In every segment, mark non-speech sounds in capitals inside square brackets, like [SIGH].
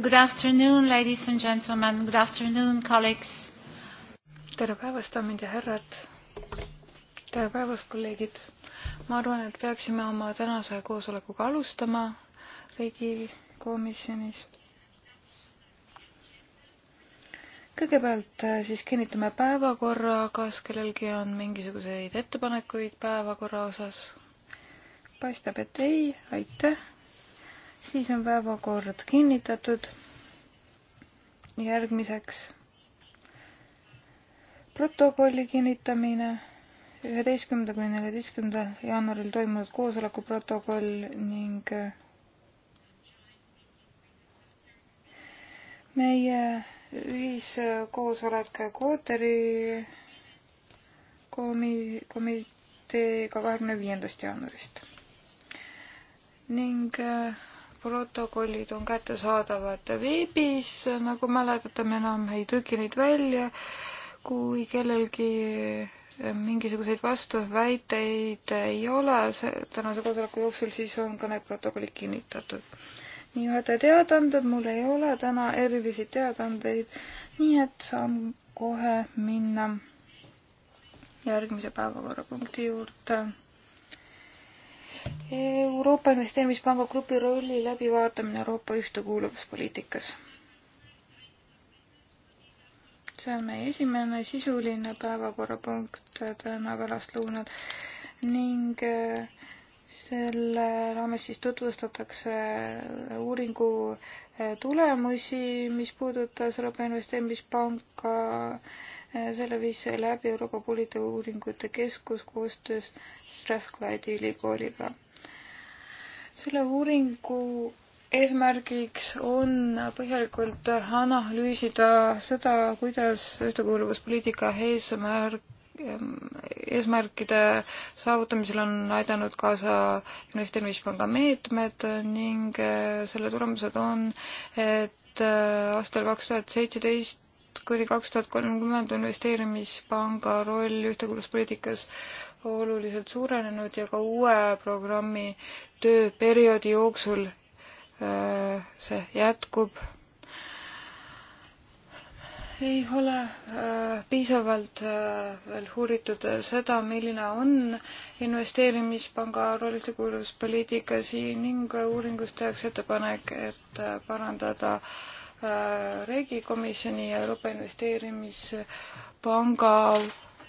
Good afternoon, ladies and gentlemen. Good afternoon, colleagues. tere päevast, daamid ja härrad. tere päevast, kolleegid. ma arvan, et peaksime oma tänase koosolekuga alustama riigikomisjonis. kõigepealt äh, siis kinnitame päevakorra, kas kellelgi on mingisuguseid ettepanekuid päevakorra osas? paistab, et ei, aitäh siis on päevakord kinnitatud. järgmiseks protokolli kinnitamine üheteistkümnenda kuni neljateistkümnenda jaanuaril toimunud koosoleku protokoll ning äh, meie ühiskoosolek Kooteri komi-, komiteega kahekümne viiendast jaanuarist. ning äh, protokollid on kättesaadavad veebis, nagu mäletate, me enam ei trüki neid välja. kui kellelgi mingisuguseid vastuväiteid ei ole tänase koosoleku jooksul, siis on ka need protokollid kinnitatud. nii ühed teadaanded, mul ei ole täna erilisi teadaandeid, nii et saan kohe minna järgmise päevakorrapunkti juurde Euroopa Investeerimispanga grupi rolli läbivaatamine Euroopa ühtekuuluvuspoliitikas. see on meie esimene sisuline päevakorrapunkt täna pärastlõunal ning äh, selle raames siis tutvustatakse äh, uuringu äh, tulemusi, mis puudutas Euroopa Investeerimispanka selle viis läbi Euroopa Poliitikauuringute Keskus koostöös Strathclyde'i ülikooliga selle uuringu eesmärgiks on põhjalikult analüüsida seda, kuidas ühtekuuluvuspoliitika eesmärk, eesmärkide saavutamisel on aidanud kaasa investeerimispanga meetmed ning eh, selle tulemused on, et eh, aastal kaks tuhat seitseteist kuni kaks tuhat kolmkümmend investeerimispanga roll ühtekuuluvuspoliitikas oluliselt suurenenud ja ka uue programmi tööperioodi jooksul äh, see jätkub. ei ole äh, piisavalt äh, veel uuritud seda, milline on investeerimispanga rollide kuuluvuspoliitika siin ning uuringus tehakse ettepanek, et parandada riigikomisjoni ja Euroopa Investeerimispanga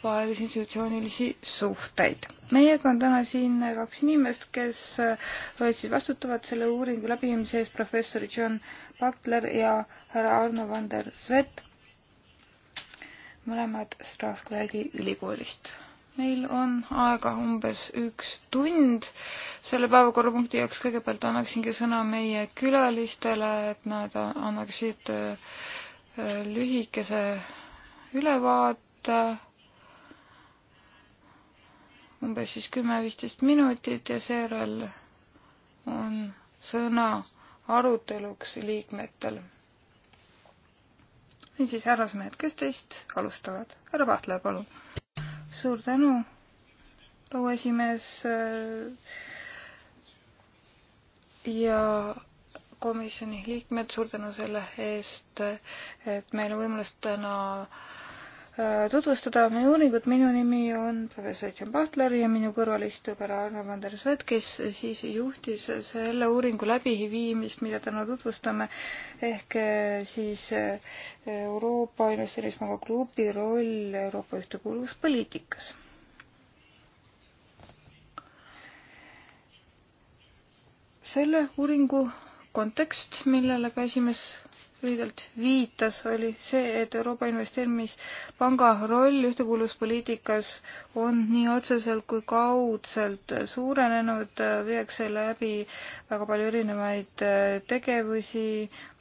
vahelisi institutsioonilisi suhteid. meiega on täna siin kaks inimest, kes äh, siis vastutavad selle uuringu läbiviimise eest, professor John Butler ja härra Arno van der Svet, mõlemad Strathclyde'i ülikoolist. meil on aega umbes üks tund selle päevakorrapunkti jaoks. kõigepealt annaksingi sõna meie külalistele, et nad annaksid äh, äh, lühikese ülevaate umbes siis kümme-viisteist minutit ja seejärel on sõna aruteluks liikmetel. niisiis, härrasmehed, kes teist alustavad? härra Pahtler, palun. suur tänu, proua esimees ja komisjoni liikmed, suur tänu selle eest, et meil on võimalus täna äh, tutvustada oma uuringut, minu nimi on professor John Butler ja minu kõrval istub härra Arno Vander Svet, kes siis juhtis selle uuringu läbiviimist, mida täna tutvustame, ehk äh, siis äh, Euroopa Investeerimispanga klubi roll Euroopa ühtekuuluvuspoliitikas. selle uuringu kontekst, millele ka esimees lühidalt viitas, oli see, et Euroopa Investeerimispanga roll ühtekuuluvuspoliitikas on nii otseselt kui kaudselt suurenenud, viiakse läbi väga palju erinevaid tegevusi,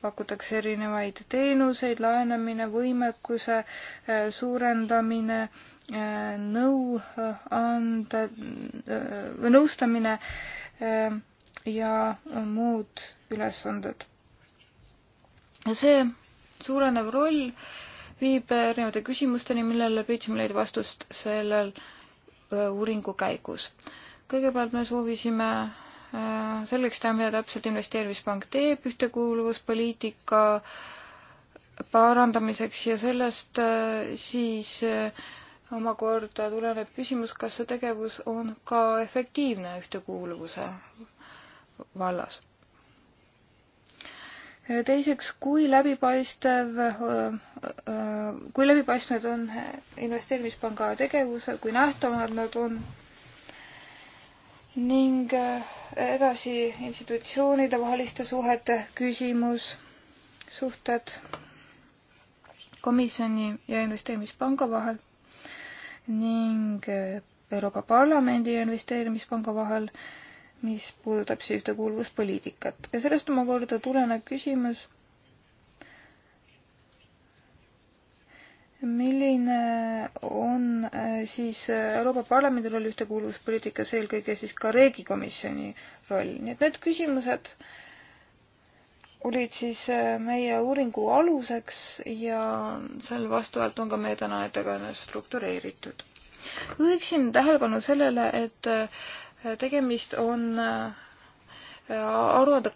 pakutakse erinevaid teenuseid, laenamine, võimekuse äh, suurendamine, äh, nõu anda, äh, nõustamine ja muud ülesanded see suurenev roll viib äh, erinevate küsimusteni, millele püüdsime leida vastust sellel äh, uuringu käigus. kõigepealt me soovisime äh, selgeks teha, mida täpselt investeerimispank teeb ühtekuuluvuspoliitika parandamiseks ja sellest siis omakorda tuleneb küsimus, kas see tegevus on ka efektiivne ühtekuuluvuse vallas teiseks, kui läbipaistev, äh, äh, kui läbipaistvad on investeerimispanga tegevused, kui nähtavad nad on ning äh, edasi institutsioonide vaheliste suhete küsimus, suhted komisjoni ja investeerimispanga vahel ning Euroopa Parlamendi ja investeerimispanga vahel äh, mis puudutab siis ühtekuuluvuspoliitikat ja sellest omakorda tuleneb küsimus, milline on äh, siis äh, Euroopa Parlamendi roll ühtekuuluvuspoliitikas, eelkõige siis ka reeglikomisjoni roll, nii et need küsimused olid siis äh, meie uuringu aluseks ja seal vastavalt on ka meie tänane ettekanne struktureeritud. juhiksin tähelepanu sellele, et tegemist on äh, aruande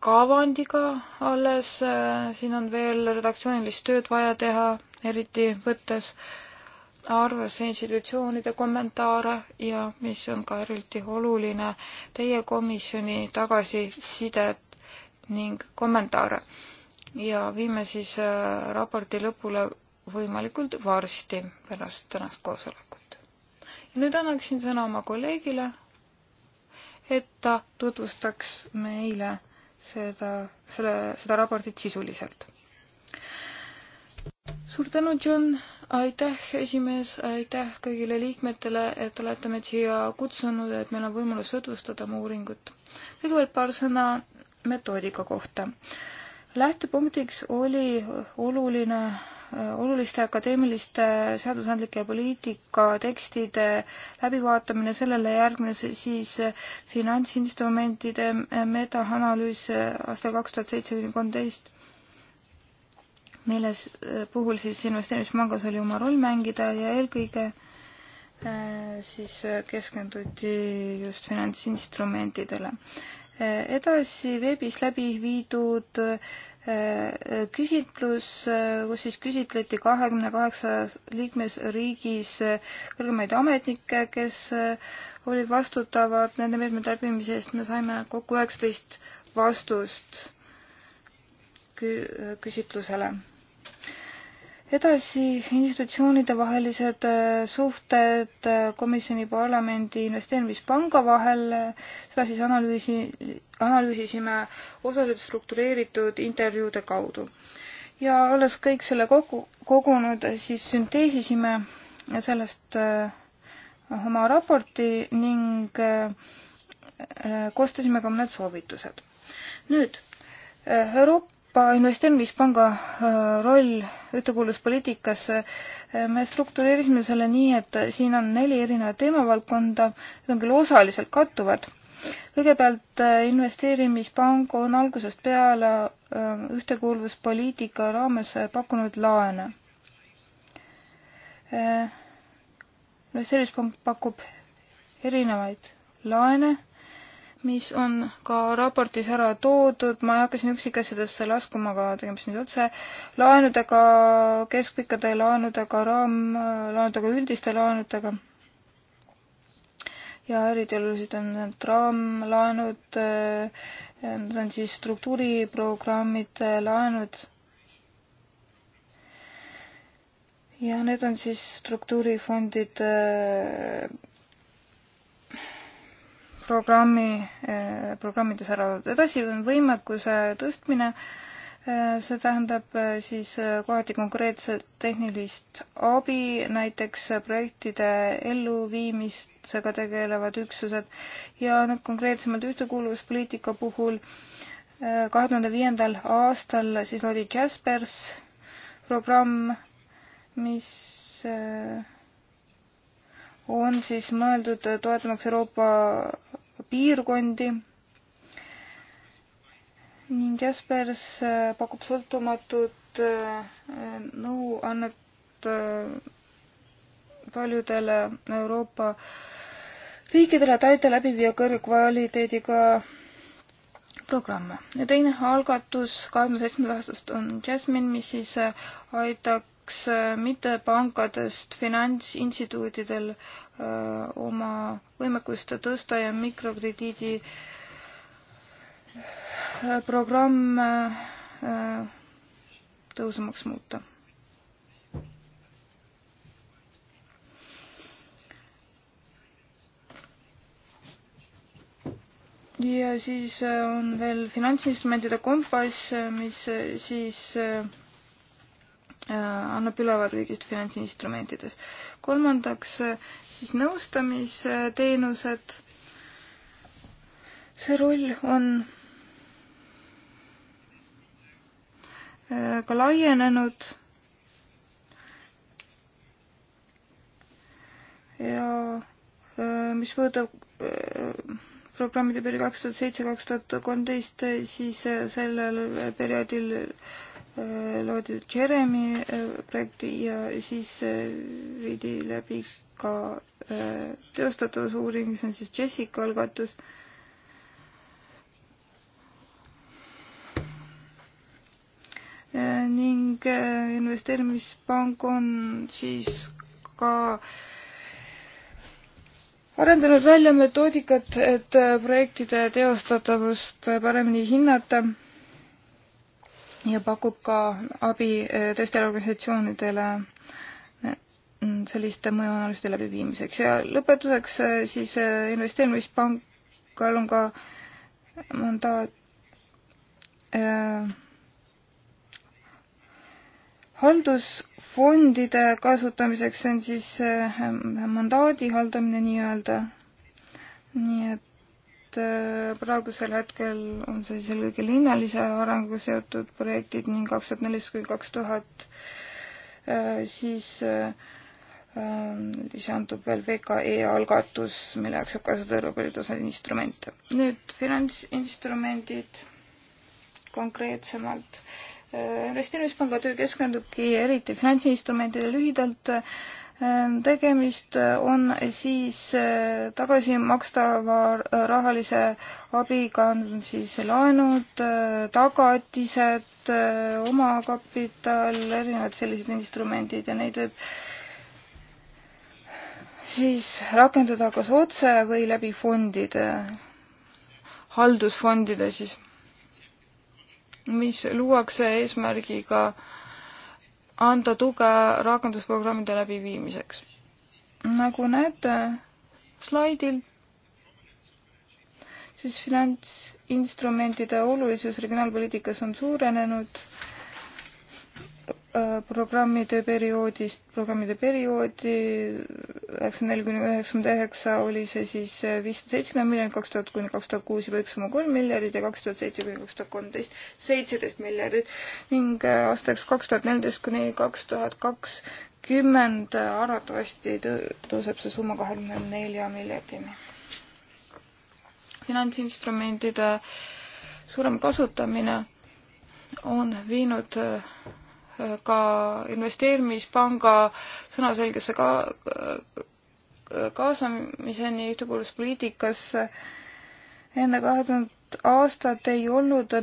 kavandiga alles, äh, siin on veel redaktsioonilist tööd vaja teha, eriti võttes arvesse institutsioonide kommentaare ja mis on ka eriti oluline, teie komisjoni tagasisidet ning kommentaare. ja viime siis äh, raporti lõpule võimalikult varsti pärast tänast koosolekut. nüüd annaksin sõna oma kolleegile et ta tutvustaks meile seda, selle, seda raportit sisuliselt. suur tänu, John, aitäh, esimees, aitäh kõigile liikmetele, et olete meid siia kutsunud, et meil on võimalus tutvustada oma uuringut. kõigepealt paar sõna metoodika kohta. lähtepunktiks oli oluline oluliste akadeemiliste seadusandlike poliitika tekstide läbivaatamine, sellele järgnes siis finantsinstrumentide metaanalüüs aastal kaks tuhat seitse kuni kolmteist, milles eh, puhul siis investeerimispangas oli oma roll mängida ja eelkõige eh, siis keskenduti just finantsinstrumentidele eh, edasi veebis läbi viidud küsitlus, kus siis küsitleti kahekümne kaheksas liikmesriigis kõrgemaid ametnikke, kes olid vastutavad nende meetmete läbimise eest, me saime kokku üheksateist vastust küsitlusele edasi institutsioonide vahelised äh, suhted äh, komisjoni, parlamendi, investeerimispanga vahel, seda siis analüüsi, analüüsisime osaliselt struktureeritud intervjuude kaudu. ja olles kõik selle kogu, kogunud, siis sünteesisime sellest äh, oma raporti ning koostasime ka mõned soovitused. nüüd Euroopa Euroopa Investeerimispanga äh, roll ühtekuuluvuspoliitikas, äh, me struktureerisime selle nii, et siin on neli erinevat teemavaldkonda, need on küll osaliselt kattuvad. kõigepealt äh, investeerimispank on algusest peale ühtekuuluvuspoliitika raames pakkunud laene. investeerimispank pakub erinevaid laene mis on ka raportis ära toodud, ma ei hakka siin üksikasjadesse laskuma, aga tegemist nüüd otse, laenudega, keskpikkade laenudega, raamlaenudega, üldiste laenudega. ja eriti olulised on need raamlaenud, eh, need on siis struktuuriprogrammide laenud. ja need on siis struktuurifondide programmi, eh, programmides ära edasi, võimekuse tõstmine, eh, see tähendab eh, siis kohati konkreetset tehnilist abi, näiteks projektide elluviimisega tegelevad üksused ja nüüd konkreetsemalt ühtekuuluvuspoliitika puhul kahe tuhande viiendal aastal siis loodi Jaspers programm, mis on siis mõeldud toetamaks Euroopa piirkondi ning Jaspers äh, pakub sõltumatut äh, nõuannet äh, paljudele Euroopa riikidele, et aita läbi viia kõrgkvaliteediga programme. ja teine algatus kahekümne seitsmendast aastast on Jasmine, mis siis aitab lisaks äh, mittepankadest finantsinstituutidel äh, oma võimekust tõsta ja mikrokrediidi äh, programm tõhusamaks muuta. ja siis on veel finantsinstrumentide kompass, mis siis äh, Äh, annab ülevaade kõigist finantsinstrumentidest. kolmandaks äh, siis nõustamisteenused. see roll on äh, ka laienenud. ja mis puudutab programmide perioodi kaks tuhat seitse, kaks tuhat kolmteist, siis sellel perioodil Äh, loodi Jeremy äh, projekti ja siis äh, viidi läbi ka teostatavusuuring, mis on siis Jessica algatus. ning investeerimispank on siis ka arendanud välja metoodikat, et projektide teostatavust paremini hinnata ja pakub ka abi äh, teistele organisatsioonidele äh, selliste mõjuanalüüside läbiviimiseks ja lõpetuseks äh, siis investeerimispangal on ka mandaat äh, haldusfondide kasutamiseks, see on siis äh, mandaadi haldamine nii-öelda. nii et Äh, praegusel hetkel on see siis eelkõige linnalise arenguga seotud projektid ning kaks tuhat neliteist kuni kaks tuhat äh, siis äh, lisandub veel VKE algatus, milleks saab kasutada Euroopa Liidu tasandi instrumente. nüüd finantsinstrumendid konkreetsemalt. investeerimispanga töö keskendubki eriti finantsinstrumentidele lühidalt Ehm, tegemist eh, on siis eh, tagasimakstava rahalise abiga, siis laenud, eh, tagatised, omakapital, erinevad sellised instrumendid ja neid võib siis rakendada kas otse või läbi fondide, haldusfondide siis, mis luuakse eesmärgiga äh, anda tuge rakendusprogrammide läbiviimiseks. nagu näete slaidil, siis finantsinstrumentide olulisus regionaalpoliitikas on suurenenud Äh, programmide perioodist, programmide perioodi üheksakümne neli kuni üheksakümmend üheksa oli see siis äh, viissada seitsekümmend miljonit, kaks tuhat kuni kaks tuhat kuus juba üks koma kolm miljardit ja kaks tuhat seitse kuni kaks tuhat kolmteist seitseteist miljardit ning äh, aastaks kaks tuhat neliteist kuni kaks tuhat kakskümmend arvatavasti tõuseb see summa kahekümne nelja miljardini. finantsinstrumentide suurem kasutamine on viinud ka investeerimispanga sõnaselgesse ka kaasamiseni ühtekuuluvuspoliitikasse. enne kahe tuhandet aastat ei olnud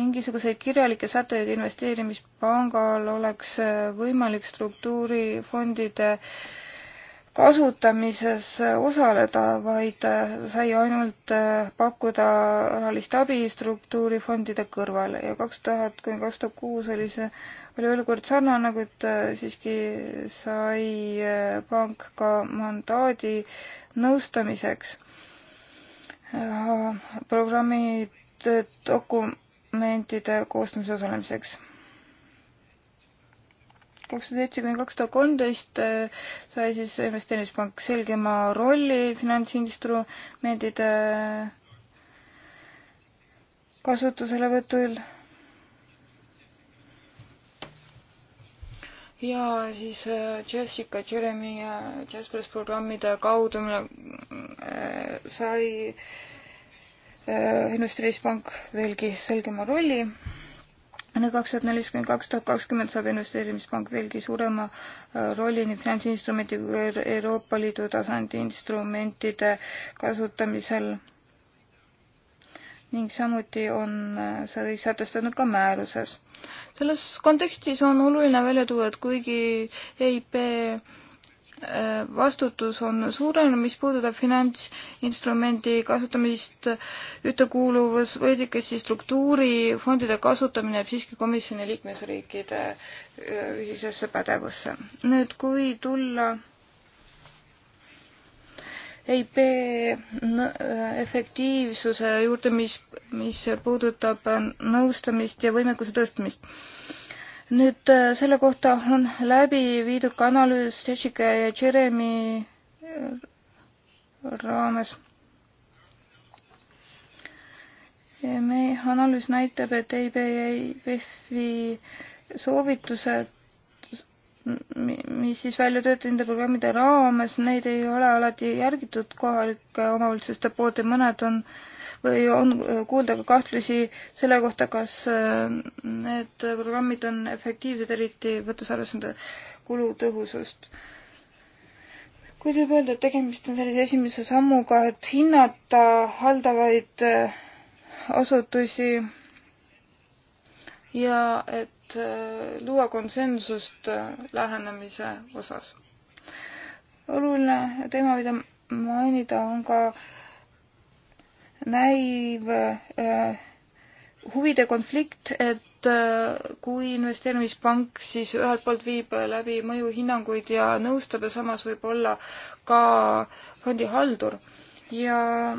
mingisuguseid kirjalikke sätteid investeerimispangal oleks võimalik struktuurifondide äh, kasutamises osaleda, vaid sai ainult pakkuda rahalist abi struktuurifondide kõrvale ja kaks tuhat kuni kaks tuhat kuus oli see, oli olukord sarnane, kuid äh, siiski sai äh, pank ka mandaadi nõustamiseks. Äh, programmi dokumentide koostamise osalemiseks kaks tuhat seitse kuni kaks tuhat kolmteist äh, sai siis investeerimispank selgema rolli finantsinstrumentide äh, kasutuselevõtul. ja siis äh, Jessica Jeremy ja Jaspers programmide kaudu, mille sai investeerimispank veelgi selgema rolli enne kaks tuhat neliteist kuni kaks tuhat kakskümmend saab investeerimispank veelgi suurema äh, rolli nii finantsinstrumenti kui ka Euroopa Liidu tasandi instrumentide kasutamisel. ning samuti on äh, see kõik sätestatud ka määruses. selles kontekstis on oluline välja tuua, et kuigi EIP vastutus on suurenenud, mis puudutab finantsinstrumendi kasutamist ühtekuuluvusvõidikes, siis struktuurifondide kasutamine jääb siiski komisjoni liikmesriikide ühisesse pädevusse. nüüd, kui tulla EIP efektiivsuse juurde, mis, mis puudutab äh, nõustamist ja võimekuse tõstmist nüüd äh, selle kohta on läbi viidud ka analüüs Tšetšika ja Jeremy äh, raames. meie analüüs näitab, et EIB-i e soovitused, mis siis välja töötati nende programmide raames, neid ei ole alati järgitud kohalike omavalitsuste poolt ja mõned on äh, või on äh, kuulda ka kahtlusi selle kohta, kas äh, need programmid on efektiivsed, eriti võttes arvesse nende kulutõhusust. kui võib öelda, et tegemist on sellise esimese sammuga, et hinnata haldavaid äh, asutusi ja et luua konsensust lähenemise osas. oluline teema, mida mainida, on ka äh, näiv äh, huvide konflikt, et äh, kui investeerimispank siis ühelt poolt viib läbi mõjuhinnanguid ja nõustab ja samas võib olla ka fondihaldur ja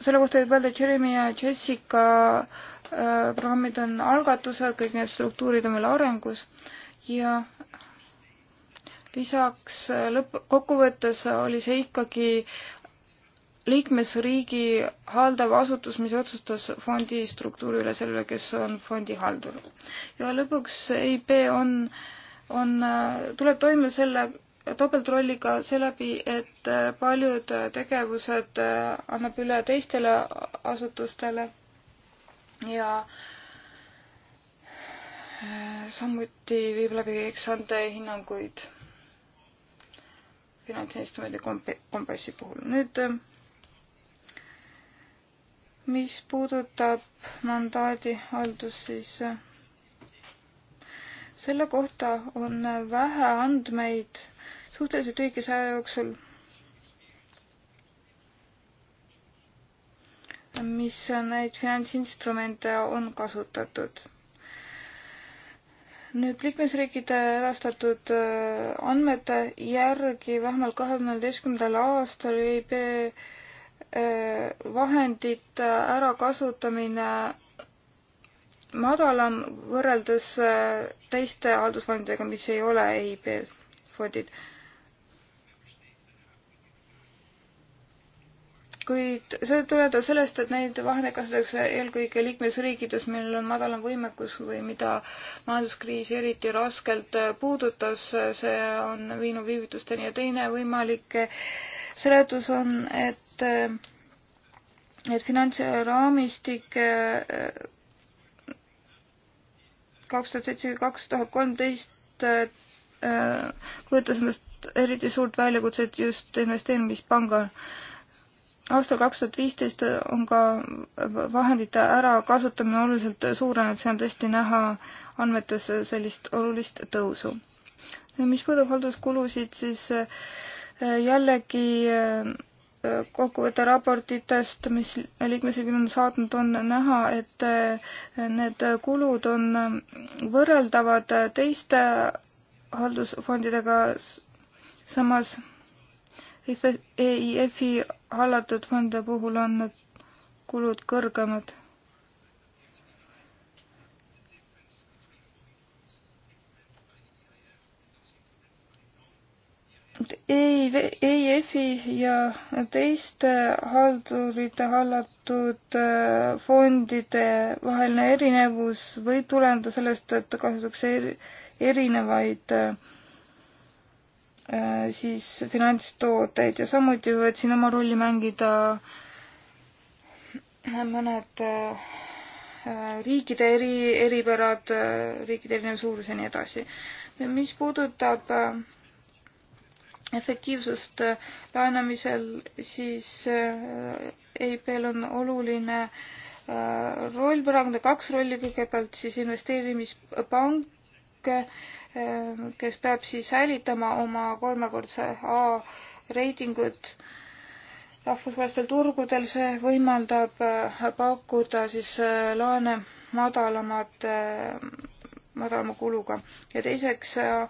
selle kohta võib öelda, et Jeremy ja Jessica äh, programmid on algatusel, kõik need struktuurid on veel arengus ja lisaks lõpp, kokkuvõttes oli see ikkagi liikmesriigi haldav asutus, mis otsustas fondi struktuuri üle sellele, kes on fondihaldur. ja lõpuks EIP on, on, tuleb toime selle topeltrolliga seeläbi, et paljud tegevused annab üle teistele asutustele ja samuti viib läbi eksante hinnanguid finantsinstrumendi komp-, kompassi puhul. nüüd mis puudutab mandaadi haldust, siis äh, selle kohta on vähe andmeid suhteliselt lühikese aja jooksul, mis neid finantsinstrumente on kasutatud nüüd liikmesriikide edastatud äh, andmete järgi vähemalt kahe tuhande üheteistkümnendal aastal EIB vahendite ärakasutamine madalam võrreldes teiste haldusfondidega, mis ei ole EIB fondid. kuid see võib tuleneda sellest, et neid vahendeid kasutatakse eelkõige liikmesriikides, millel on madalam võimekus või mida majanduskriis eriti raskelt puudutas, see on viinud viivitusteni ja teine võimalik seletus on, et et, et finantsraamistik kaks tuhat seitse, kaks tuhat kolmteist kujutas endast eriti suurt väljakutset just investeerimispangal. aastal kaks tuhat viisteist on ka vahendite ärakasutamine oluliselt suurenenud, see on tõesti näha andmetes sellist olulist tõusu. mis puudub halduskulusid, siis jällegi kokkuvõte raportitest, mis liikmesriigid on saatnud, on näha, et eh, need kulud on võrreldavad teiste haldusfondidega, samas EIF-i hallatud fondide puhul on need kulud kõrgemad EIF-i e ja teiste haldurite hallatud äh, fondide vaheline erinevus võib tuleneda sellest, et kasutatakse erinevaid äh, äh, siis finantstooteid ja samuti võivad siin oma rolli mängida mõned riikide eri, eripärad, riikide erinev suurus ja nii edasi. mis puudutab äh, efektiivsust äh, laenamisel, siis äh, EIP-l on oluline äh, roll, praegu on ta kaks rolli, kõigepealt siis investeerimispank, kes peab siis säilitama oma kolmekordse A reitingut rahvusvahelistel turgudel, see võimaldab pakkuda siis laene madalamate madalama kuluga ja teiseks äh,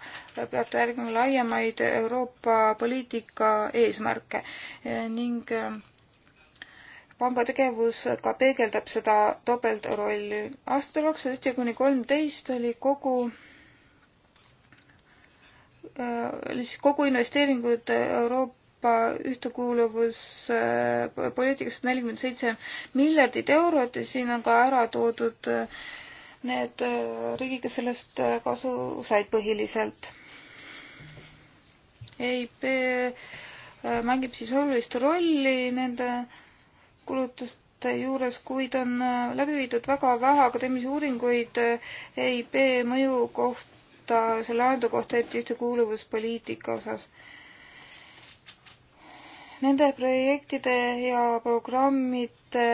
peab ta järgima laiemaid Euroopa poliitika eesmärke äh, ning äh, panga tegevus ka peegeldab seda topeltrolli. aastal kaks tuhat seitse kuni kolmteist oli kogu oli siis kogu investeeringud Euroopa Euroopa ühtekuuluvuspoliitikast nelikümmend seitse miljardit eurot ja siin on ka ära toodud äh, need äh, riigid, kes sellest äh, kasu said põhiliselt. EIP äh, mängib siis olulist rolli nende kulutuste juures, kuid on läbi viidud väga vähe akadeemilisi uuringuid EIB mõju kohta, selle arendu kohta, eriti ühtekuuluvuspoliitika osas. Nende projektide ja programmide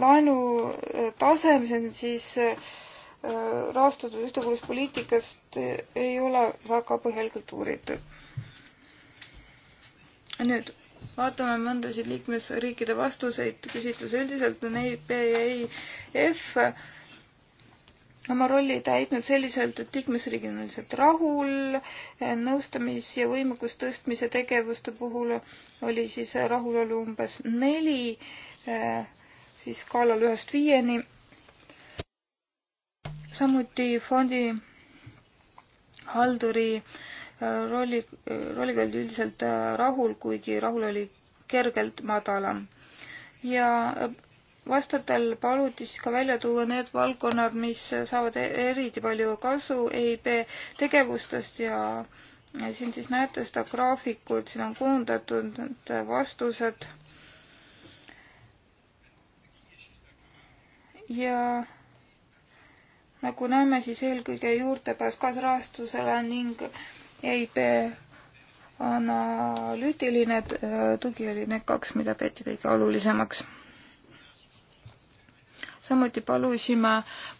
laenutase, äh, mis on siis äh, rahastatud ühtekuuluvuspoliitikast, äh, ei ole väga põhjalikult uuritud. nüüd vaatame mõndasid liikmesriikide vastuseid küsitluse üldiselt on EIP ja EIF oma rolli täitnud selliselt, et liikmesriigid on üldiselt rahul, nõustamis- ja võimekuse tõstmise tegevuste puhul oli siis rahulolu umbes neli eh, siis skaalal ühest viieni. samuti fondi halduri äh, rolli, äh, rolliga oldi üldiselt äh, rahul, kuigi rahul oli kergelt madalam. ja vastajatel paluti siis ka välja tuua need valdkonnad, mis saavad eriti palju kasu EIB tegevustest ja, ja siin siis näete seda graafikut, siin on koondatud need vastused ja nagu näeme, siis eelkõige juurdepääs kaasrahastusele ning EIB analüütiline äh, tugi oli need kaks, mida peeti kõige olulisemaks. samuti palusime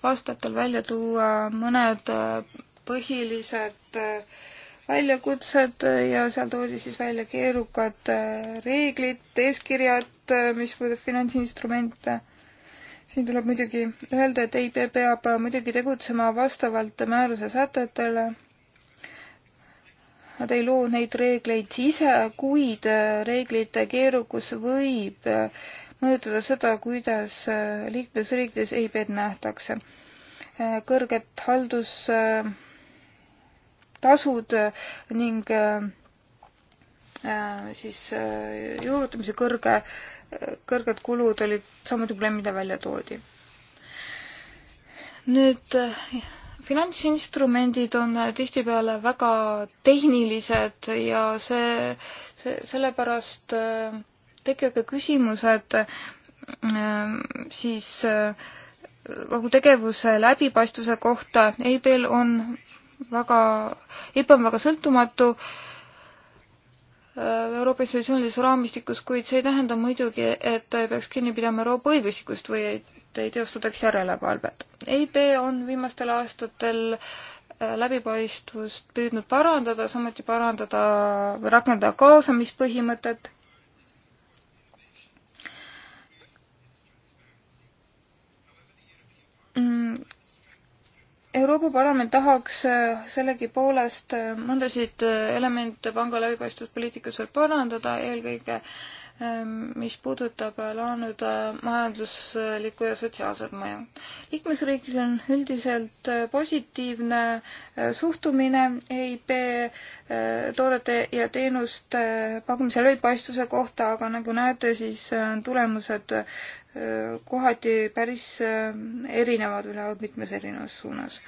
vastajatel välja tuua mõned äh, põhilised äh, väljakutsed ja seal toodi siis välja keerukad reeglid, eeskirjad, mis puudutab finantsinstrumente siin tuleb muidugi öelda, et EIB peab muidugi tegutsema vastavalt määruse sätetele. Nad ei loo neid reegleid ise, kuid reeglite keerukus võib mõjutada seda, kuidas liikmesriikides EIB-d nähtakse. kõrged haldustasud ning Äh, siis äh, juurutamise kõrge, äh, kõrged kulud olid samuti probleem, mida välja toodi. nüüd finantsinstrumendid on tihtipeale väga tehnilised ja see, see, sellepärast tekib ka küsimus, et siis kogu nagu tegevuse läbipaistvuse kohta EIB-l on väga, EIB on väga sõltumatu äh, Äh, Euroopa institutsioonilises raamistikus, kuid see ei tähenda muidugi, et ta ei peaks kinni pidama Euroopa õigustikust või et ei teostataks järelevalvet. EIB on viimastel aastatel äh, läbipaistvust püüdnud parandada, samuti parandada või rakendada kaasamispõhimõtet Euroopa Parlament tahaks äh, sellegipoolest äh, mõndasid äh, elemente panga läbipaistvuspoliitikas veel parandada, eelkõige Ehm, mis puudutab äh, laenude äh, majanduslikku ja sotsiaalset mõju. liikmesriigil on üldiselt äh, positiivne suhtumine EIB toodete ja teenuste pakkumise läbipaistvuse kohta, aga nagu näete, siis on tulemused kohati päris erinevad, lähevad mitmes erinevas suunas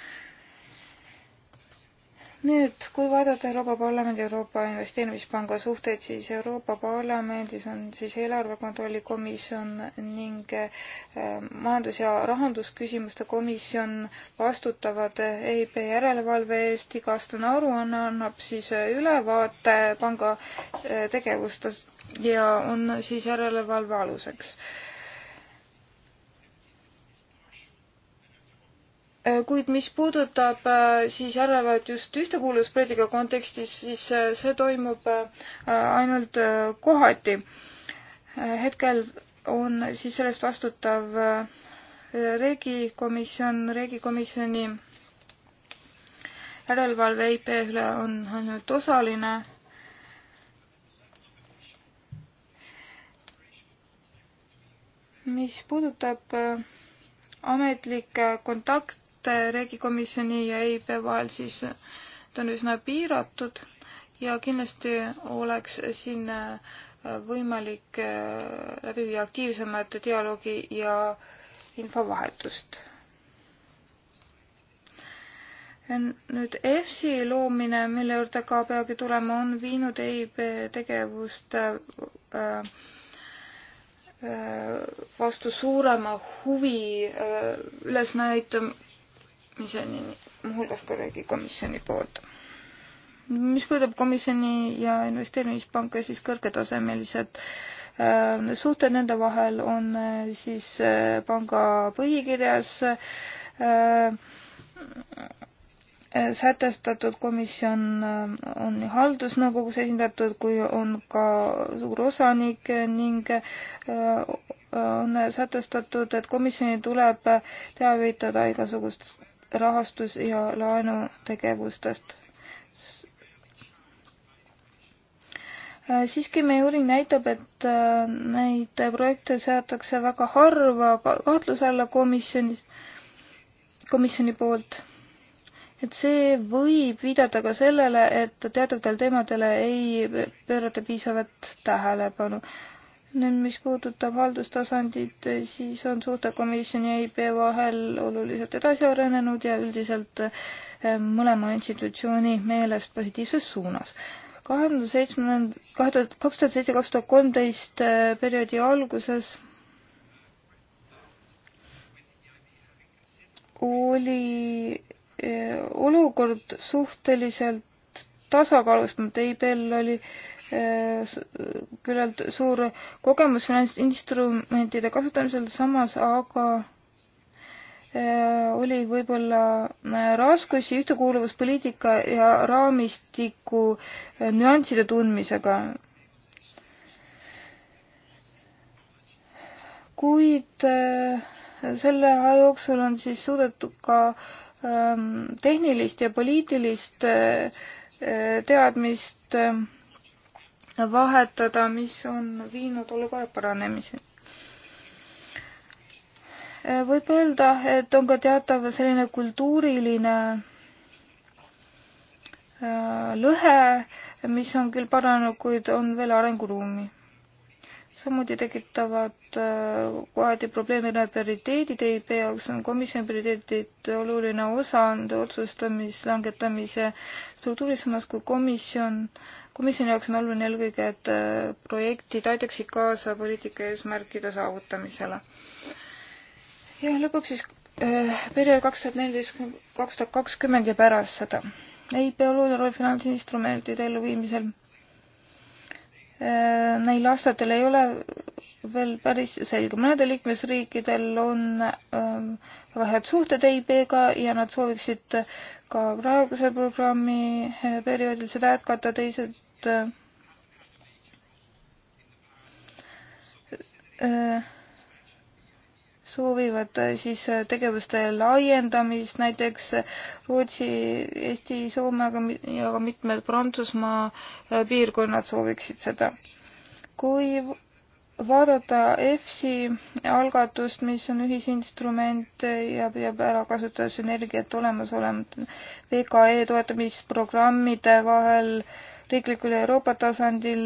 nüüd, kui vaadata Euroopa Parlamendi, Euroopa Investeerimispanga suhteid, siis Euroopa Parlamendis on siis eelarve kontrolli komisjon ning äh, majandus- ja rahandusküsimuste komisjon vastutavad EIB järelevalve eest, iga-aastane aruanne annab siis äh, ülevaate panga äh, tegevustest ja on siis järelevalve aluseks Äh, kuid mis puudutab äh, siis järelevalvet just ühtekuuluvuspoliitika kontekstis, siis äh, see toimub ainult kohati. hetkel on siis sellest vastutav regikomisjon, regikomisjoni järelevalve e IP üle on ainult osaline. mis puudutab ametlikke kontakte, suhete Riigikomisjoni ja EIB vahel, siis ta on üsna piiratud ja kindlasti oleks siin äh, võimalik äh, läbi viia aktiivsemat dialoogi ja infovahetust. nüüd EFSi loomine, mille juurde ka peagi tulema, on viinud EIB tegevust äh, vastu suurema huvi üles näitama mis on muuhulgas korreegikomisjoni poolt. mis puudutab komisjoni ja investeerimispanka, siis kõrgetasemelised äh, suhted nende vahel on äh, siis äh, panga põhikirjas sätestatud komisjon on nii haldusnõukogus esindatud kui on ka suur osanik ning on sätestatud, et komisjoni tuleb teavitada igasugustest rahastus- ja laenutegevustest. siiski meie uuring näitab, et äh, neid projekte seatakse väga harva kahtluse alla komisjonis, komisjoni poolt. et see võib viidata ka sellele, et teatavatele teemadele ei pöörata piisavat tähelepanu nüüd, mis puudutab haldustasandit, siis on suhtekomisjoni ja EIB vahel oluliselt edasi arenenud ja üldiselt eh, mõlema institutsiooni meeles positiivses suunas. kahe tuhande seitsmenda, kahe tuhat, kaks tuhat seitse, kaks tuhat kolmteist eh, perioodi alguses oli eh, olukord suhteliselt tasakaalustamata, EIB-l oli äh, Äh, küllalt suur kogemus finantsinstrumentide kasutamisel, samas aga äh, oli võib-olla äh, raskusi ühtekuuluvuspoliitika ja raamistiku nüansside tundmisega. kuid selle aja jooksul on siis suudetud ka ähm, tehnilist ja poliitilist teadmist vahetada, mis on viinud olukorra paranemiseni. võib öelda, et on ka teatav selline kultuuriline äh, lõhe, mis on küll paranenud, kuid on veel arenguruumi samuti tekitavad äh, kohati probleeme prioriteedid EIB jaoks on komisjoni prioriteedid oluline osa anda otsustamis langetamise struktuuris, samas kui komisjon, komisjoni jaoks on oluline eelkõige, et äh, projektid aitaksid kaasa poliitika eesmärkide saavutamisele. ja lõpuks siis äh, periood kaks tuhat neliteist, kaks tuhat kakskümmend ja pärast seda. EIB oluline roll finantsinstrumentide elluviimisel Äh, neil aastatel ei ole veel päris selge. mõnedel liikmesriikidel on ähm, väga head suhted EIB-ga ja nad sooviksid ka praeguse programmi äh, perioodil seda jätkata, teised äh, soovivad äh, siis äh, tegevuste laiendamist näiteks äh, Rootsi, Eesti, Soome, aga ja ka mitmed Prantsusmaa piirkonnad sooviksid seda. kui vaadata EFSI algatust, mis on ühisinstrument ja püüab ära kasutada sünergiat olemasolevate VKE toetamisprogrammide vahel äh, riiklikul ja Euroopa tasandil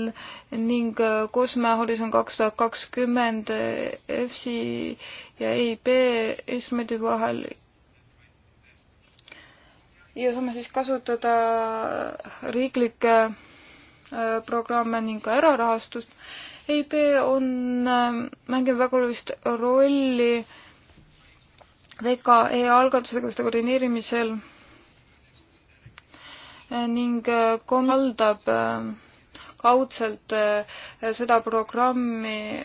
ning äh, COSME Horisont kaks tuhat kakskümmend EFSI ja EIB instrumendi vahel. ja saame siis kasutada riiklikke äh, programme ning ka erarahastust. EIB on äh, mänginud väga olulist rolli VKE algatusega koordineerimisel ning äh, kom- haldab äh, kaudselt äh, seda programmi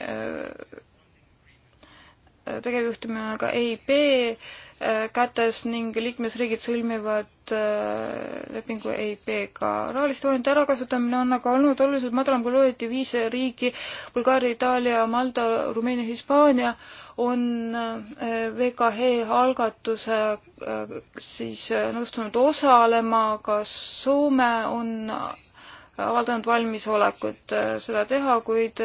tegevjuhtimine ka EIB kätes ning liikmesriigid sõlmivad lepingu EIB-ga. rahaliste vahendite ärakasutamine on aga olnud oluliselt madalam, kui loodeti viis riiki, Bulgaaria, Itaalia, Malta, Rumeenia, Hispaania on VKH äh, algatuse äh, siis äh, nõustunud osalema, ka Soome on avaldanud valmisolekut seda teha, kuid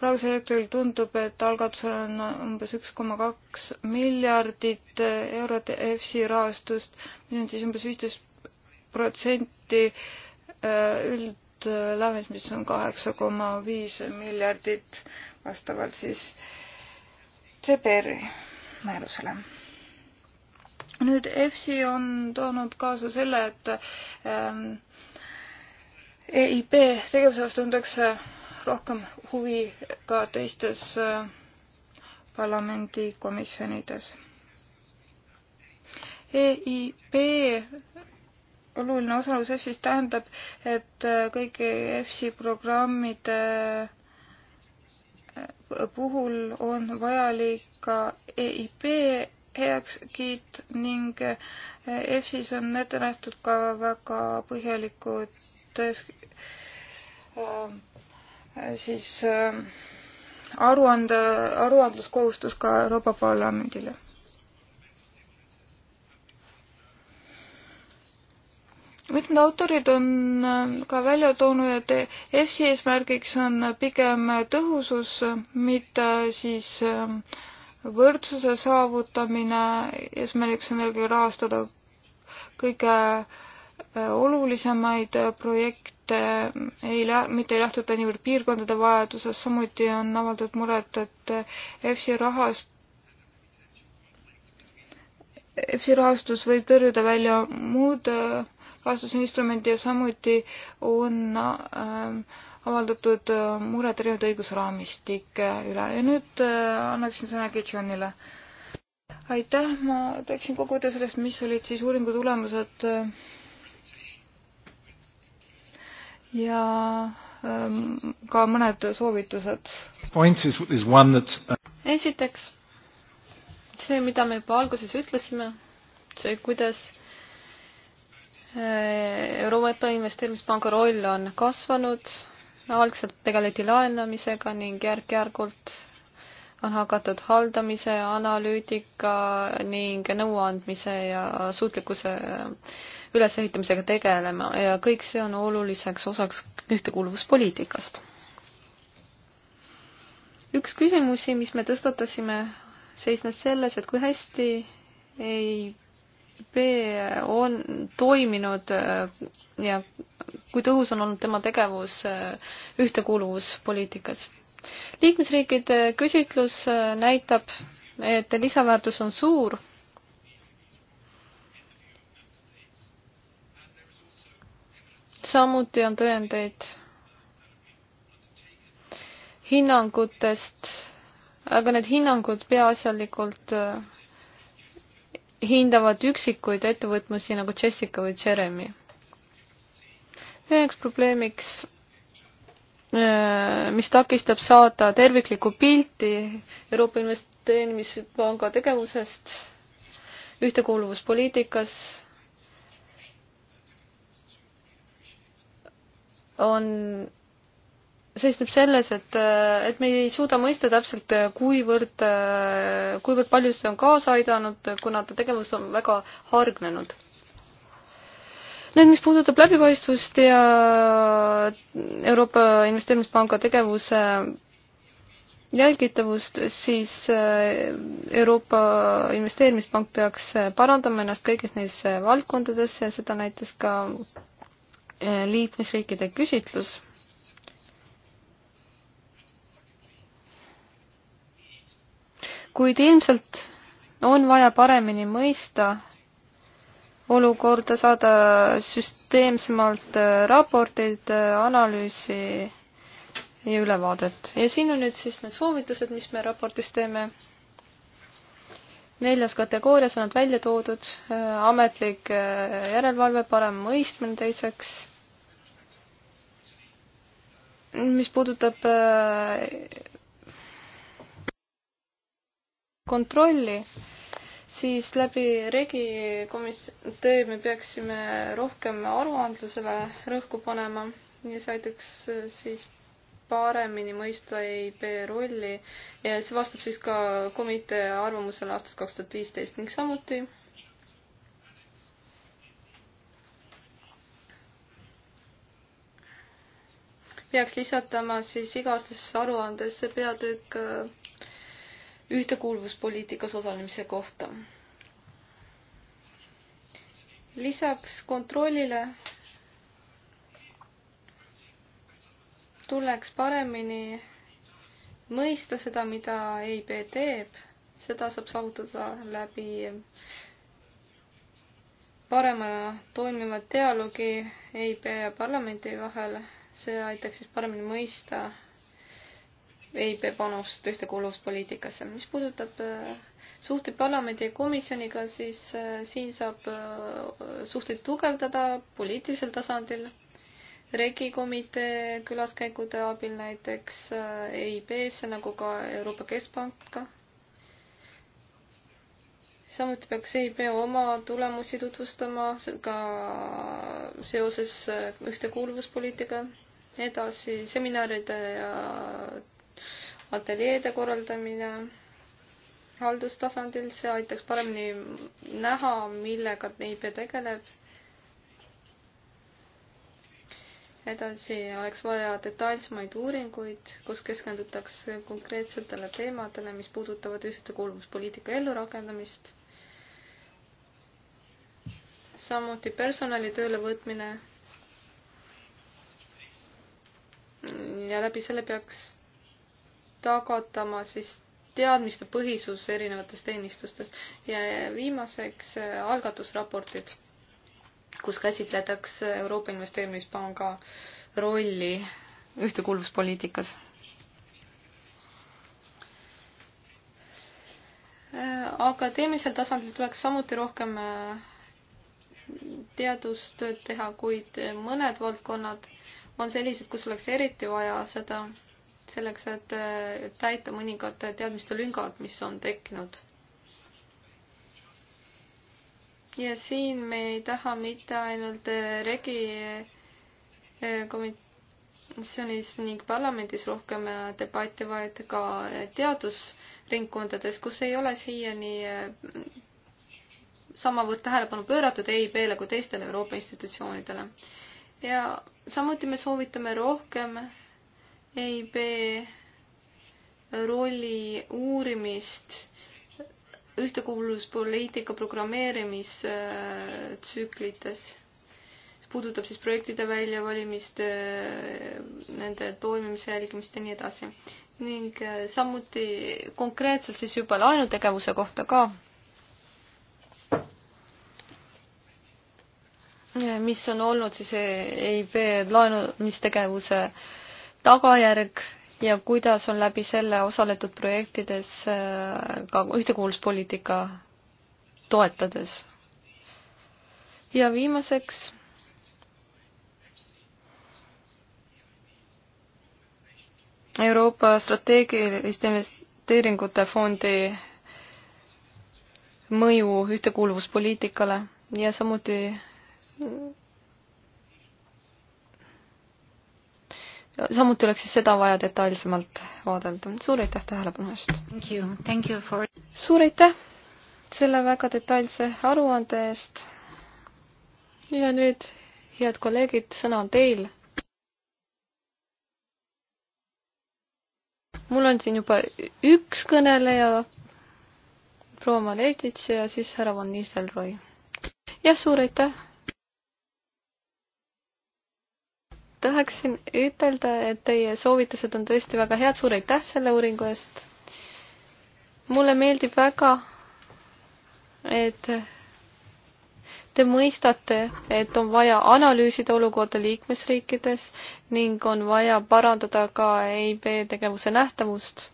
praegusel hetkel tundub, et algatusel on umbes üks koma kaks miljardit eurot EFSI rahastust, mis on siis umbes viisteist protsenti üldlävend, mis on kaheksa koma viis miljardit vastavalt siis CPR-i määrusele. nüüd EFSI on toonud kaasa selle, et ähm, EIP tegevuse vastu tuntakse rohkem huvi ka teistes äh, parlamendikomisjonides. EIP oluline osalus EFSis tähendab, et äh, kõigi EFSi programmide äh, puhul on vajalik ka EIP heakskiit ning EFSis on ette nähtud ka väga põhjalikud ähm, siis ähm, aruande, aruandluskohustus ka Euroopa Parlamendile mitmed autorid on äh, ka välja toonud, et EFSi eesmärgiks on pigem tõhusus, mitte siis äh, võrdsuse saavutamine, eesmärgiks on jällegi rahastada kõige äh, olulisemaid projekte, ei lä-, mitte ei lähtuta niivõrd piirkondade vajadusest, samuti on avaldatud muret, et EFSi rahast-, EFSi rahastus võib tõrjuda välja muud äh, rahastusinstrumendi ja samuti on ähm, avaldatud äh, mured erinevate õigusraamistike üle ja nüüd äh, annaksin sõna Kitchenile. aitäh, ma tahaksin koguda sellest, mis olid siis uuringu tulemused äh, ja ähm, ka mõned soovitused. Uh, esiteks, see, mida me juba alguses ütlesime, see, kuidas Euroopa Investeerimispanga roll on kasvanud, algselt tegeleti laenamisega ning järk-järgult on hakatud haldamise, analüütika ning nõuandmise ja suutlikkuse ülesehitamisega tegelema ja kõik see on oluliseks osaks ühtekuuluvuspoliitikast. üks küsimusi, mis me tõstatasime, seisnes selles, et kui hästi ei EIB on toiminud äh, ja kui tõhus on olnud tema tegevus äh, ühtekuuluvuspoliitikas. liikmesriikide küsitlus äh, näitab, et lisaväärtus on suur samuti on tõendeid hinnangutest, aga need hinnangud peaasjalikult hindavad üksikuid ettevõtmisi nagu Jessica või Jeremy. üheks probleemiks, äh, mis takistab saada terviklikku pilti Euroopa Investeerimispanga tegevusest, ühtekuuluvuspoliitikas, on seisneb selles, et, et me ei suuda mõista täpselt, kuivõrd, kuivõrd palju see on kaasa aidanud, kuna ta tegevus on väga hargnenud. nüüd, mis puudutab läbipaistvust ja Euroopa Investeerimispanga tegevuse jälgitavust, siis Euroopa Investeerimispank peaks parandama ennast kõigis neis valdkondades ja seda näitas ka eh, liikmesriikide küsitlus kuid ilmselt on vaja paremini mõista olukorda, saada süsteemsemalt äh, raporteid, äh, analüüsi ja ülevaadet. ja siin on nüüd siis need soovitused, mis me raportis teeme. neljas kategoorias on nad välja toodud, äh, ametlik järelevalve, parem mõistmine teiseks, mis puudutab kontrolli, siis läbi regi komitee me peaksime rohkem aruandlusele rõhku panema ja see aitaks äh, siis paremini mõista EIB rolli ja see vastab siis ka komitee arvamusele aastast kaks tuhat viisteist ning samuti peaks lisatama siis iga-aastasesse aruandesse peatükk äh, ühtekuuluvuspoliitikas osalemise kohta. lisaks kontrollile tuleks paremini mõista seda, mida EIB teeb, seda saab saavutada läbi parema ja toimiva dialoogi EIB ja parlamendi vahel, see aitaks siis paremini mõista EIB panust ühtekuuluvuspoliitikasse. mis puudutab äh, suhteid parlamendi ja komisjoniga, siis äh, siin saab äh, suhteid tugevdada poliitilisel tasandil. regikomitee külaskäikude abil näiteks EIB-sse nagu ka Euroopa Keskpanka samuti peaks EIB oma tulemusi tutvustama ka seoses ühtekuuluvuspoliitikaga. edasi seminaride ja ateljeede korraldamine haldustasandil, see aitaks paremini näha, millega NIB tegeleb. edasi oleks vaja detailsemaid uuringuid, kus keskendutakse konkreetsetele teemadele, mis puudutavad ühtekuuluvuspoliitika ellurakendamist. samuti personali töölevõtmine. ja läbi selle peaks tagatama siis teadmistepõhisus erinevates teenistustes ja viimaseks äh, algatusraportid, kus käsitletakse Euroopa Investeerimispanga rolli ühtekuuluvuspoliitikas. Äh, akadeemilisel tasandil tuleks samuti rohkem äh, teadustööd teha, kuid mõned valdkonnad on sellised, kus oleks eriti vaja seda selleks, et äh, täita mõningad teadmiste lüngad, mis on tekkinud. ja siin me ei taha mitte ainult äh, regi äh, komisjonis ning parlamendis rohkem debatti, vaid ka teadusringkondades, kus ei ole siiani samavõrd tähelepanu pööratud EIB-le kui teistele Euroopa institutsioonidele. ja samuti me soovitame rohkem EIB rolli uurimist ühtekuuluvuspoliitika programmeerimistsüklites. see puudutab siis projektide väljavalimist, nende toimimise jälgimist ja nii edasi. ning äh, samuti konkreetselt siis juba laenutegevuse kohta ka mis on olnud siis EIB laenumistegevuse tagajärg ja kuidas on läbi selle osaletud projektides äh, ka ühtekuuluvuspoliitika toetades. ja viimaseks Euroopa strateegiliste investeeringute fondi mõju ühtekuuluvuspoliitikale ja samuti samuti oleks siis seda vaja detailsemalt vaadelda. suur aitäh tähelepanu eest! For... suur aitäh selle väga detailse aruande eest! ja nüüd, head kolleegid, sõna on teil. mul on siin juba üks kõneleja, proua Maletitš ja siis härra Van Nistelrooy. jah, suur aitäh! tahaksin ütelda, et teie soovitused on tõesti väga head, suur aitäh selle uuringu eest. mulle meeldib väga, et te mõistate, et on vaja analüüsida olukorda liikmesriikides ning on vaja parandada ka EIB tegevuse nähtavust.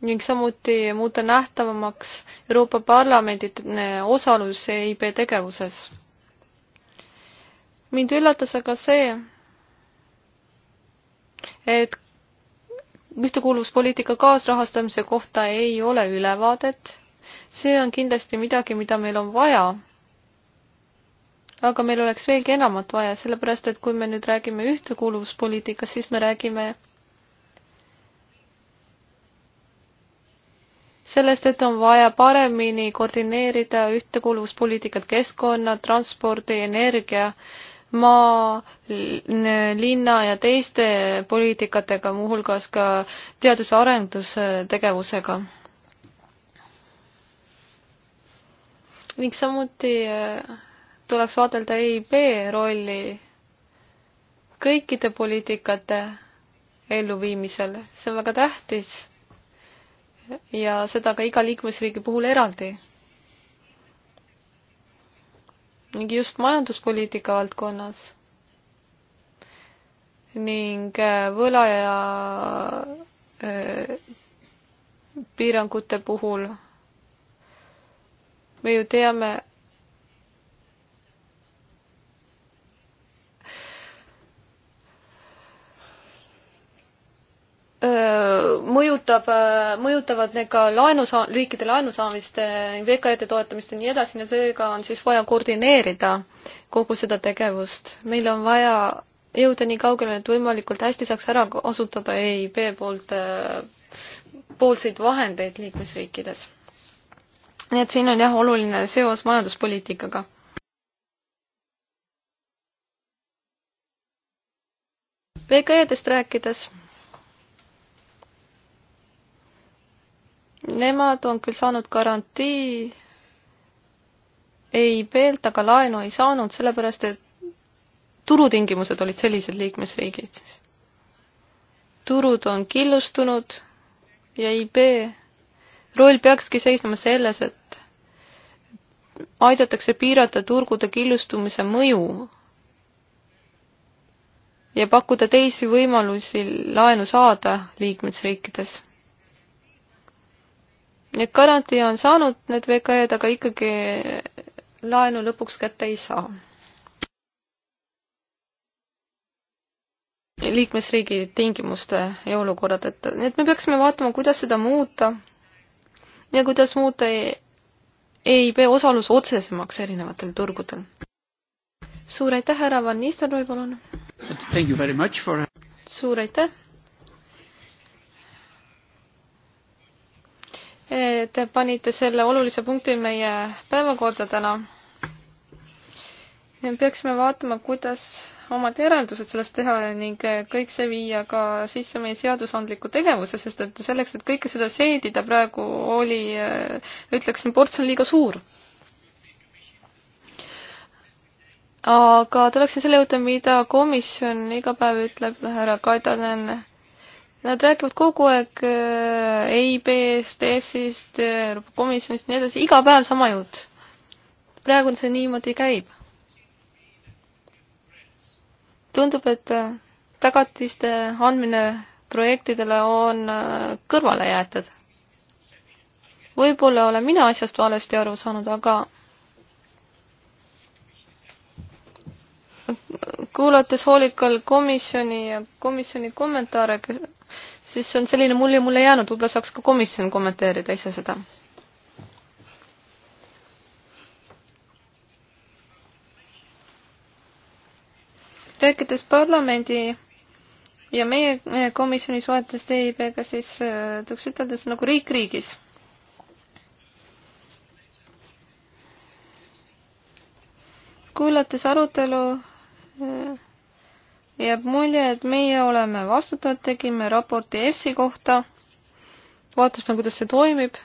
ning samuti muuta nähtavamaks Euroopa Parlamendi osalus EIB tegevuses mind üllatas aga see, et ühtekuuluvuspoliitika kaasrahastamise kohta ei ole ülevaadet. see on kindlasti midagi, mida meil on vaja. aga meil oleks veelgi enamat vaja, sellepärast et kui me nüüd räägime ühtekuuluvuspoliitikast, siis me räägime sellest, et on vaja paremini koordineerida ühtekuuluvuspoliitikat keskkonna, transpordi, energia maa, linna ja teiste poliitikatega, muuhulgas ka teadus- ja arendustegevusega. ning samuti äh, tuleks vaadelda EIB rolli kõikide poliitikate elluviimisel, see on väga tähtis ja seda ka iga liikmesriigi puhul eraldi ning just majanduspoliitika valdkonnas ning äh, võla ja äh, piirangute puhul me ju teame, mõjutab, mõjutavad need ka laenusa-, riikide laenusaamist, VKE-de toetamist ja nii edasi, nii et seega on siis vaja koordineerida kogu seda tegevust. meil on vaja jõuda nii kaugele, et võimalikult hästi saaks ära kasutada EIB poolt, poolseid vahendeid liikmesriikides. nii et siin on jah, oluline seos majanduspoliitikaga VKE-dest rääkides Nemad on küll saanud garantii EIB-lt, aga laenu ei saanud, sellepärast et turutingimused olid sellised liikmesriigid. turud on killustunud ja EIB roll peakski seisnema selles, et aidatakse piirata turgude killustumise mõju ja pakkuda teisi võimalusi laenu saada liikmesriikides et garantii on saanud need VKE-d, aga ikkagi laenu lõpuks kätte ei saa. liikmesriigi tingimuste ja olukorra tõttu, nii et me peaksime vaatama, kuidas seda muuta ja kuidas muuta EIB osalus otsesemaks erinevatel turgudel. suur aitäh, härra Van Nistelrooy, palun! For... suur aitäh Te panite selle olulise punkti meie päevakorda täna. peaksime vaatama, kuidas omad järeldused sellest teha ning kõik see viia ka sisse meie seadusandliku tegevuse, sest et selleks, et kõike seda seedida praegu oli, ütleksin, ports on liiga suur. aga tuleksin selle juurde, mida komisjon iga päev ütleb, härra Kaidanen Nad räägivad kogu aeg EIB-st, äh, EFSist, äh, Euroopa Komisjonist ja nii edasi, iga päev sama jutt. praegu see niimoodi käib. tundub, et äh, tagatiste andmine projektidele on kõrvale jäetud. võib-olla olen mina asjast valesti aru saanud, aga kuulates hoolikal komisjoni ja komisjoni kommentaare, siis on selline mulje mulle jäänud, võib-olla saaks ka komisjon kommenteerida ise seda. rääkides parlamendi ja meie, meie komisjoni suhetest EIB-ga, siis äh, tuleks ütelda, see on nagu riik riigis kuulates arutelu jääb mulje, et meie oleme vastutavad, tegime raporti EFSi kohta, vaatasime, kuidas see toimib.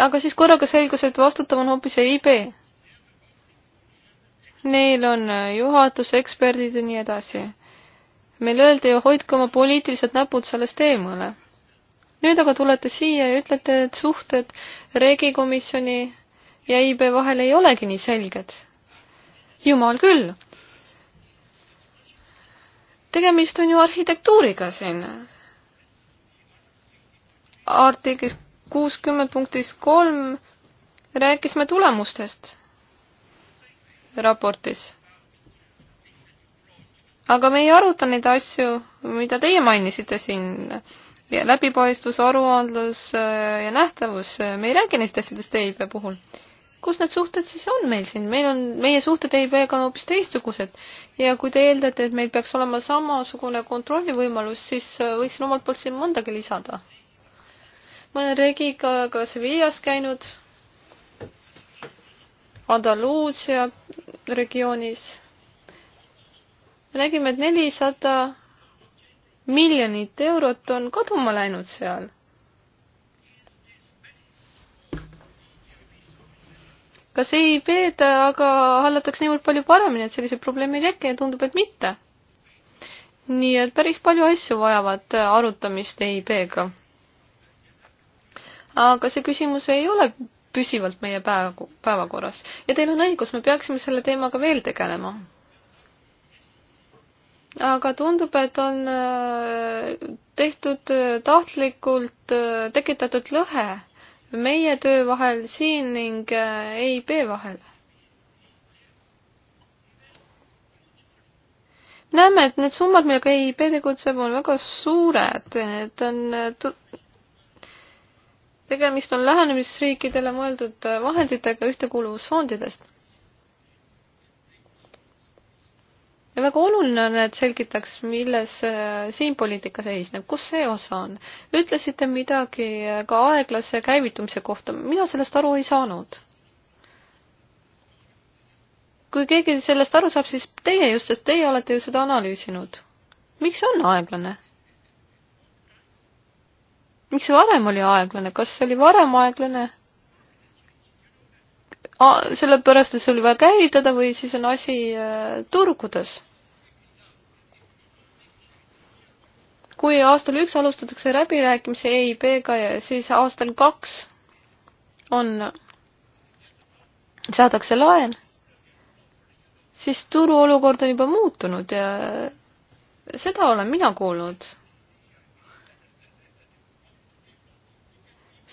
aga siis korraga selgus, et vastutav on hoopis EIB. Neil on juhatus, eksperdid ja nii edasi. meile öeldi, hoidke oma poliitilised näpud sellest eemale. nüüd aga tulete siia ja ütlete, et suhted regikomisjoni ja EIB vahel ei olegi nii selged. jumal küll. tegemist on ju arhitektuuriga siin. artiklis kuuskümmend punktis kolm rääkisime tulemustest raportis. aga me ei aruta neid asju, mida teie mainisite siin. läbipaistvus, aruandlus ja nähtavus, me ei räägi neist asjadest EIB puhul kus need suhted siis on meil siin, meil on, meie suhted EIB-ga on hoopis teistsugused ja kui te eeldate, et meil peaks olema samasugune kontrollivõimalus, siis äh, võiksin omalt poolt siin mõndagi lisada. ma olen Regiga ka Sevillas käinud, Andaluusia regioonis. me nägime, et nelisada miljonit eurot on kaduma läinud seal kas ei peeda, aga hallatakse niivõrd palju paremini, et selliseid probleeme ei teki ja tundub, et mitte. nii et päris palju asju vajavad arutamist EIB-ga. aga see küsimus ei ole püsivalt meie päev, päevakorras ja teil on õigus, me peaksime selle teemaga veel tegelema. aga tundub, et on äh, tehtud äh, tahtlikult äh, tekitatud lõhe meie töö vahel siin ning äh, EIB vahel. näeme, et need summad, millega EIB tegutseb, on väga suured, need on äh, tegemist on lähenemisriikidele mõeldud äh, vahenditega ühtekuuluvusfondidest ja väga oluline on, et selgitaks, milles äh, siin poliitika seisneb, kus see osa on. ütlesite midagi äh, ka aeglase käivitumise kohta, mina sellest aru ei saanud. kui keegi sellest aru saab, siis teie just, sest teie olete ju seda analüüsinud. miks see on aeglane? miks see varem oli aeglane, kas see oli varem aeglane? sellepärast, et see oli vaja käivitada või siis on asi äh, turgudes kui aastal üks alustatakse läbirääkimisi EIB-ga ja siis aastal kaks on, saadakse laen, siis turuolukord on juba muutunud ja seda olen mina kuulnud.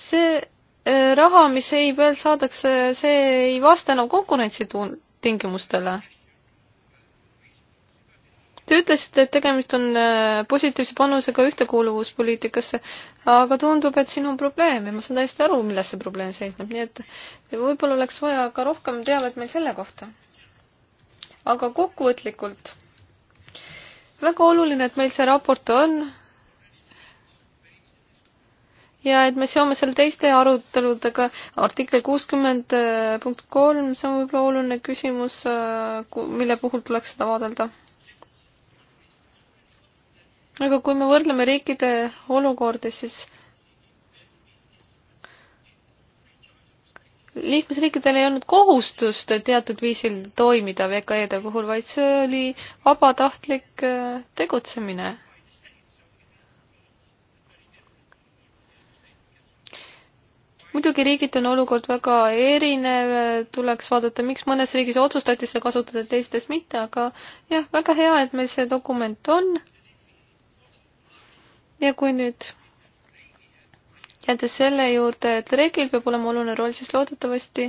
see eh, raha, mis EIB-lt saadakse, see ei vasta enam konkurentsitingimustele Te ütlesite, et tegemist on äh, positiivse panusega ühtekuuluvuspoliitikasse, aga tundub, et siin on probleem ja ma saan täiesti aru, milles see probleem seisneb, nii et võib-olla oleks vaja ka rohkem teavet meil selle kohta. aga kokkuvõtlikult, väga oluline, et meil see raport on ja et me seome selle teiste aruteludega, artikkel kuuskümmend äh, punkt kolm, see on võib-olla oluline küsimus, äh, mille puhul tuleks seda vaadelda aga kui me võrdleme riikide olukordi, siis liikmesriikidel ei olnud kohustust teatud viisil toimida VKE-de puhul, vaid see oli vabatahtlik äh, tegutsemine. muidugi riigiti on olukord väga erinev, tuleks vaadata, miks mõnes riigis otsustati seda kasutada, teistes mitte, aga jah, väga hea, et meil see dokument on ja kui nüüd jääda selle juurde, et REG-il peab olema oluline roll, siis loodetavasti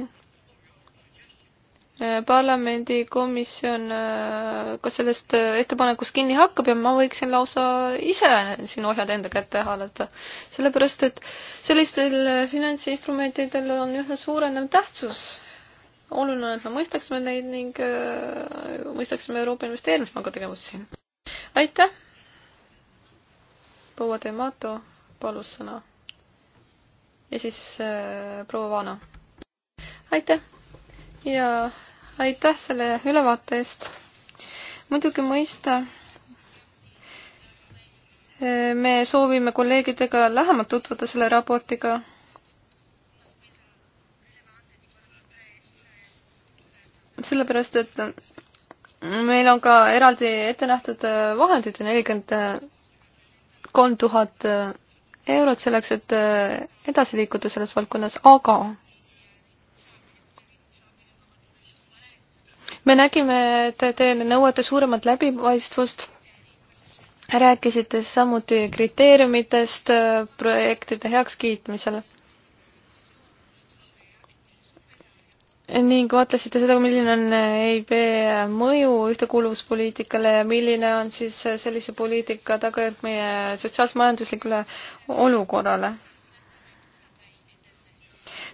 äh, parlamendikomisjon äh, ka sellest äh, ettepanekust kinni hakkab ja ma võiksin lausa ise siin ohjad enda kätte haarata. sellepärast, et sellistel finantsinstrumentidel on üha suurenev tähtsus. oluline on, et me mõistaksime neid ning mõistaksime Euroopa Investeerimispanka tegevust siin. aitäh! proua Demato palus sõna. ja siis äh, proua Vana. aitäh ja aitäh selle ülevaate eest. muidugi mõista äh, me soovime kolleegidega lähemalt tutvuda selle raportiga. sellepärast, et meil on ka eraldi ette nähtud äh, vahendid, nelikümmend äh, kolm tuhat äh, eurot selleks, et äh, edasi liikuda selles valdkonnas, aga me nägime, et te nõuate suuremat läbipaistvust, rääkisite samuti kriteeriumitest äh, projektide heakskiitmisel ning vaatasite seda, milline on EIB mõju ühtekuuluvuspoliitikale ja milline on siis sellise poliitika tagajärg meie sotsiaalsmajanduslikule olukorrale.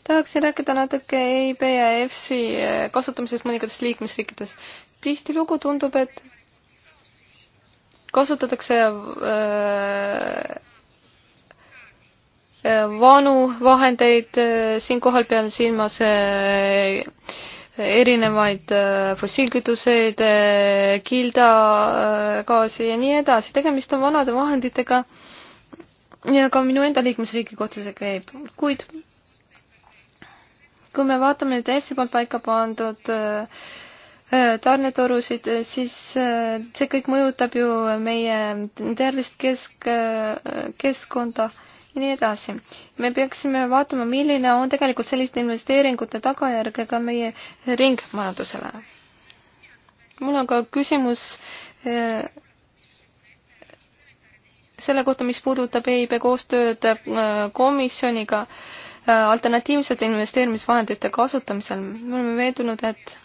tahaksin rääkida natuke EIB ja EFSI kasutamisest mõningates liikmesriikides. tihtilugu tundub, et kasutatakse äh, Äh, vanu vahendeid, äh, siinkohal pean silmas äh, erinevaid fossiilkütuseid, kildagaasi ja nii edasi, tegemist on vanade vahenditega ja ka minu enda liikmesriigi kohta see käib, kuid kui me vaatame nüüd EFSi poolt paika pandud tarnetorusid, siis see kõik mõjutab ju meie tervist kesk, keskkonda ja nii edasi. me peaksime vaatama, milline on tegelikult selliste investeeringute tagajärg ka meie ringmajandusele. mul on ka küsimus eh, selle kohta, mis puudutab EIB koostööd eh, komisjoniga eh, alternatiivsete investeerimisvahendite kasutamisel. me oleme veendunud, et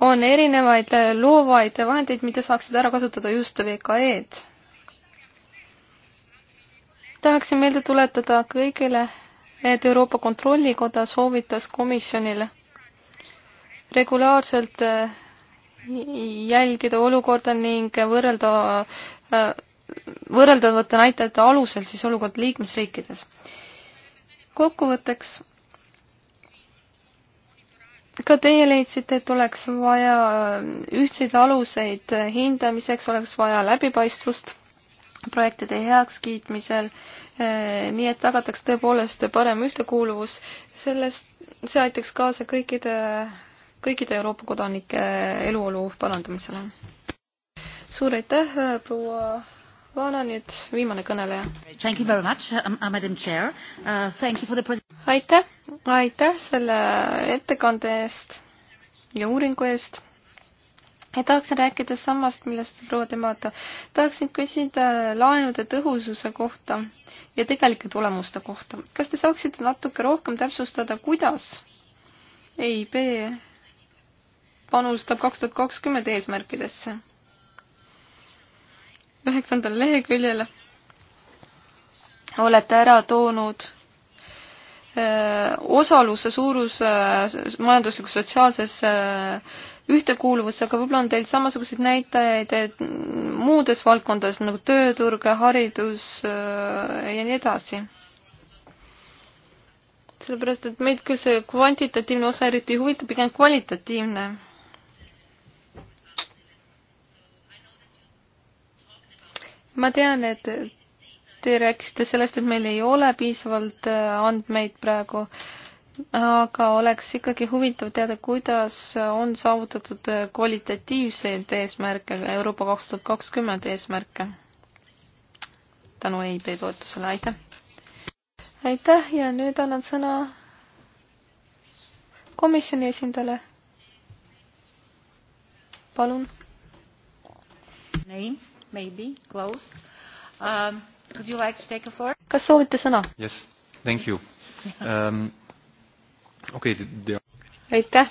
on erinevaid loovaid vahendeid, mida saaksid ära kasutada just VKE-d tahaksin meelde tuletada kõigile, et Euroopa Kontrollikoda soovitas komisjonile regulaarselt eh, jälgida olukorda ning võrrelda, eh, võrreldavate näitajate alusel siis olukord liikmesriikides. kokkuvõtteks, ka teie leidsite, et oleks vaja eh, ühtseid aluseid hindamiseks, oleks vaja läbipaistvust projektide heakskiitmisel, eh, nii et tagataks tõepoolest parem ühtekuuluvus, sellest, see aitaks kaasa kõikide, kõikide Euroopa kodanike eluolu parandamisele. suur aitäh, proua Vana, nüüd viimane kõneleja. Um, uh, uh, aitäh, aitäh selle ettekande eest ja uuringu eest ja tahaksin rääkida samast, millest proua Demata. tahaksin küsida laenude tõhususe kohta ja tegelike tulemuste kohta. kas te saaksite natuke rohkem täpsustada, kuidas EIB panustab kaks tuhat kakskümmend eesmärkidesse? üheksandal leheküljel olete ära toonud öö, osaluse suuruse majanduslikus sotsiaalses öö, ühtekuuluvus, aga võib-olla on teil samasuguseid näitajaid, et muudes valdkondades nagu tööturg, haridus äh, ja nii edasi. sellepärast, et meid küll see kvantitatiivne osa eriti ei huvita, pigem kvalitatiivne ma tean, et te rääkisite sellest, et meil ei ole piisavalt äh, andmeid praegu aga oleks ikkagi huvitav teada, kuidas on saavutatud kvalitatiivseid eesmärke, Euroopa kaks tuhat kakskümmend eesmärke tänu EIB toetusele, aitäh! aitäh ja nüüd annan sõna komisjoni esindajale. palun. Name, maybe, close um,. Could you like to take a floor? kas soovite sõna? Yes, thank you um, okei okay,, aitäh!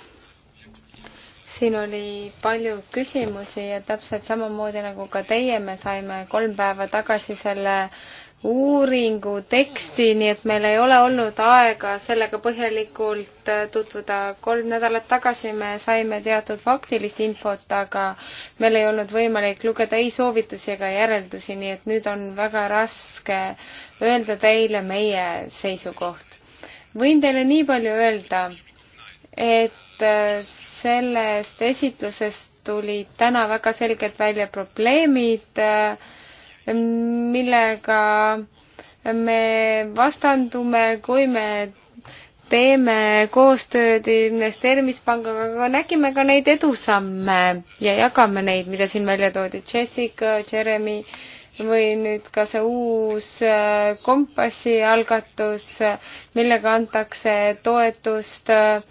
siin oli palju küsimusi ja täpselt samamoodi nagu ka teie, me saime kolm päeva tagasi selle uuringu teksti, nii et meil ei ole olnud aega sellega põhjalikult äh, tutvuda. kolm nädalat tagasi me saime teatud faktilist infot, aga meil ei olnud võimalik lugeda ei soovitusi ega järeldusi, nii et nüüd on väga raske öelda teile meie seisukoht võin teile nii palju öelda, et äh, sellest esitlusest tulid täna väga selgelt välja probleemid, äh, millega me vastandume, kui me teeme koostööd investeerimispangaga, aga nägime ka neid edusamme ja jagame neid, mida siin välja toodi. Jessica, Jeremy äh, või nüüd ka see uus äh, kompassi algatus, millega antakse toetust äh,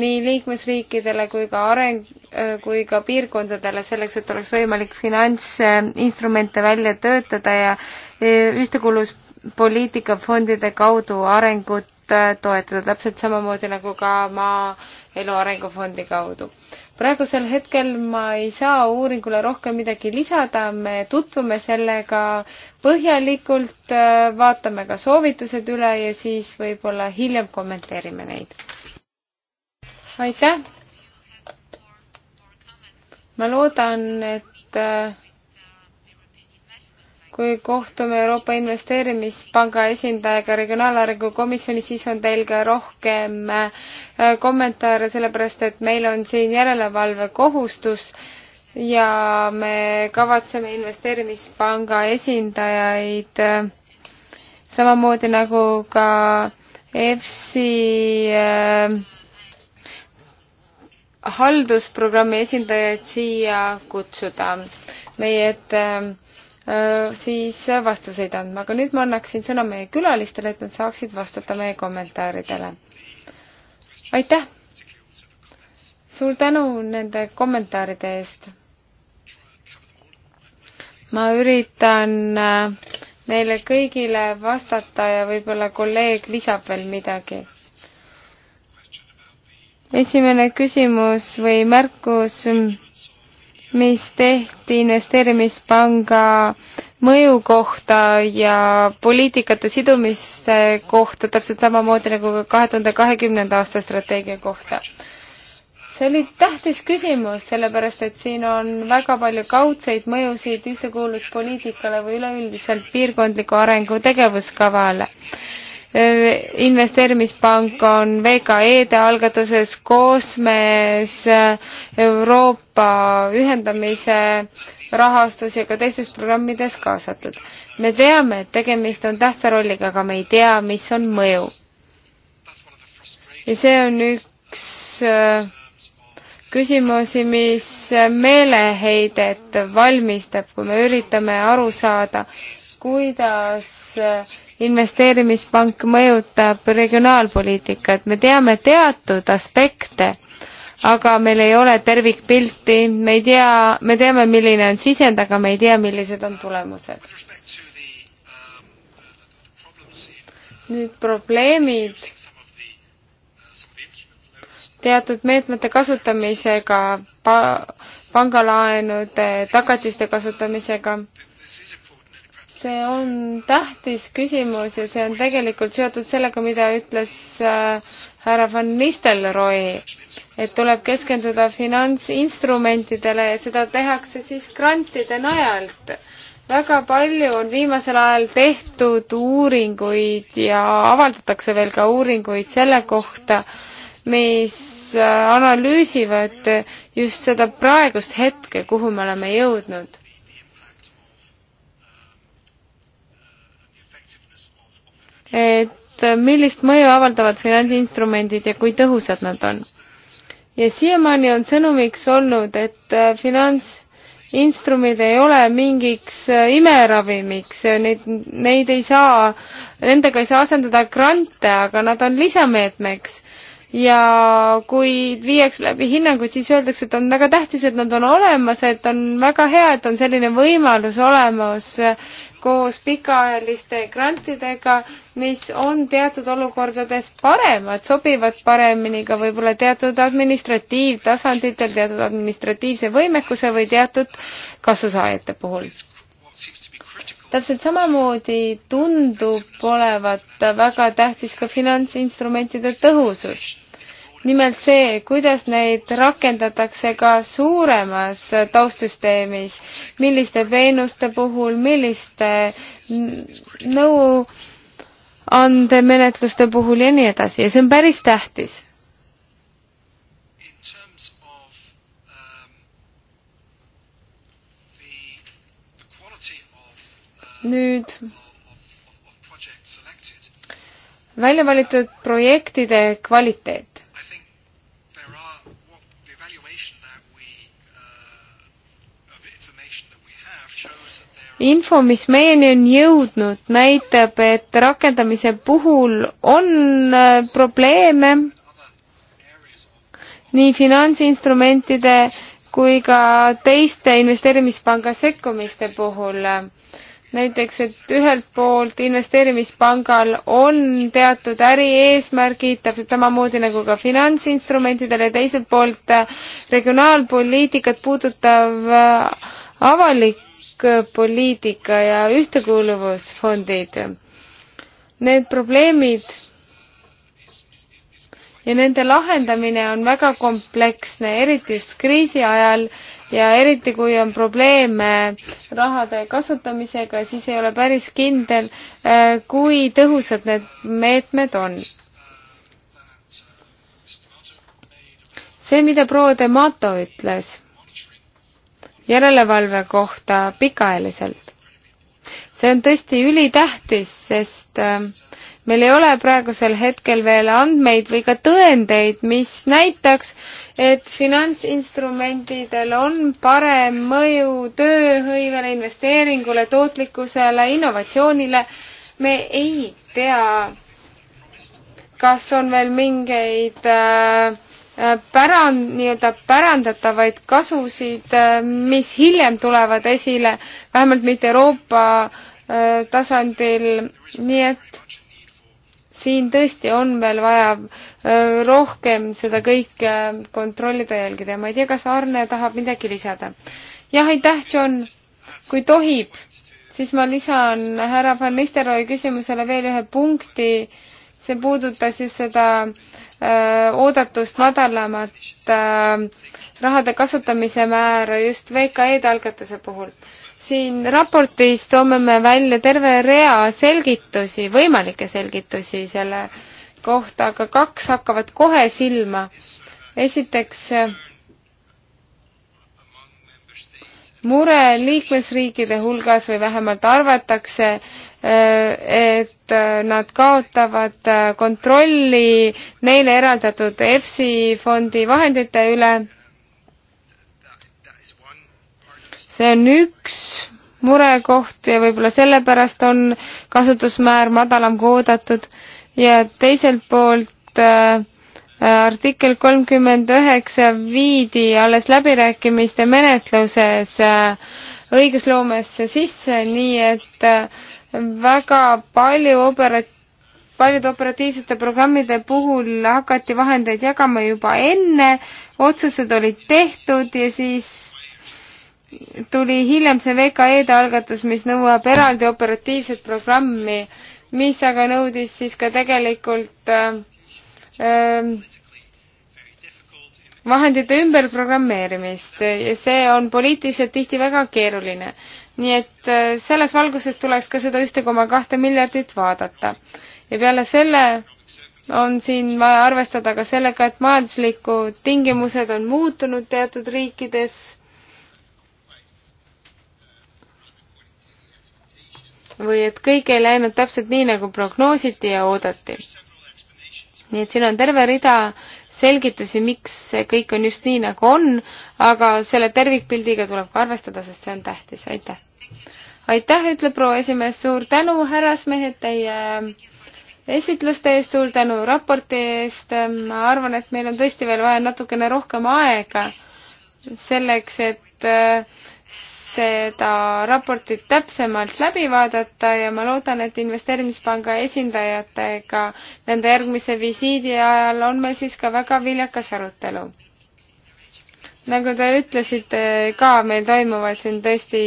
nii liikmesriikidele kui ka areng, äh, kui ka piirkondadele selleks, et oleks võimalik finantsinstrumente välja töötada ja ühtekuuluvuspoliitika fondide kaudu arengut toetada, täpselt samamoodi nagu ka Maaelu Arengufondi kaudu praegusel hetkel ma ei saa uuringule rohkem midagi lisada, me tutvume sellega põhjalikult, vaatame ka soovitused üle ja siis võib-olla hiljem kommenteerime neid. aitäh! ma loodan, et kui kohtume Euroopa Investeerimispanga esindajaga Regionaalarengu komisjonis, siis on teil ka rohkem äh, kommentaare, sellepärast et meil on siin järelevalvekohustus ja me kavatseme investeerimispanga esindajaid äh, samamoodi nagu ka EFSI äh, haldusprogrammi esindajaid siia kutsuda meie ette äh, Äh, siis vastuseid andma, aga nüüd ma annaksin sõna meie külalistele, et nad saaksid vastata meie kommentaaridele. aitäh! suur tänu nende kommentaaride eest! ma üritan äh, neile kõigile vastata ja võib-olla kolleeg lisab veel midagi. esimene küsimus või märkus mis tehti investeerimispanga mõju kohta ja poliitikate sidumise kohta, täpselt samamoodi nagu ka kahe tuhande kahekümnenda aasta strateegia kohta. see oli tähtis küsimus, sellepärast et siin on väga palju kaudseid mõjusid ühtekuuluvuspoliitikale või üleüldiselt piirkondliku arengu tegevuskavale Äh, investeerimispank on VKE-de algatuses, koosmees, Euroopa ühendamise rahastus ja ka teistes programmides kaasatud. me teame, et tegemist on tähtsa rolliga, aga me ei tea, mis on mõju. ja see on üks äh, küsimusi, mis meeleheidet valmistab, kui me üritame aru saada, kuidas äh, investeerimispank mõjutab regionaalpoliitikat, me teame teatud aspekte, aga meil ei ole tervikpilti, me ei tea, me teame, milline on sisend, aga me ei tea, millised on tulemused. nüüd probleemid teatud meetmete kasutamisega pa, pangalaenude tagatiste kasutamisega see on tähtis küsimus ja see on tegelikult seotud sellega, mida ütles äh, härra Van Nistelrooy, et tuleb keskenduda finantsinstrumentidele ja seda tehakse siis grantide najalt. väga palju on viimasel ajal tehtud uuringuid ja avaldatakse veel ka uuringuid selle kohta, mis äh, analüüsivad just seda praegust hetke, kuhu me oleme jõudnud et millist mõju avaldavad finantsinstrumendid ja kui tõhusad nad on. ja siiamaani on sõnumiks olnud, et äh, finantsinstrumendid ei ole mingiks äh, imeravimiks, neid, neid ei saa, nendega ei saa asendada grante, aga nad on lisameetmeks ja kui viiakse läbi hinnanguid, siis öeldakse, et on väga tähtis, et nad on olemas, et on väga hea, et on selline võimalus olemas koos pikaajaliste grantidega, mis on teatud olukordades paremad, sobivad paremini ka võib-olla teatud administratiivtasanditel, teatud administratiivse võimekuse või teatud kasusaajate puhul. täpselt samamoodi tundub olevat väga tähtis ka finantsinstrumentide tõhusus nimelt see, kuidas neid rakendatakse ka suuremas taustsüsteemis, milliste teenuste puhul, milliste nõu andemenetluste puhul ja nii edasi ja see on päris tähtis nüüd välja valitud projektide kvaliteet. info, mis meieni on jõudnud, näitab, et rakendamise puhul on äh, probleeme nii finantsinstrumentide kui ka teiste investeerimispanga sekkumiste puhul. näiteks, et ühelt poolt investeerimispangal on teatud ärieesmärgid, täpselt samamoodi nagu ka finantsinstrumentidel ja teiselt poolt äh, regionaalpoliitikat puudutav äh, avalik Äh, poliitika ja ühtekuuluvusfondid. Need probleemid ja nende lahendamine on väga kompleksne, eriti just kriisi ajal ja eriti, kui on probleeme rahade kasutamisega, siis ei ole päris kindel, äh, kui tõhusad need meetmed on. see, mida proua Demato ütles järelevalve kohta pikaajaliselt. see on tõesti ülitähtis, sest äh, meil ei ole praegusel hetkel veel andmeid või ka tõendeid, mis näitaks, et finantsinstrumentidel on parem mõju tööhõivele, investeeringule, tootlikkusele, innovatsioonile. me ei tea, kas on veel mingeid äh, pärand, nii-öelda pärandatavaid kasusid, äh, mis hiljem tulevad esile, vähemalt mitte Euroopa äh, tasandil, nii et siin tõesti on veel vaja äh, rohkem seda kõike kontrollida ja jälgida ja ma ei tea, kas Arne tahab midagi lisada. jah, aitäh, John. kui tohib, siis ma lisan härra Van Nistelrooy küsimusele veel ühe punkti. see puudutas just seda äh, Äh, oodatust madalamat äh, rahade kasutamise määra just VKE-de algatuse puhul. siin raportis toome me välja terve rea selgitusi, võimalikke selgitusi selle kohta, aga kaks hakkavad kohe silma. esiteks mure liikmesriikide hulgas või vähemalt arvatakse, et nad kaotavad kontrolli neile eraldatud EFSI fondi vahendite üle. see on üks murekoht ja võib-olla sellepärast on kasutusmäär madalam kui oodatud ja teiselt poolt äh, artikkel kolmkümmend üheksa viidi alles läbirääkimiste menetluses äh, õigusloomesse sisse, nii et äh, väga palju operat-, paljude operatiivsete programmide puhul hakati vahendeid jagama juba enne, otsused olid tehtud ja siis tuli hiljem see VKE-de algatus, mis nõuab eraldi operatiivset programmi, mis aga nõudis siis ka tegelikult äh, äh, vahendite ümberprogrammeerimist ja see on poliitiliselt tihti väga keeruline nii et äh, selles valguses tuleks ka seda ühte koma kahte miljardit vaadata. ja peale selle on siin vaja arvestada ka sellega, et majanduslikud tingimused on muutunud teatud riikides või et kõik ei läinud täpselt nii, nagu prognoositi ja oodati. nii et siin on terve rida selgitusi, miks see kõik on just nii, nagu on, aga selle tervikpildiga tuleb ka arvestada, sest see on tähtis, aitäh! aitäh, ütleb proua esimees, suur tänu, härrasmehed, teie esitluste eest, suur tänu raporti eest, ma arvan, et meil on tõesti veel vaja natukene rohkem aega selleks, et äh, seda raportit täpsemalt läbi vaadata ja ma loodan, et investeerimispanga esindajatega nende järgmise visiidi ajal on meil siis ka väga viljakas arutelu. nagu te ütlesite ka, meil toimuvad siin tõesti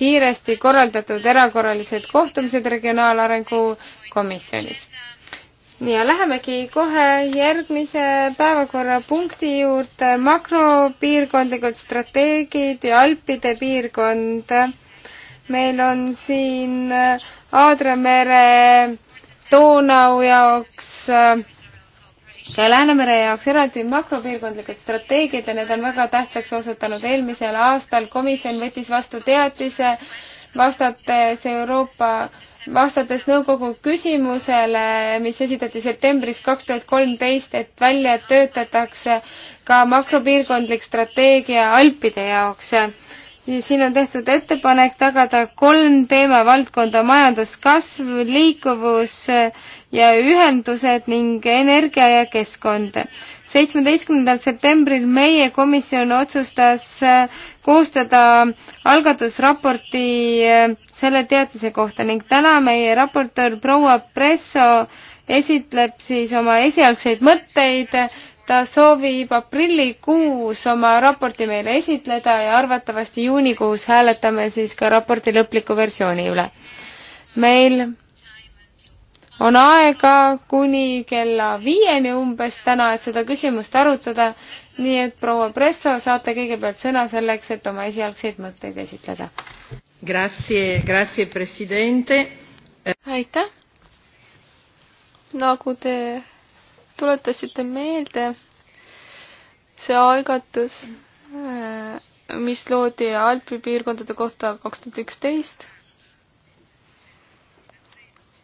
kiiresti korraldatud erakorralised kohtumised Regionaalarengu komisjonis. ja lähemegi kohe järgmise päevakorrapunkti juurde, makropiirkondlikud strateegid ja Alpide piirkond. meil on siin Aadra mere Donau jaoks äh, ka Läänemere jaoks eraldi makropiirkondlikud strateegiad ja need on väga tähtsaks osutunud. eelmisel aastal komisjon võttis vastu teatise, vastates Euroopa, vastates nõukogu küsimusele, mis esitati septembris kaks tuhat kolmteist, et välja töötatakse ka makropiirkondlik strateegia Alpide jaoks siin on tehtud ettepanek tagada kolm teemavaldkonda, majanduskasv, liikuvus ja ühendused ning energia ja keskkond. seitsmeteistkümnendal septembril meie komisjon otsustas koostada algatusraporti selle teatise kohta ning täna meie raportöör proua Presso esitleb siis oma esialgseid mõtteid ta soovib aprillikuus oma raporti meile esitleda ja arvatavasti juunikuus hääletame siis ka raporti lõpliku versiooni üle. meil on aega kuni kella viieni umbes täna, et seda küsimust arutada, nii et proua Presso, saate kõigepealt sõna selleks, et oma esialgseid mõtteid esitleda. Grazie, grazie, presidente. aitäh. nagu te tuletasite meelde see algatus, äh, mis loodi Alpi piirkondade kohta kaks tuhat üksteist.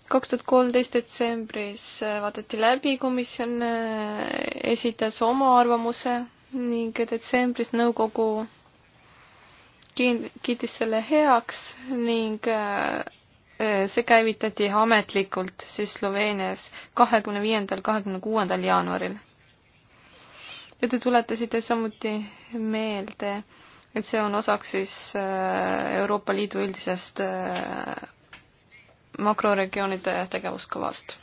kaks tuhat kolmteist detsembris äh, vaadati läbi, komisjon äh, esitas oma arvamuse ning detsembris nõukogu kiitis selle heaks ning Äh, see käivitati ametlikult siis Sloveenias kahekümne viiendal, kahekümne kuuendal jaanuaril. ja te tuletasite samuti meelde, et see on osaks siis äh, Euroopa Liidu üldisest äh, makroregioonide tegevuskavast.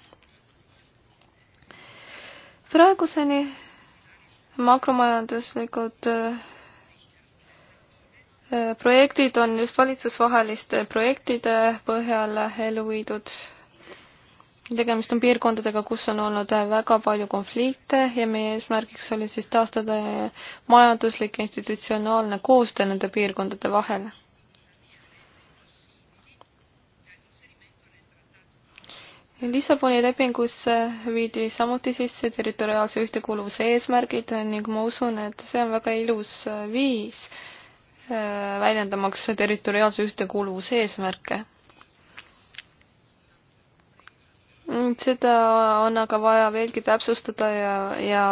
praeguseni makromajanduslikud projektid on just valitsusvaheliste projektide põhjal ellu viidud. tegemist on piirkondadega, kus on olnud väga palju konflikte ja meie eesmärgiks oli siis taastada majanduslik ja institutsionaalne koostöö nende piirkondade vahel. Lissaboni lepingusse viidi samuti sisse territoriaalse ühtekuuluvuse eesmärgid ning ma usun, et see on väga ilus viis äh, Äh, väljendamaks territoriaalse ühtekuuluvuse eesmärke. Mm, seda on aga vaja veelgi täpsustada ja, ja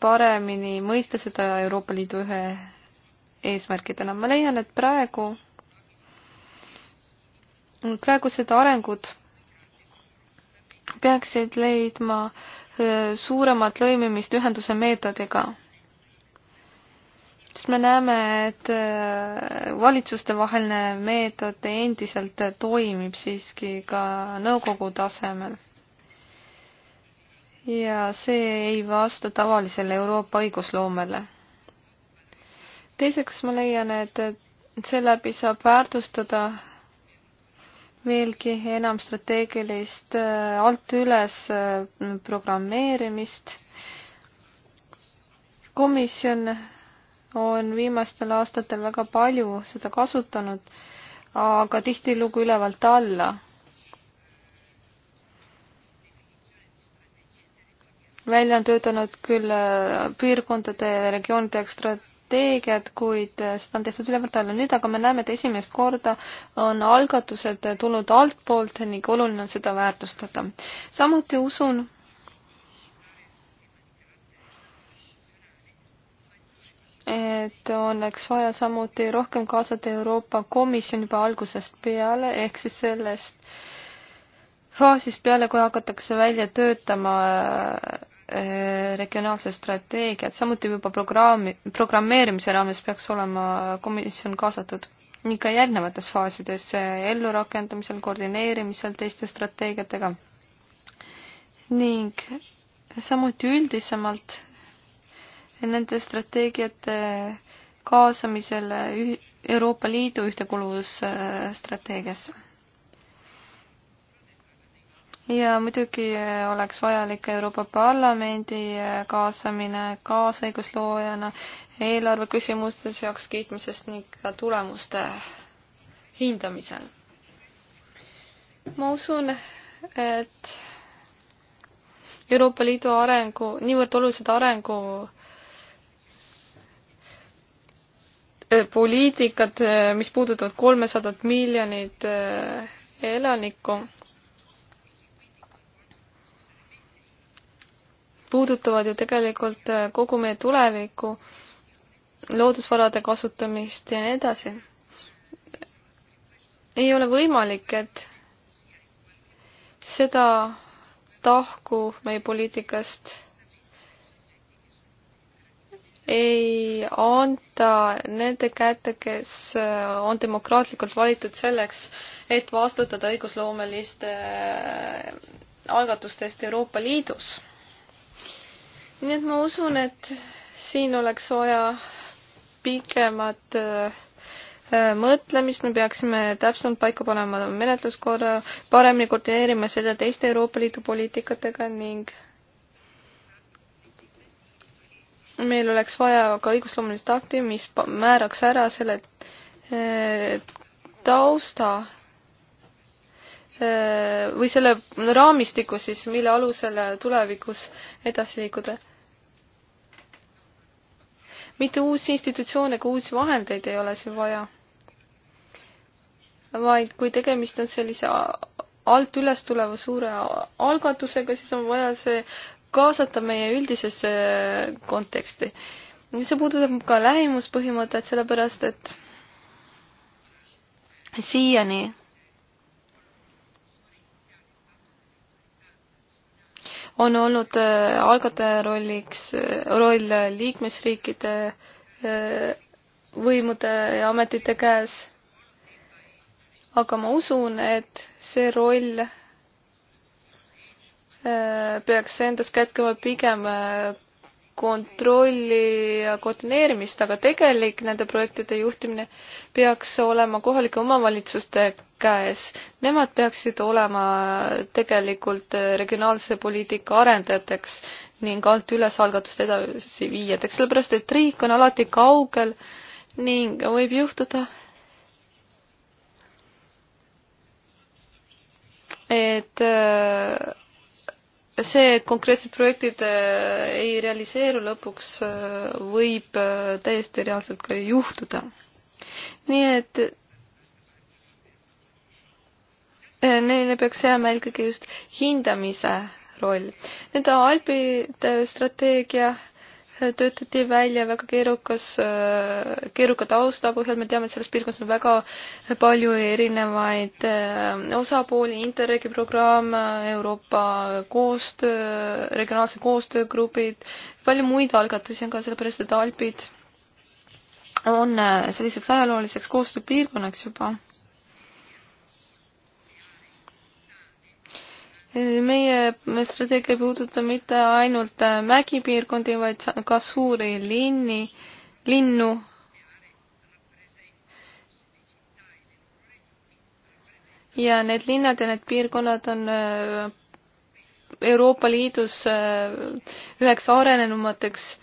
paremini mõista seda Euroopa Liidu ühe eesmärkidena. ma leian, et praegu, praegused arengud peaksid leidma äh, suuremat lõimimist ühenduse meetodiga sest me näeme, et äh, valitsustevaheline meetod endiselt toimib siiski ka nõukogu tasemel. ja see ei vasta tavalisele Euroopa õigusloomele. teiseks ma leian, et, et seeläbi saab väärtustada veelgi enam strateegilist äh, alt üles äh, programmeerimist. komisjon on viimastel aastatel väga palju seda kasutanud, aga tihtilugu ülevalt alla. välja on töötanud küll äh, piirkondade ja regioonide strateegiad, kuid äh, seda on tehtud ülevalt alla. nüüd aga me näeme, et esimest korda on algatused tulnud altpoolt ning oluline on seda väärtustada. samuti usun, et oleks vaja samuti rohkem kaasata Euroopa Komisjon juba algusest peale, ehk siis sellest faasist peale, kui hakatakse välja töötama äh, regionaalset strateegiat, samuti juba programmi, programmeerimise raames peaks olema komisjon kaasatud ning ka järgnevates faasides äh, ellurakendamisel, koordineerimisel teiste strateegiatega. ning samuti üldisemalt nende strateegiate kaasamisele Euroopa Liidu ühtekuuluvusstrateegiasse. ja muidugi oleks vajalik Euroopa Parlamendi kaasamine kaasõigusloojana eelarve küsimustes heakskiitmisest ning ka tulemuste hindamisel. ma usun, et Euroopa Liidu arengu, niivõrd olulised arengu Eh, poliitikad, eh, mis puudutavad kolmesadat miljonit eh, elanikku, puudutavad ju tegelikult kogu meie tulevikku, loodusvarade kasutamist ja nii edasi. ei ole võimalik, et seda tahku meie poliitikast ei anta nende kätte, kes äh, on demokraatlikult valitud selleks, et vastutada õigusloomeliste äh, algatuste eest Euroopa Liidus. nii et ma usun, et siin oleks vaja pikemat äh, mõtlemist, me peaksime täpsemalt paika panema menetluskorra, paremini koordineerima seda teiste Euroopa Liidu poliitikatega ning meil oleks vaja ka õigusloomulist akti, mis määraks ära selle eh, tausta eh, või selle raamistiku siis, mille alusel tulevikus edasi liikuda. mitte uusi institutsioone ega uusi vahendeid ei ole siin vaja. vaid kui tegemist on sellise alt üles tuleva suure algatusega, siis on vaja see kaasata meie üldisesse konteksti. see puudutab ka lähimuspõhimõtet, sellepärast et siiani on olnud äh, algataja rolliks, äh, roll liikmesriikide äh, võimude ja ametite käes. aga ma usun, et see roll Äh, peaks endas kätkema pigem äh, kontrolli ja koordineerimist, aga tegelik nende projektide juhtimine peaks olema kohalike omavalitsuste käes. Nemad peaksid olema tegelikult äh, regionaalse poliitika arendajateks ning alt üles algatust edasi viijateks, sellepärast et riik on alati kaugel ning võib juhtuda, et äh, see, et konkreetsed projektid äh, ei realiseeru lõpuks, äh, võib äh, täiesti reaalselt ka juhtuda. nii et neile peaks jääma ikkagi just hindamise roll. Nende Alpide strateegia äh, töötati välja väga keerukas, keeruka tausta põhjal, me teame, et selles piirkonnas on väga palju erinevaid äh, osapooli, Interregi programm, Euroopa koostöö, regionaalse koostöögrupid, palju muid algatusi on ka, sellepärast et Alpid on äh, selliseks ajalooliseks koostööpiirkonnaks juba meie strateegia ei puuduta mitte ainult äh, mägipiirkondi, vaid ka suuri linni, linnu. ja need linnad ja need piirkonnad on äh, Euroopa Liidus äh, üheks arenenumateks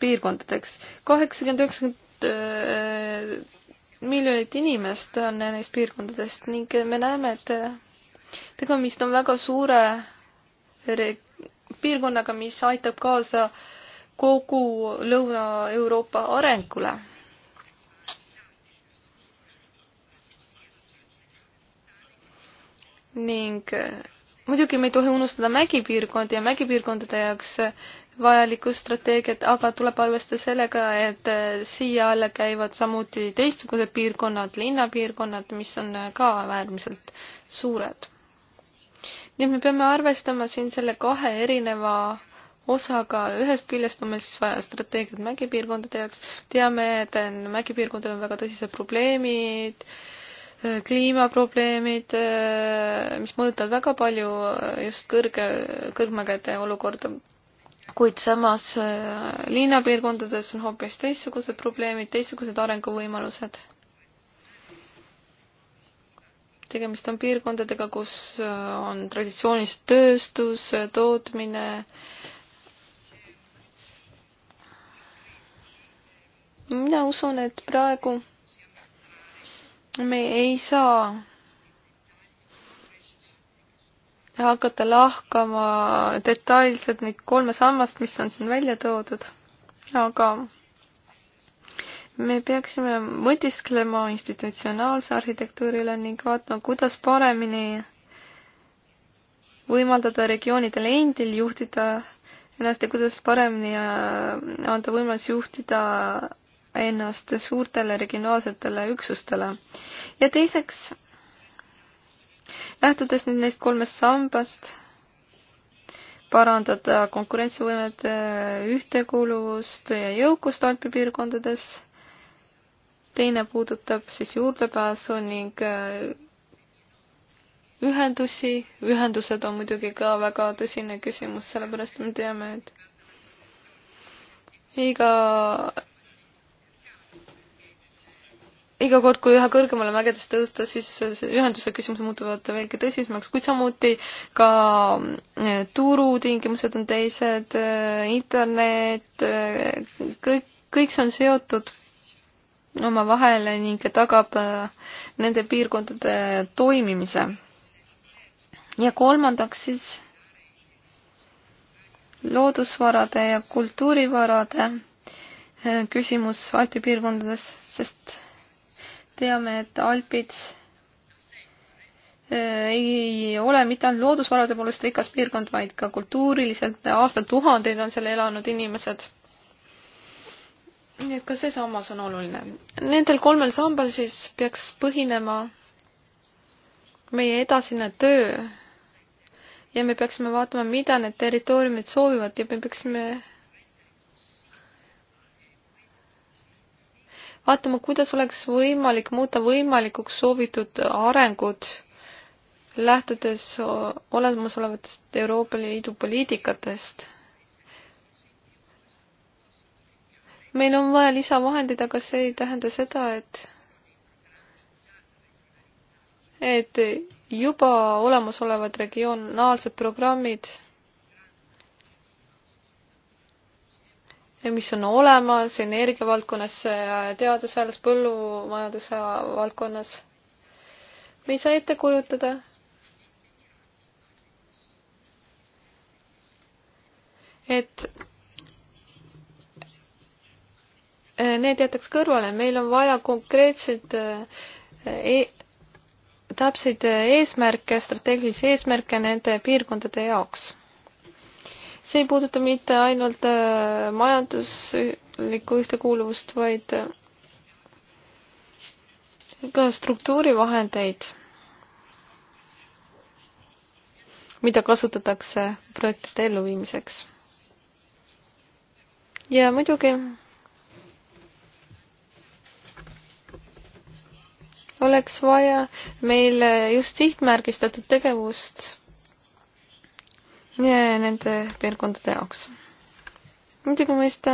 piirkondadeks. kaheksakümmend, üheksakümmend miljonit inimest on neist piirkondadest ning me näeme, et tegemist on väga suure piirkonnaga, mis aitab kaasa kogu Lõuna-Euroopa arengule. ning muidugi me ei tohi unustada mägipiirkondi ja mägipiirkondade jaoks vajalikku strateegiat, aga tuleb arvestada sellega, et äh, siia alla käivad samuti teistsugused piirkonnad, linnapiirkonnad, mis on äh, ka äärmiselt suured. nii et me peame arvestama siin selle kahe erineva osaga, ühest küljest on meil siis vaja strateegiat mägipiirkondade jaoks, teame, et äh, mägipiirkondadel on väga tõsised probleemid, kliimaprobleemid, mis mõjutavad väga palju just kõrge, kõrgmägede olukorda kuid samas äh, linnapiirkondades on hoopis teistsugused probleemid, teistsugused arenguvõimalused. tegemist on piirkondadega, kus äh, on traditsiooniliselt tööstus, äh, tootmine, mina usun, et praegu me ei saa hakata lahkama detailselt neid kolme sammast, mis on siin välja toodud, aga me peaksime mõtisklema institutsionaalse arhitektuurile ning vaatama, kuidas paremini võimaldada regioonidel endil juhtida ennast ja kuidas paremini äh, anda võimalus juhtida ennast suurtele regionaalsetele üksustele. ja teiseks lähtudes nüüd neist kolmest sambast, parandada konkurentsivõimet, äh, ühtekuuluvust ja jõukust Alpi piirkondades. teine puudutab siis juurdepääsu ning äh, ühendusi, ühendused on muidugi ka väga tõsine küsimus, sellepärast me teame, et iga iga kord, kui üha kõrgemale mägedes tõusta, siis ühenduse küsimused muutuvad veelgi tõsisemaks, kuid samuti ka eh, turutingimused on teised, eh, internet, eh, kõik, kõik see on seotud omavahel ning tagab nende piirkondade toimimise. ja kolmandaks siis loodusvarade ja kultuurivarade küsimus Alpi piirkondades, sest teame, et Alpid äh, ei ole mitte ainult loodusvarade poolest rikas piirkond, vaid ka kultuuriliselt aastatuhandeid on seal elanud inimesed. nii et ka see sammas on oluline. Nendel kolmel sambal siis peaks põhinema meie edasine töö ja me peaksime vaatama, mida need territooriumid soovivad ja me peaksime vaatama, kuidas oleks võimalik muuta võimalikuks soovitud arengud, lähtudes olemasolevatest Euroopa Liidu poliitikatest. meil on vaja lisavahendeid, aga see ei tähenda seda, et et juba olemasolevad regionaalsed programmid mis on olemas energia valdkonnas, teadusalas, põllumajanduse valdkonnas. me ei saa ette kujutada. et need jätaks kõrvale, meil on vaja konkreetseid e täpseid eesmärke, strateegilisi eesmärke nende piirkondade jaoks see ei puuduta mitte ainult äh, majanduslikku ühtekuuluvust, vaid äh, ka struktuurivahendeid, mida kasutatakse projektide elluviimiseks. ja muidugi oleks vaja meil just sihtmärgistatud tegevust nende piirkondade jaoks. muidugi mõista,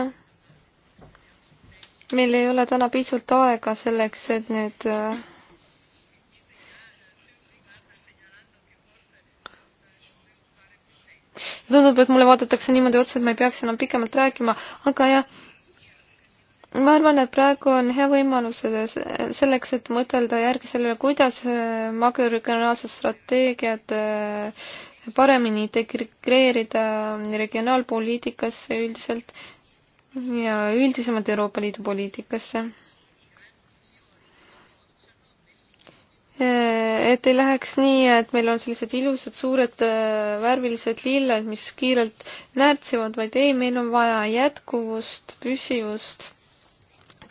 meil ei ole täna piisavalt aega selleks, et nüüd äh, tundub, et mulle vaadatakse niimoodi otsa, et ma ei peaks enam pikemalt rääkima, aga jah, ma arvan, et praegu on hea võimalus selleks, et mõtelda järgi sellele, kuidas äh, makroregionaalset strateegiat äh, paremini integreerida regionaalpoliitikasse üldiselt ja üldisemalt Euroopa Liidu poliitikasse. et ei läheks nii, et meil on sellised ilusad suured äh, värvilised lilled, mis kiirelt närtsivad, vaid ei, meil on vaja jätkuvust, püsivust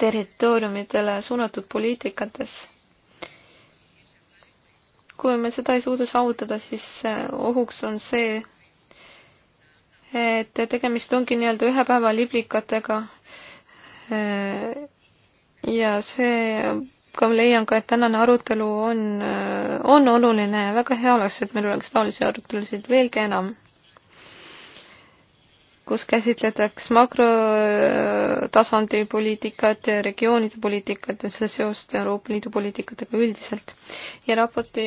territooriumitele suunatud poliitikates kui me seda ei suuda saavutada, siis äh, ohuks on see, et tegemist ongi nii-öelda ühe päeva liblikatega. Äh, ja see, ka leian ka, et tänane arutelu on, äh, on oluline ja väga hea oleks, et meil oleks taolisi arutelusid veelgi enam kus käsitletakse makrotasandi poliitikat ja regioonide poliitikat ja seda seost Euroopa Liidu poliitikatega üldiselt. ja raporti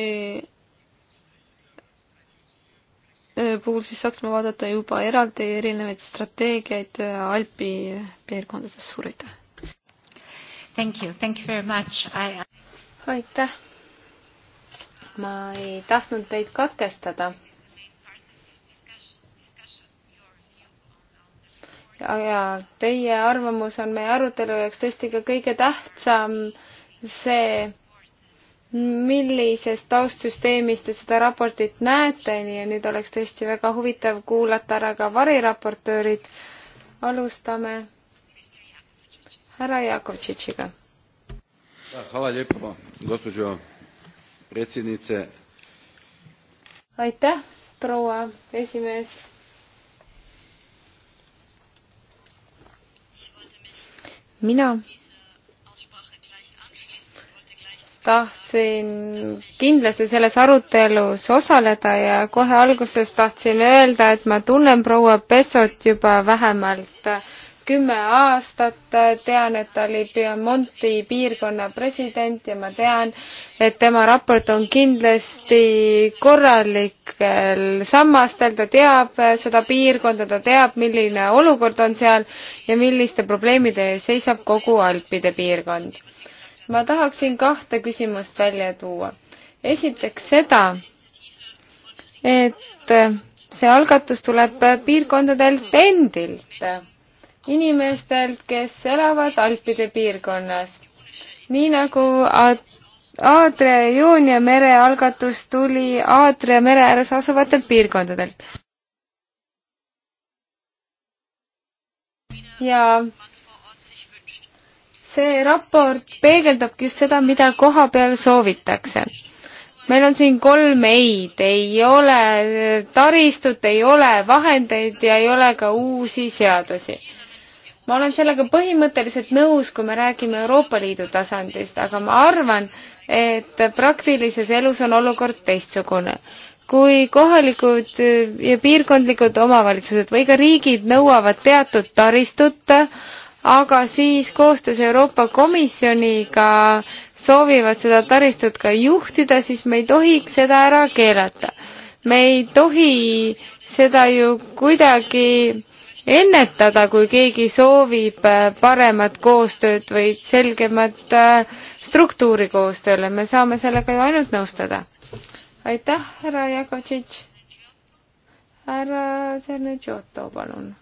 puhul siis saaksime vaadata juba eraldi erinevaid strateegiaid Alpi piirkondades. suur aitäh! Thank you, thank you very much I...! aitäh! ma ei tahtnud teid katkestada ja teie arvamus on meie arutelu jaoks tõesti ka kõige tähtsam see, millisest taustsüsteemist te seda raportit näete, nii et nüüd oleks tõesti väga huvitav kuulata ära ka variraportöörid. alustame härra Jakovtšitšiga. aitäh, proua esimees mina tahtsin kindlasti selles arutelus osaleda ja kohe alguses tahtsin öelda, et ma tunnen proua Pessot juba vähemalt kümme aastat, tean, et ta oli Piemonti piirkonna president ja ma tean, et tema raport on kindlasti korralikel sammastel, ta teab seda piirkonda, ta teab, milline olukord on seal ja milliste probleemide ees seisab kogu Alpide piirkond. ma tahaksin kahte küsimust välja tuua. esiteks seda, et see algatus tuleb piirkondadelt endilt inimestelt, kes elavad Alpide piirkonnas. nii nagu Aadria ja Joonia mere algatus tuli Aadria mere ääres asuvatelt piirkondadelt. ja see raport peegeldabki just seda, mida koha peal soovitakse. meil on siin kolm ei-d, ei ole taristut, ei ole vahendeid ja ei ole ka uusi seadusi ma olen sellega põhimõtteliselt nõus, kui me räägime Euroopa Liidu tasandist, aga ma arvan, et praktilises elus on olukord teistsugune. kui kohalikud ja piirkondlikud omavalitsused või ka riigid nõuavad teatud taristut, aga siis koostöös Euroopa Komisjoniga soovivad seda taristut ka juhtida, siis me ei tohiks seda ära keelata. me ei tohi seda ju kuidagi ennetada, kui keegi soovib äh, paremat koostööd või selgemat äh, struktuuri koostööle, me saame sellega ju ainult nõustada. aitäh, härra Jakovtšitš. härra Tšernetšoto, palun.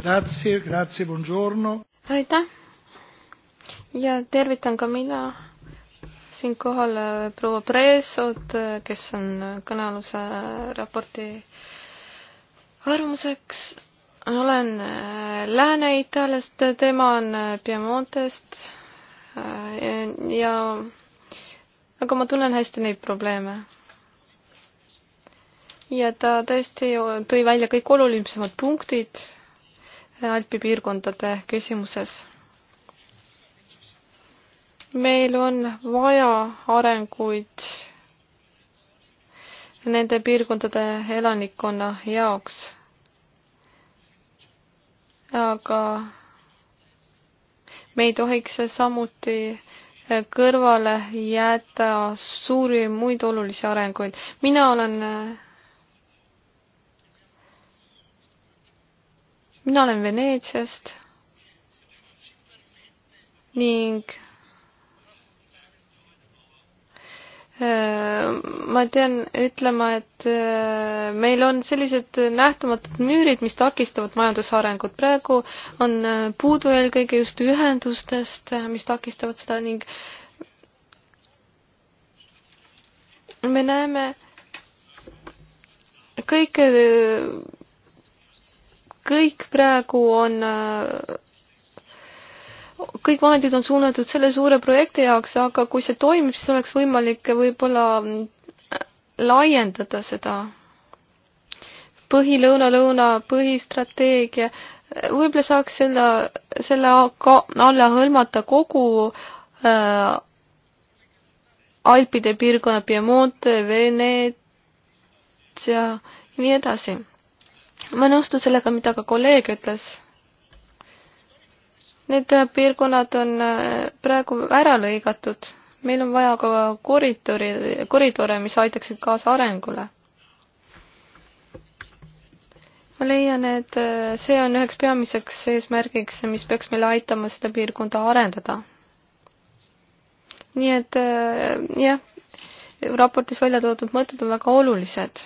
Grazie, grazie, buongiorno. aitäh ja tervitan ka mina siinkohal äh, proua Preesot, kes on kõnealuse raporti arvamuseks olen äh, Lääne-Itaaliast, tema on äh, Piemontest äh, ja aga ma tunnen hästi neid probleeme. ja ta tõesti tõi välja kõik olulisemad punktid Alpi piirkondade küsimuses. meil on vaja arenguid nende piirkondade elanikkonna jaoks aga me ei tohiks samuti kõrvale jätta suuri muid olulisi arenguid. mina olen, mina olen Veneetsiast ning Äh, ma pean ütlema, et äh, meil on sellised nähtamatud müürid, mis takistavad majandusarengut. praegu on äh, puudu eelkõige just ühendustest, mis takistavad seda ning me näeme kõik, kõik praegu on kõik vahendid on suunatud selle suure projekti jaoks, aga kui see toimib, siis oleks võimalik võib-olla laiendada seda põhilõuna-lõuna põhistrateegia. võib-olla saaks selle, selle alla hõlmata kogu äh, Alpide piirkonna Piemonte, Veneetsia, nii edasi. ma nõustun sellega, mida ka kolleeg ütles Need äh, piirkonnad on äh, praegu ära lõigatud, meil on vaja ka koridori, koridore, mis aitaksid kaasa arengule. ma leian, et äh, see on üheks peamiseks eesmärgiks, mis peaks meile aitama seda piirkonda arendada. nii et jah, raportis välja toodud mõtted on väga olulised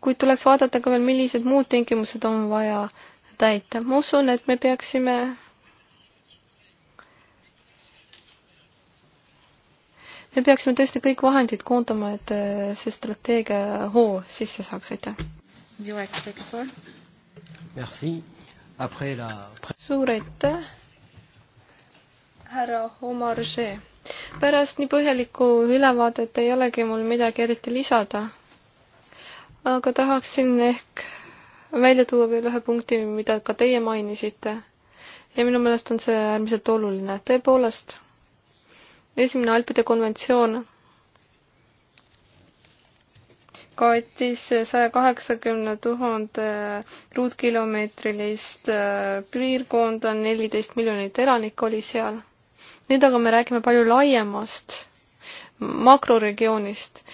kuid tuleks vaadata ka veel, millised muud tingimused on vaja täita. ma usun, et me peaksime me peaksime tõesti kõik vahendid koondama, et äh, see strateegia hoo sisse saaks, aitäh. suur aitäh, härra Omar Žee. pärast nii põhjalikku ülevaadet ei olegi mul midagi eriti lisada. aga tahaksin ehk välja tuua veel ühe punkti, mida ka teie mainisite. ja minu meelest on see äärmiselt oluline. tõepoolest, esimene Alpide konventsioon kaetis saja kaheksakümne tuhande ruutkilomeetrilist äh, piirkonda, neliteist miljonit elanikku oli seal. nüüd aga me räägime palju laiemast makroregioonist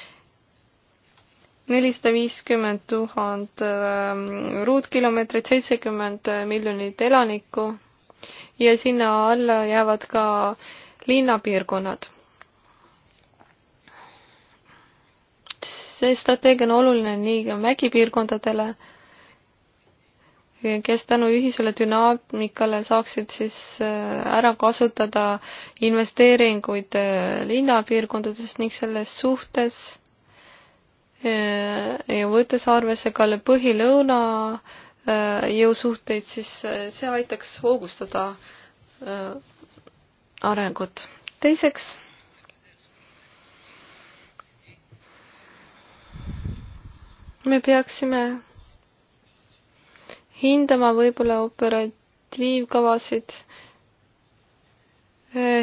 nelisada viiskümmend tuhat ähm, ruutkilomeetrit, seitsekümmend miljonit elanikku ja sinna alla jäävad ka linnapiirkonnad. see strateegia on oluline nii mägipiirkondadele, kes tänu ühisele dünaamikale saaksid siis äh, ära kasutada investeeringuid äh, linnapiirkondades ning selles suhtes ja võttes arvesse ka põhilõuna äh, jõusuhteid, siis äh, see aitaks hoogustada äh, arengut. teiseks me peaksime hindama võib-olla operatiivkavasid,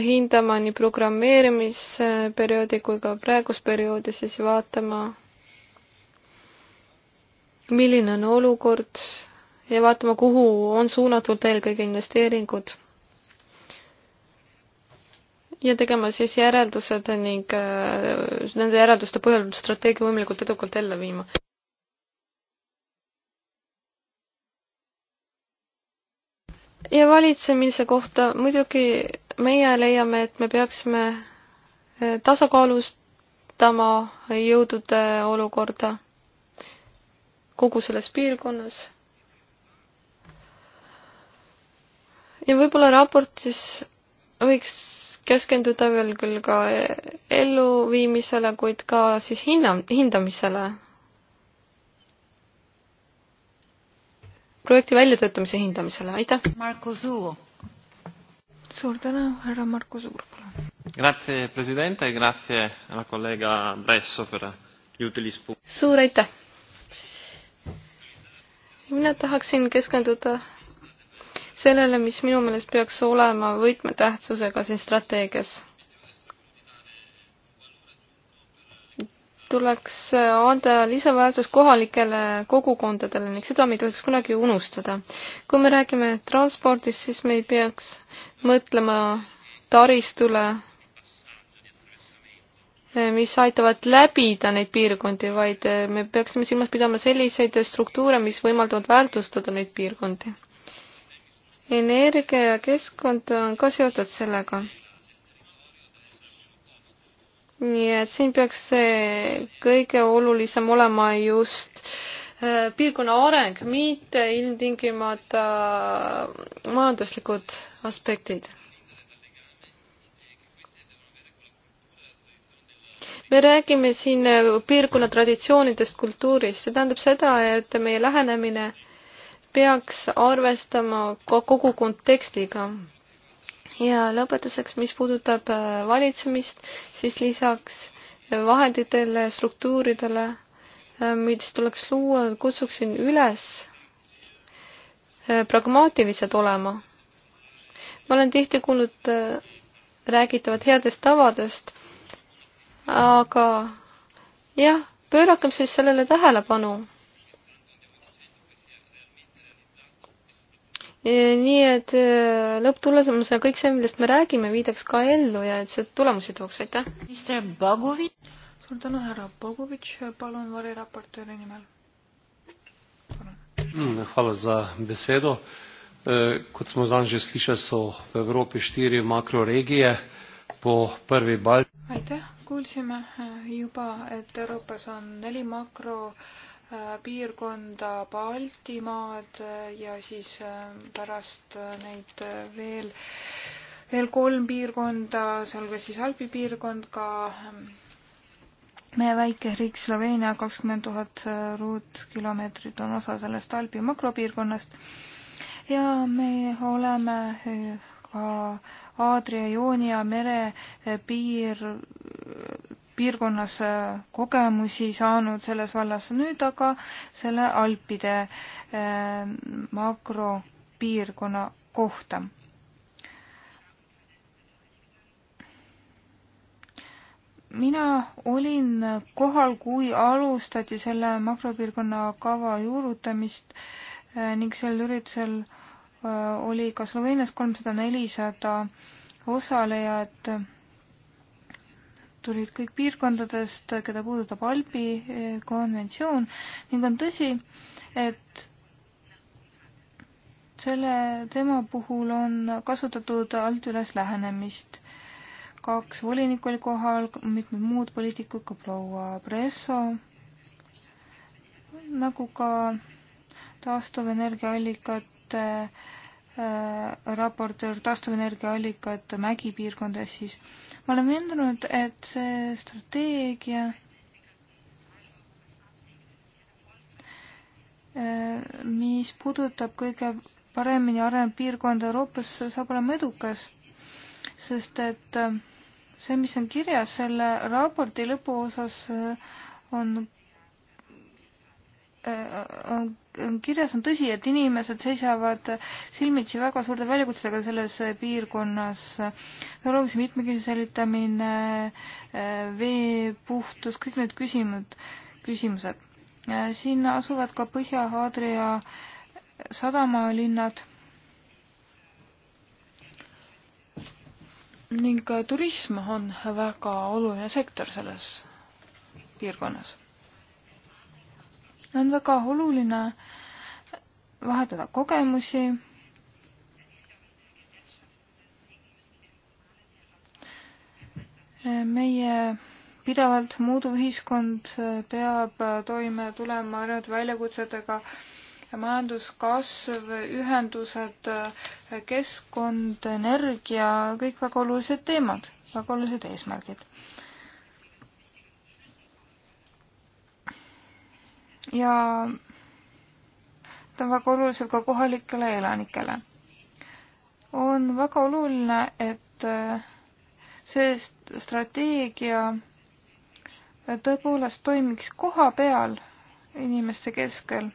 hindama nii programmeerimisperioodi kui ka praegust perioodi, siis vaatama, milline on olukord ja vaatama, kuhu on suunatud eelkõige investeeringud. ja tegema siis järeldused ning äh, nende järelduste põhjal strateegia võimalikult edukalt ellu viima. ja valitsemise kohta muidugi meie leiame, et me peaksime äh, tasakaalustama jõudude olukorda kogu selles piirkonnas. ja võib-olla raportis võiks keskenduda veel küll ka elluviimisele, kuid ka siis hinna, hindamisele. projekti väljatöötamise hindamisele, aitäh! Marko Suur. suur tänu, härra Marko Suur, palun! Grazie Presidente, e grazie alla collega Bresso per gli utili spunti. suur aitäh! mina tahaksin keskenduda sellele, mis minu meelest peaks olema võtmetähtsusega siin strateegias. tuleks anda lisaväärtus kohalikele kogukondadele ning seda me ei tohiks kunagi unustada. kui me räägime transpordist, siis me ei peaks mõtlema taristule Eh, mis aitavad läbida neid piirkondi, vaid eh, me peaksime silmas pidama selliseid struktuure, mis võimaldavad väärtustada neid piirkondi. energia ja keskkond on ka seotud sellega. nii et siin peaks see kõige olulisem olema just eh, piirkonna areng, mitte ilmtingimata majanduslikud aspektid me räägime siin äh, piirkonna traditsioonidest, kultuurist, see tähendab seda, et meie lähenemine peaks arvestama ka kogu kontekstiga. ja lõpetuseks, mis puudutab äh, valitsemist, siis lisaks äh, vahenditele, struktuuridele, mis tuleks luua, kutsuksin üles pragmaatilised olema. ma olen tihti kuulnud räägitavat headest tavadest aga jah, pöörakem siis sellele tähelepanu. nii et äh, lõpptulemusena kõik see, millest me räägime, viidaks ka ellu ja et see tulemusi tooks, aitäh. suur tänu, härra Bogovitš, palun variraportööri nimel. Mm, hvala za besedo. E, kot smo danes že slišali, so v Evropi štiri makroregije po prvi Balti. Aitäh kuulsime äh, juba, et Euroopas on neli makropiirkonda, äh, Baltimaad äh, ja siis pärast neid veel, veel kolm piirkonda, sealhulgas siis Alpi piirkond, ka ähm, meie väikeriik Sloveenia, kakskümmend tuhat ruutkilomeetrit on osa sellest Alpi makropiirkonnast ja me oleme ka Aadria-Joonia mere piir piirkonnas äh, kogemusi saanud selles vallas, nüüd aga selle Alpide äh, makropiirkonna kohta. mina olin kohal, kui alustati selle makropiirkonna kava juurutamist äh, ning sel üritusel oli ka Sloveenias kolmsada, nelisada osalejat tulid kõik piirkondadest, keda puudutab Albi eh, konventsioon ning on tõsi, et selle teema puhul on kasutatud alt üles lähenemist. kaks volinikku oli kohal, mitmed muud poliitikud, ka proua Presso, nagu ka taastuvenergiaallikate äh, raportöör taastuvenergiaallikate mägipiirkondades siis äh, ma olen veendunud, et see strateegia äh, mis puudutab kõige paremini arenenud piirkonda Euroopas, saab olema edukas, sest et äh, see, mis on kirjas selle raporti lõpuosas, äh, on on äh, äh, kirjas, on tõsi, et inimesed seisavad silmitsi väga suurte väljakutsedega selles piirkonnas. bioloogilise mitmekesisuse säilitamine, äh, vee puhtus, kõik need küsimused, küsimused. siin asuvad ka Põhja-Aadria sadamalinnad ning turism on väga oluline sektor selles piirkonnas on väga oluline vahetada kogemusi. meie pidevalt muutuv ühiskond peab toime tulema erinevate väljakutsetega, majanduskasv, ühendused, keskkond, energia, kõik väga olulised teemad, väga olulised eesmärgid ja ta on väga olulised ka kohalikele elanikele. on väga oluline, et äh, see strateegia äh, tõepoolest toimiks koha peal inimeste keskel.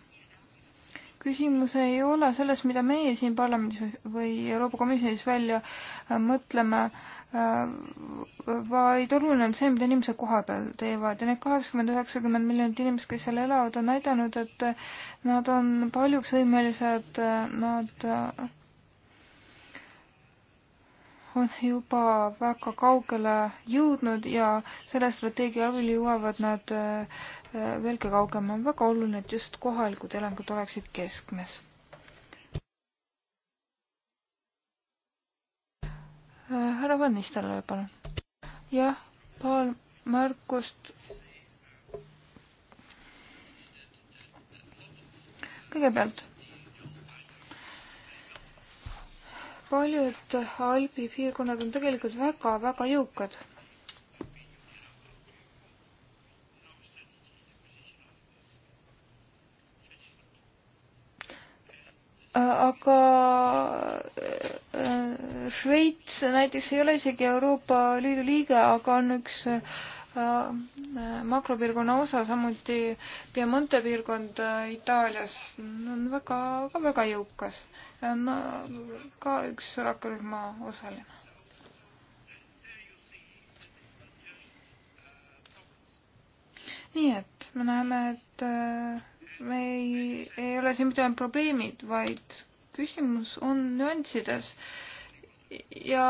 küsimus ei ole selles, mida meie siin parlamendis või Euroopa Komisjonis välja äh, mõtleme äh, Äh, vaid oluline on see, mida inimesed kohapeal teevad ja need kaheksakümmend, üheksakümmend miljonit inimest, kes seal elavad, on näidanud, et nad on paljuks võimelised, nad äh, on juba väga kaugele jõudnud ja selle strateegia abil jõuavad nad äh, veelgi kaugemale. on väga oluline, et just kohalikud elanikud oleksid keskmes Äh, härra Van Nistelrooy, palun. jah, paar märkust. kõigepealt, paljud Albi piirkonnad on tegelikult väga-väga jõukad äh, aga Šveits näiteks ei ole isegi Euroopa Liidu liige, aga on üks äh, makropiirkonna osa, samuti Piemonte piirkond äh, Itaalias on väga, ka väga jõukas ja on äh, ka üks rakkerühma osaline. nii et me näeme, et me ei, ei ole siin mitte ainult probleemid, vaid küsimus on nüanssides äh, ja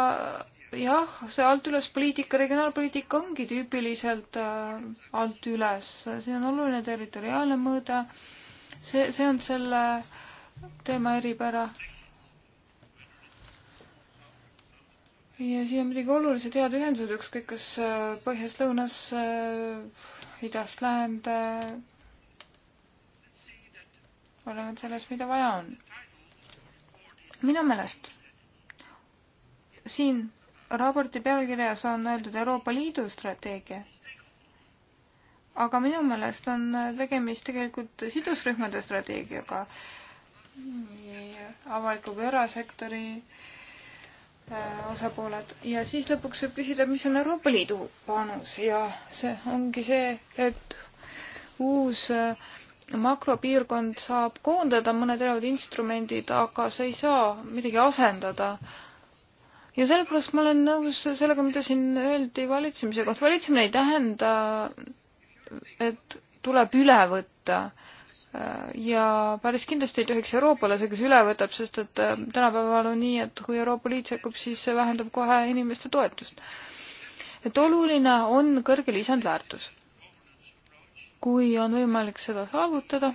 jah, see alt üles poliitika, regionaalpoliitika ongi tüüpiliselt äh, alt üles, siin on oluline territoriaalne mõõde. see, see on selle teema eripära. ja siia on muidugi olulised head ühendused, ükskõik kas äh, põhjast lõunas, äh, idast läände. oleme selles, mida vaja on. minu meelest siin raporti pealkirjas on öeldud Euroopa Liidu strateegia. aga minu meelest on tegemist tegelikult sidusrühmade strateegiaga, avaliku või erasektori äh, osapooled ja siis lõpuks võib küsida, mis on Euroopa Liidu panus ja see ongi see, et uus äh, makropiirkond saab koondada mõned erinevad instrumendid, aga see ei saa midagi asendada äh, ja sellepärast ma olen nõus sellega, mida siin öeldi valitsemise kohta. valitsemine ei tähenda, et tuleb üle võtta ja päris kindlasti ei tohiks Euroopale see, kes üle võtab, sest et äh, tänapäeval on nii, et kui Euroopa Liit sekkub, siis see vähendab kohe inimeste toetust. et oluline on kõrge lisandväärtus. kui on võimalik seda saavutada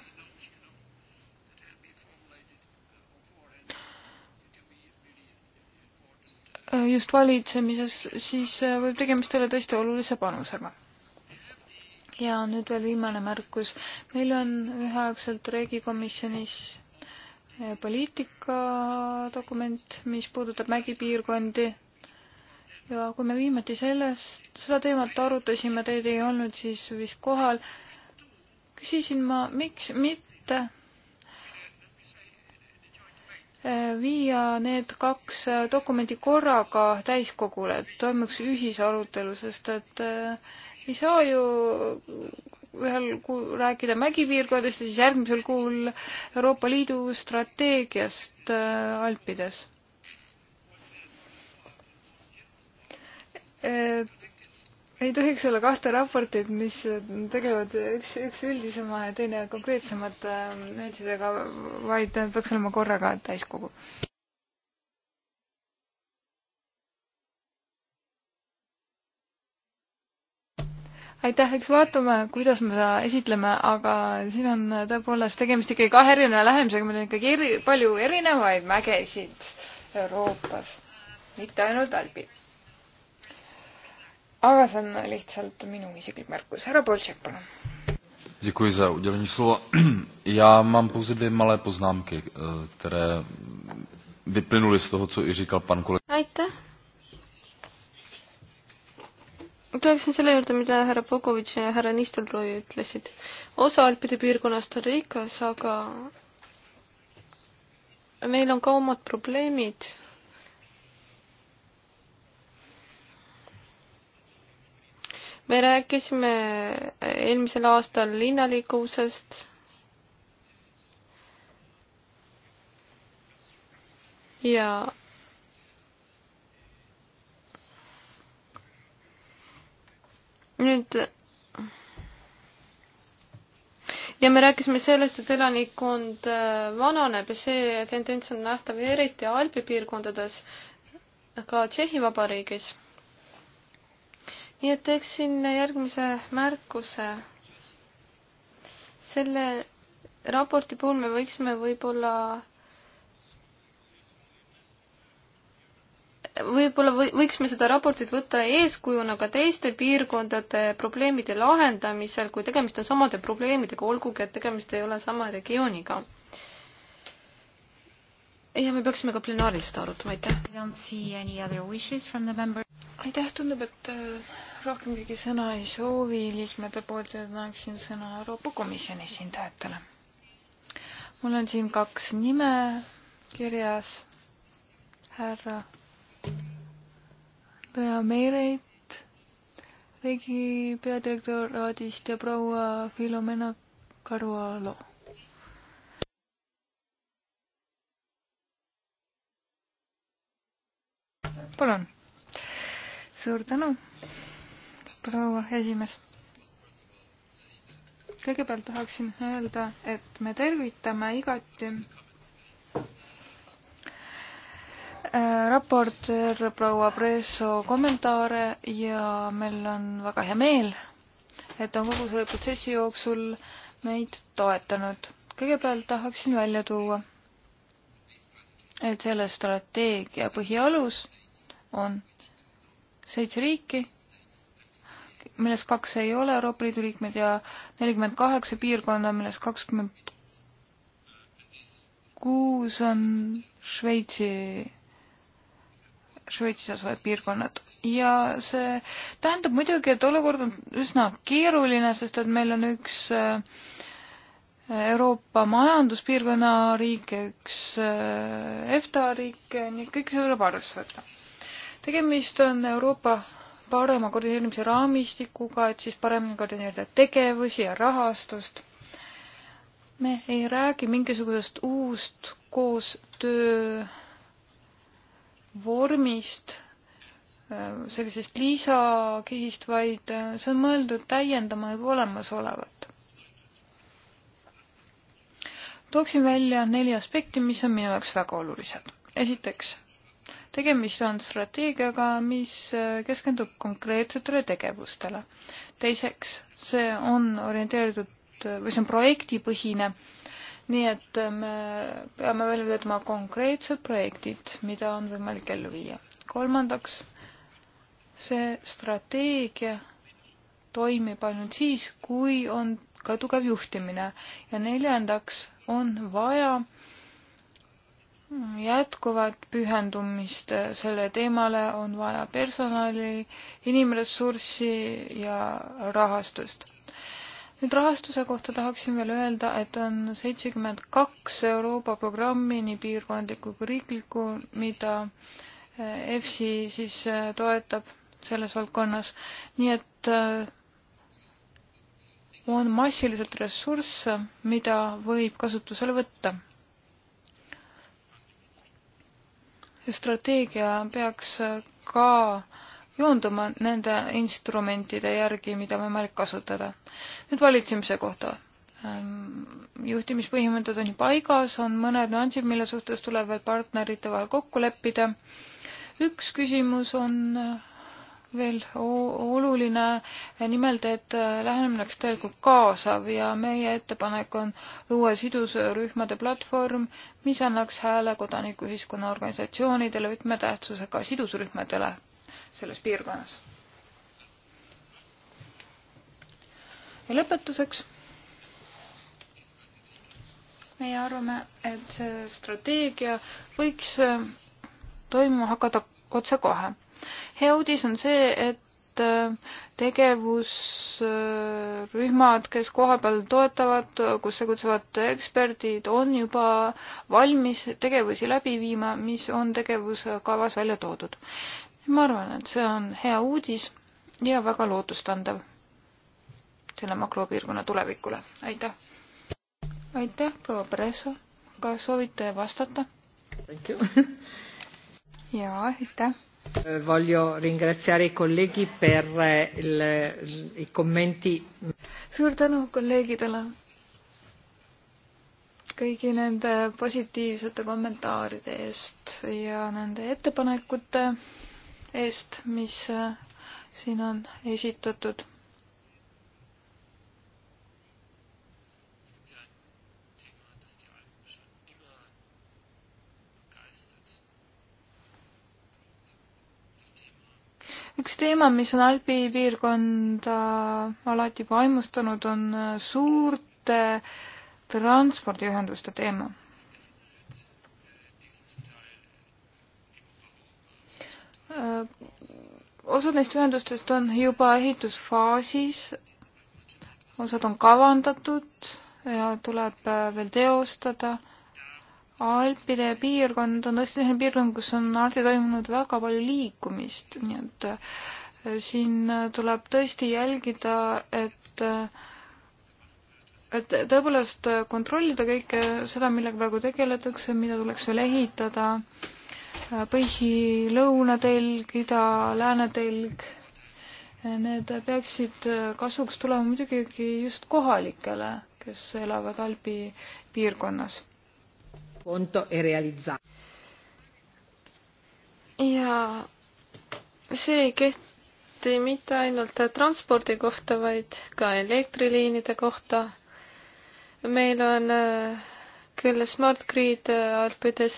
Äh, just valitsemises, siis äh, võib tegemist olla tõesti olulise panusega. ja nüüd veel viimane märkus. meil on üheaegselt Riigikomisjonis äh, poliitikadokument, mis puudutab mägipiirkondi ja kui me viimati sellest, seda teemat arutasime, teid ei olnud siis vist kohal, küsisin ma, miks mitte viia need kaks dokumenti korraga täiskogule, et toimuks ühisarutelu, sest et äh, ei saa ju ühel kuul rääkida mägipiirkondadest ja siis järgmisel kuul Euroopa Liidu strateegiast äh, Alpides. et äh, ei tohiks olla kahte raportit, mis tegelevad üks, üks üldisema ja teine konkreetsemate ähm, üldisega, vaid peaks olema korraga täiskogu. aitäh, eks vaatame, kuidas me seda esitleme, aga siin on tõepoolest tegemist ikkagi kahe erineva lähenemisega, meil on ikkagi eri, palju erinevaid mägesid Euroopas, mitte ainult Alpid aga see on lihtsalt minu isiklik märkus. härra Boltšak, palun. Děkuji za udělení slova. [CLEARS THROAT] Já mám pouze dvě malé poznámky, eh, které vyplynuly z toho, co i říkal pan kolega. Aitäh. Tuleksin selle juurde, mida härra Pogovitš ja härra Nistelrooi ütlesid. osa Alpide piirkonnast on rikas, aga neil on ka omad probleemid me rääkisime eelmisel aastal linnaliikuvusest. ja nüüd ja me rääkisime sellest, et elanikkond äh, vananeb ja see tendents on nähtav eriti Alpi piirkondades, ka Tšehhi Vabariigis nii et teeksin järgmise märkuse. selle raporti puhul me võiksime võib-olla võib-olla võiksime seda raportit võtta eeskujuna ka teiste piirkondade probleemide lahendamisel, kui tegemist on samade probleemidega, olgugi et tegemist ei ole sama regiooniga. ja me peaksime ka plenaaril seda arutama, aitäh. aitäh, tundub, et äh, rohkem keegi sõna ei soovi liikmete poolt ja annaksin sõna Euroopa Komisjoni esindajatele. mul on siin kaks nime kirjas, härra Peameret, riigi peadirektoraadist ja proua Filomena Carualo palun. suur tänu proua esimees. kõigepealt tahaksin öelda, et me tervitame igati äh, raportöör proua Presso kommentaare ja meil on väga hea meel, et on kogu selle protsessi jooksul meid toetanud. kõigepealt tahaksin välja tuua, et selle strateegia põhialus on seitse riiki millest kaks ei ole Euroopa Liidu liikmed ja nelikümmend kaheksa piirkonda, millest kakskümmend kuus on Šveitsi, Šveitsis asuvad piirkonnad. ja see tähendab muidugi, et olukord on üsna keeruline, sest et meil on üks äh, Euroopa majanduspiirkonna riik ja üks äh, EFTA riik, nii et kõike seda tuleb arvesse võtta. tegemist on Euroopa parema koordineerimise raamistikuga, et siis paremini koordineerida tegevusi ja rahastust. me ei räägi mingisugusest uust koostöö vormist, sellisest lisakihist, vaid see on mõeldud täiendama juba olemasolevat. tooksin välja neli aspekti, mis on minu jaoks väga olulised. esiteks tegemist on strateegiaga, mis keskendub konkreetsetele tegevustele. teiseks, see on orienteeritud või see on projektipõhine, nii et me peame välja töötama konkreetsed projektid, mida on võimalik ellu viia. kolmandaks, see strateegia toimib ainult siis, kui on ka tugev juhtimine ja neljandaks on vaja äh, jätkuvat pühendumist selle teemale, on vaja personali, inimressurssi ja rahastust. nüüd rahastuse kohta tahaksin veel öelda, et on seitsekümmend kaks Euroopa programmi, nii piirkondlikku kui riiklikku, mida eh, EFSI siis eh, toetab selles valdkonnas, nii et eh, on massiliselt ressursse, mida võib kasutusele võtta strateegia peaks ka joonduma nende instrumentide järgi, mida on võimalik kasutada. nüüd valitsemise kohta. Ähm, juhtimispõhimõtted on ju paigas, on mõned nüansid, mille suhtes tuleb veel partnerite vahel kokku leppida. üks küsimus on veel oluline, nimelt, et äh, lähenemine oleks tegelikult kaasav ja meie ettepanek on luua sidusrühmade platvorm, mis annaks hääle kodanikuühiskonna organisatsioonidele võtmetähtsusega sidusrühmadele selles piirkonnas. ja lõpetuseks. meie arvame, et see strateegia võiks äh, toimuma hakata otsekohe hea uudis on see, et äh, tegevusrühmad, kes kohapeal toetavad, kus tegutsevad eksperdid, on juba valmis tegevusi läbi viima, mis on tegevuskavas välja toodud. ma arvan, et see on hea uudis ja väga lootustandev selle makropiirkonna tulevikule. aitäh! aitäh, proua Presso! kas soovite vastata? [LAUGHS] jaa, aitäh! Eh, voglio ringraziare i colleghi per eh, il, i commenti. suur tänu kolleegidele kõigi nende positiivsete kommentaaride eest ja nende ettepanekute eest, mis eh, siin on esitatud üks teema, mis on Albi piirkonda alati vaimustanud, on äh, suurte transpordiühenduste teema. Äh, osad neist ühendustest on juba ehitusfaasis, osad on kavandatud ja tuleb äh, veel teostada Alpide piirkond on tõesti selline piirkond, kus on alati toimunud väga palju liikumist, nii et äh, siin äh, tuleb tõesti jälgida, et äh, et tõepoolest kontrollida kõike seda, millega praegu tegeletakse, mida tuleks veel ehitada, põhi, lõunatelg, ida, läänetelg, need peaksid kasuks tulema muidugi just kohalikele, kes elavad Albi piirkonnas konto e realizzato. ja see ei kehti mitte ainult transpordi kohta, vaid ka elektriliinide kohta. meil on äh, küll smart grid äh, Alpides,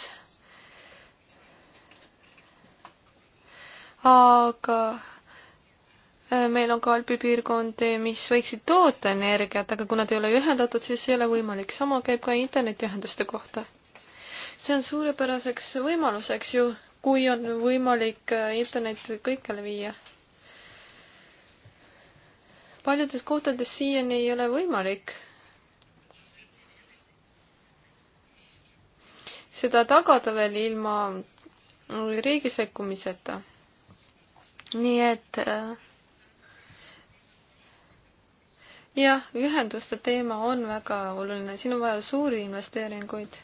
aga äh, meil on ka alpipiirkondi, mis võiksid toota energiat, aga kui nad ei ole ühendatud, siis ei ole võimalik. sama käib ka internetiühenduste kohta see on suurepäraseks võimaluseks ju, kui on võimalik äh, internet kõikjale viia. paljudes kohtades siiani ei ole võimalik seda tagada veel ilma riigi sekkumiseta. nii et äh, jah, ühenduste teema on väga oluline, siin on vaja suuri investeeringuid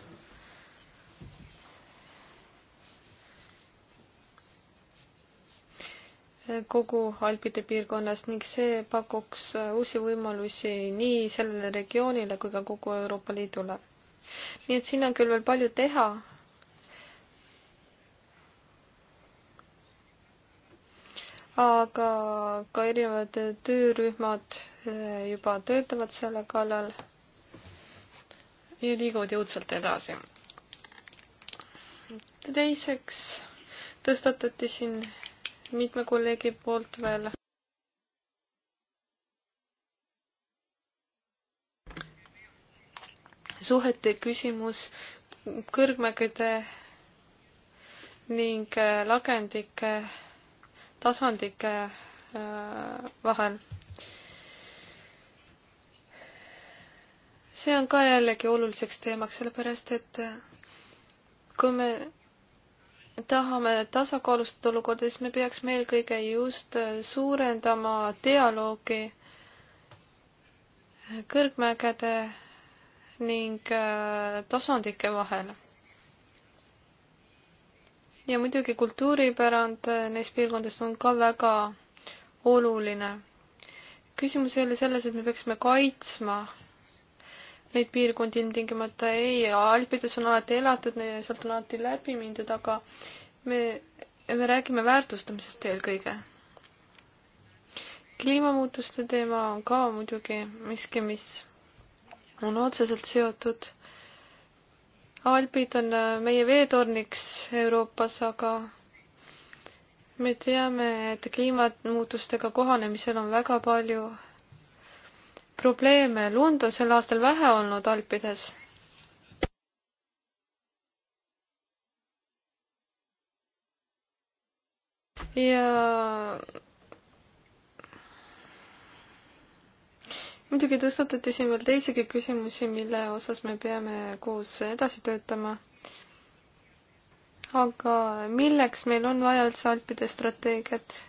kogu Alpide piirkonnas ning see pakuks äh, uusi võimalusi nii sellele regioonile kui ka kogu Euroopa Liidule. nii et siin on küll veel palju teha, aga ka erinevad töörühmad äh, juba töötavad selle kallal ja liiguvad jõudsalt edasi. teiseks tõstatati siin siit mitme kolleegi poolt veel. suhete küsimus kõrgmägede ning äh, lagendike tasandike äh, vahel. see on ka jällegi oluliseks teemaks, sellepärast et äh, kui me tahame tasakaalustada olukorda, siis me peaksime eelkõige just äh, suurendama dialoogi kõrgmägede ning äh, tasandike vahel. ja muidugi kultuuripärand äh, neis piirkondades on ka väga oluline. küsimus ei ole selles, et me peaksime kaitsma neid piirkondi ilmtingimata ei, Alpides on alati elatud, sealt on alati läbi mindud, aga me, me räägime väärtustamisest eelkõige. kliimamuutuste teema on ka muidugi miski, mis on otseselt seotud. Alpid on äh, meie veetorniks Euroopas, aga me teame, et kliimamuutustega kohanemisel on väga palju probleeme. lund on sel aastal vähe olnud Alpides. ja muidugi tõstatati siin veel teisigi küsimusi, mille osas me peame koos edasi töötama. aga milleks meil on vaja üldse Alpide strateegiat?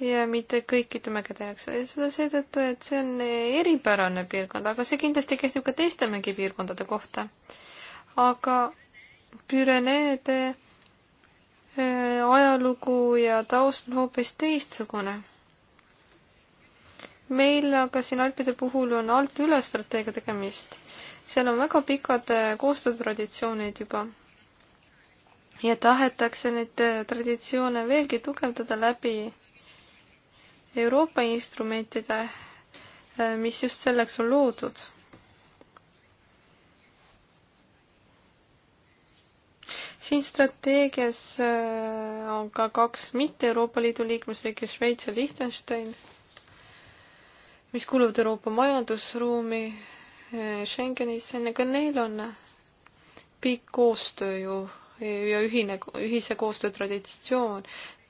ja mitte kõikide mägede jaoks. seda seetõttu, et see on eripärane piirkond, aga see kindlasti kehtib ka teiste mägipiirkondade kohta. aga Püreneede äh, ajalugu ja taust on hoopis teistsugune. meil aga siin alpide puhul on alt üle strateegia tegemist. seal on väga pikad äh, koostöötraditsioonid juba ja tahetakse neid äh, traditsioone veelgi tugevdada läbi Euroopa instrumentide, äh, mis just selleks on loodud. siin strateegias äh, on ka kaks mitte Euroopa Liidu liikmesriiki, Šveits ja Liechtenstein, mis kuuluvad Euroopa majandusruumi äh, Schengenisse, ka neil on pikk koostöö ju ja ühine, ühise koostöö traditsioon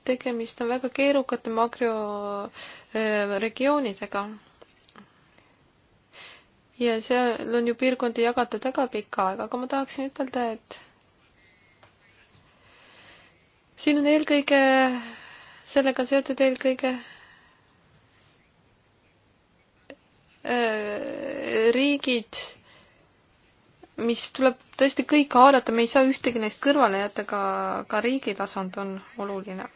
tegemist on väga keerukate makroregioonidega. ja seal on ju piirkondi jagatud väga pikka aega, aga ma tahaksin ütelda, et siin on eelkõige, sellega on seotud eelkõige äh, riigid, mis tuleb tõesti kõik haarata, me ei saa ühtegi neist kõrvale jätta, ka, ka riigi tasand on oluline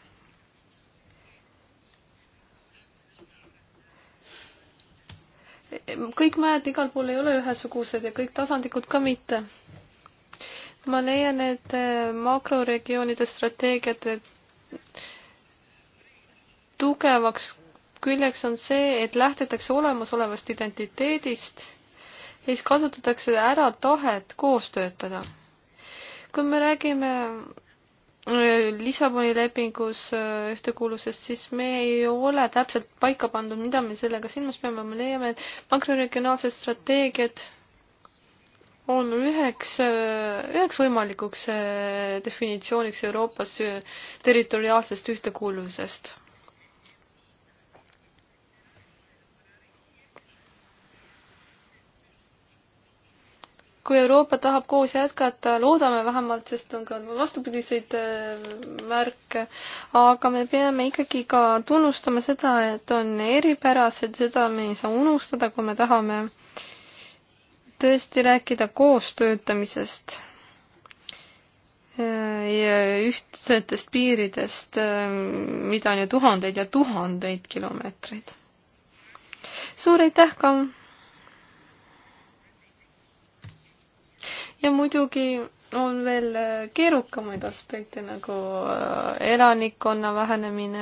kõik mäed igal pool ei ole ühesugused ja kõik tasandikud ka mitte. ma leian, et äh, makroregioonide strateegiate äh, tugevaks küljeks on see, et lähtutakse olemasolevast identiteedist ja siis kasutatakse ära tahet koos töötada. kui me räägime Lissaboni lepingus äh, ühtekuuluvusest, siis me ei ole täpselt paika pandud, mida me sellega silmas peame, me leiame, et makroregionaalsed strateegiad on üheks, äh, üheks võimalikuks äh, definitsiooniks Euroopas territoriaalsest ühtekuuluvusest kui Euroopa tahab koos jätkata, loodame vähemalt, sest on ka vastupidiseid äh, märke, aga me peame ikkagi ka tunnustama seda, et on eripärased, seda me ei saa unustada, kui me tahame tõesti rääkida koostöötamisest äh, ja ühtsetest piiridest, äh, mida on ju tuhandeid ja tuhandeid kilomeetreid. suur aitäh ka ja muidugi on veel äh, keerukamaid aspekte nagu äh, elanikkonna vähenemine,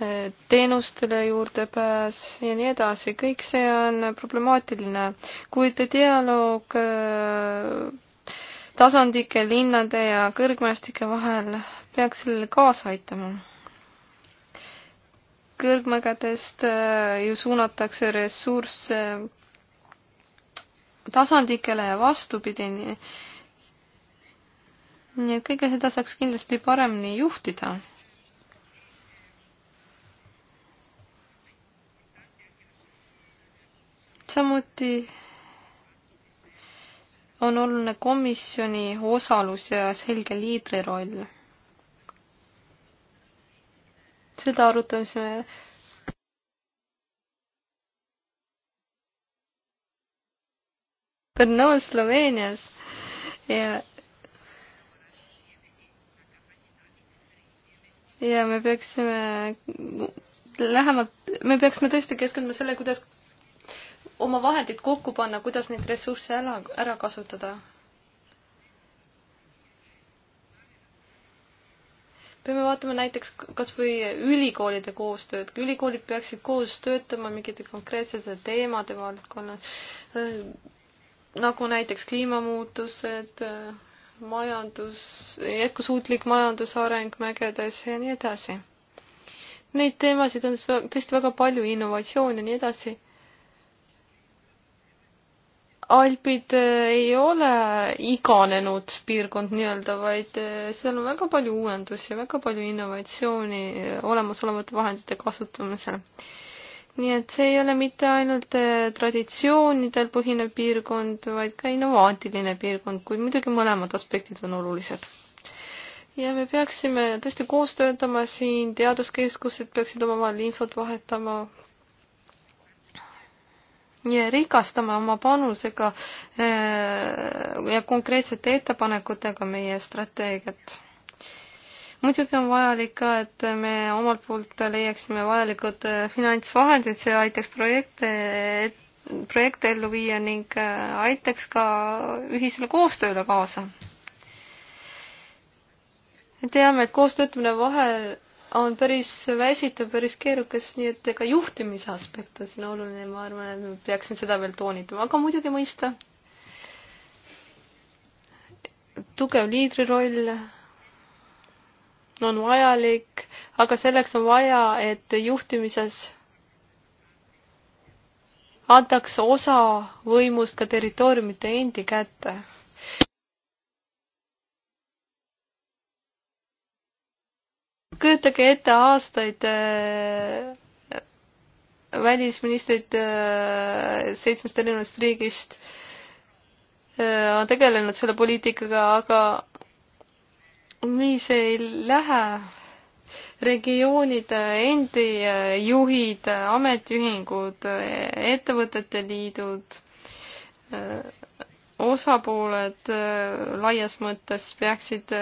äh, teenustele juurdepääs ja nii edasi, kõik see on problemaatiline, kuid dialoog tasandike, linnade ja kõrgmäestike vahel peaks sellele kaasa aitama. kõrgmägedest ju suunatakse ressursse tasandikele ja vastupidi. nii et kõike seda saaks kindlasti paremini juhtida. samuti on oluline komisjoni osalus ja selge liidri roll. seda arutasime Brno Slovenijas ja ja me peaksime lähemalt, me peaksime tõesti keskenduma selle, kuidas oma vahendid kokku panna, kuidas neid ressursse ära, ära kasutada. peame vaatama näiteks kas või ülikoolide koostööd, ülikoolid peaksid koos töötama mingite konkreetsete teemade valdkonnas nagu näiteks kliimamuutused, majandus, jätkusuutlik majandusareng mägedes ja nii edasi. Neid teemasid on tõesti väga palju, innovatsioon ja nii edasi. Alpid eh, ei ole iganenud piirkond nii-öelda, vaid eh, seal on väga palju uuendusi, väga palju innovatsiooni eh, olemasolevate vahendite kasutamisel nii et see ei ole mitte ainult äh, traditsioonidel põhinev piirkond, vaid ka innovaatiline piirkond, kuid muidugi mõlemad aspektid on olulised. ja me peaksime tõesti koos töötama siin, teaduskeskused peaksid omavahel infot vahetama ja rikastama oma panusega äh, ja konkreetsete ettepanekutega meie strateegiat muidugi on vajalik ka, et me omalt poolt leiaksime vajalikud äh, finantsvahendid, see aitaks projekte, projekte ellu viia ning äh, aitaks ka ühisele koostööle kaasa. teame, et koostöötamine vahel on päris väsitav, päris keerukas, nii et ka juhtimise aspekt on siin oluline, ma arvan, et ma peaksin seda veel toonitama, aga muidugi mõista. tugev liidri roll on vajalik, aga selleks on vaja, et juhtimises antaks osa võimust ka territooriumite endi kätte. kujutage ette aastaid äh, välisministrid äh, seitsmest erinevast riigist äh, on tegelenud selle poliitikaga, aga nii see ei lähe. regioonide endi juhid, ametiühingud, ettevõtete liidud, osapooled laias mõttes peaksid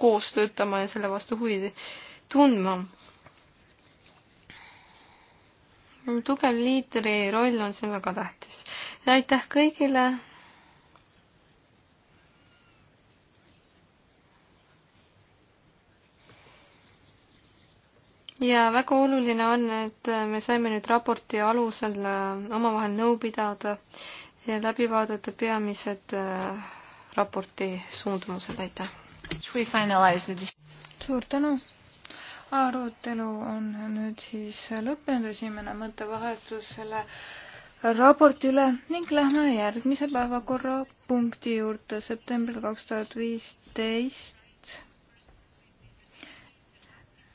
koos töötama ja selle vastu huvi tundma. tugev liidri roll on siin väga tähtis. aitäh kõigile ja väga oluline on, et me saime nüüd raporti alusel äh, omavahel nõu pidada ja läbi vaadata peamised äh, raporti suundumused, aitäh! suur tänu! arutelu on nüüd siis lõppenud, esimene mõttevahetus selle raporti üle ning lähme järgmise päevakorrapunkti juurde, septembril kaks tuhat viisteist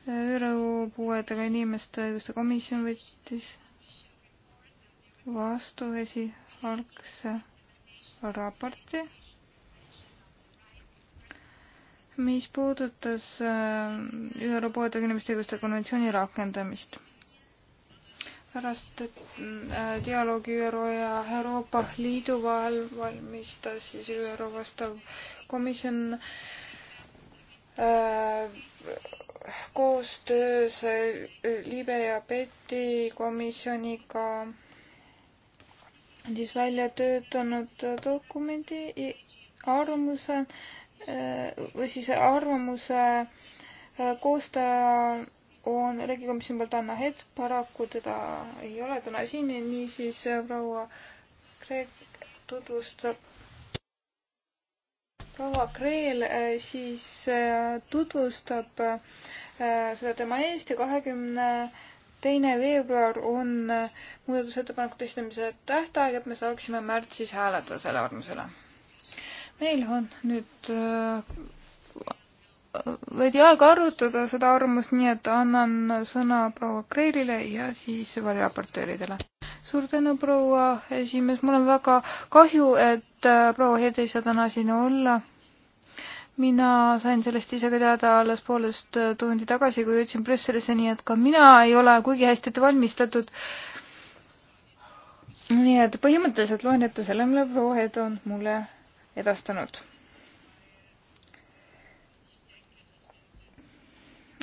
ÜRO puuetega inimeste õiguste komisjon võttis vastu esialgse raporti, mis puudutas äh, ÜRO puuetega inimeste õiguste konventsiooni rakendamist pärast äh, dialoogi ÜRO ja Euroopa Liidu vahel valmistas siis ÜRO vastav komisjon äh, koostöös Libe ja Peti komisjoniga andis välja töötanud dokumendi arvamuse või siis arvamuse koostaja on riigikomisjoni poolt Anna Hetk, paraku teda ei ole täna siin, niisiis proua Kreek tutvustab proua Kreel äh, siis äh, tutvustab äh, seda tema eest ja kahekümne teine veebruar on muudatusettepanekute esitamise tähtaeg, et me saaksime märtsis hääletada selle arvamusele. meil on nüüd veidi aega arutada seda arvamust, nii et annan sõna proua Kreelile ja siis variraportööridele suur tänu, proua esimees, mul on väga kahju, et äh, proua Hed ei saa täna siin olla. mina sain sellest ise ka teada alles poolest äh, tundi tagasi, kui jõudsin Brüsselisse, nii et ka mina ei ole kuigi hästi ette valmistatud. nii et põhimõtteliselt loen ette selle, mille proua Hed on mulle edastanud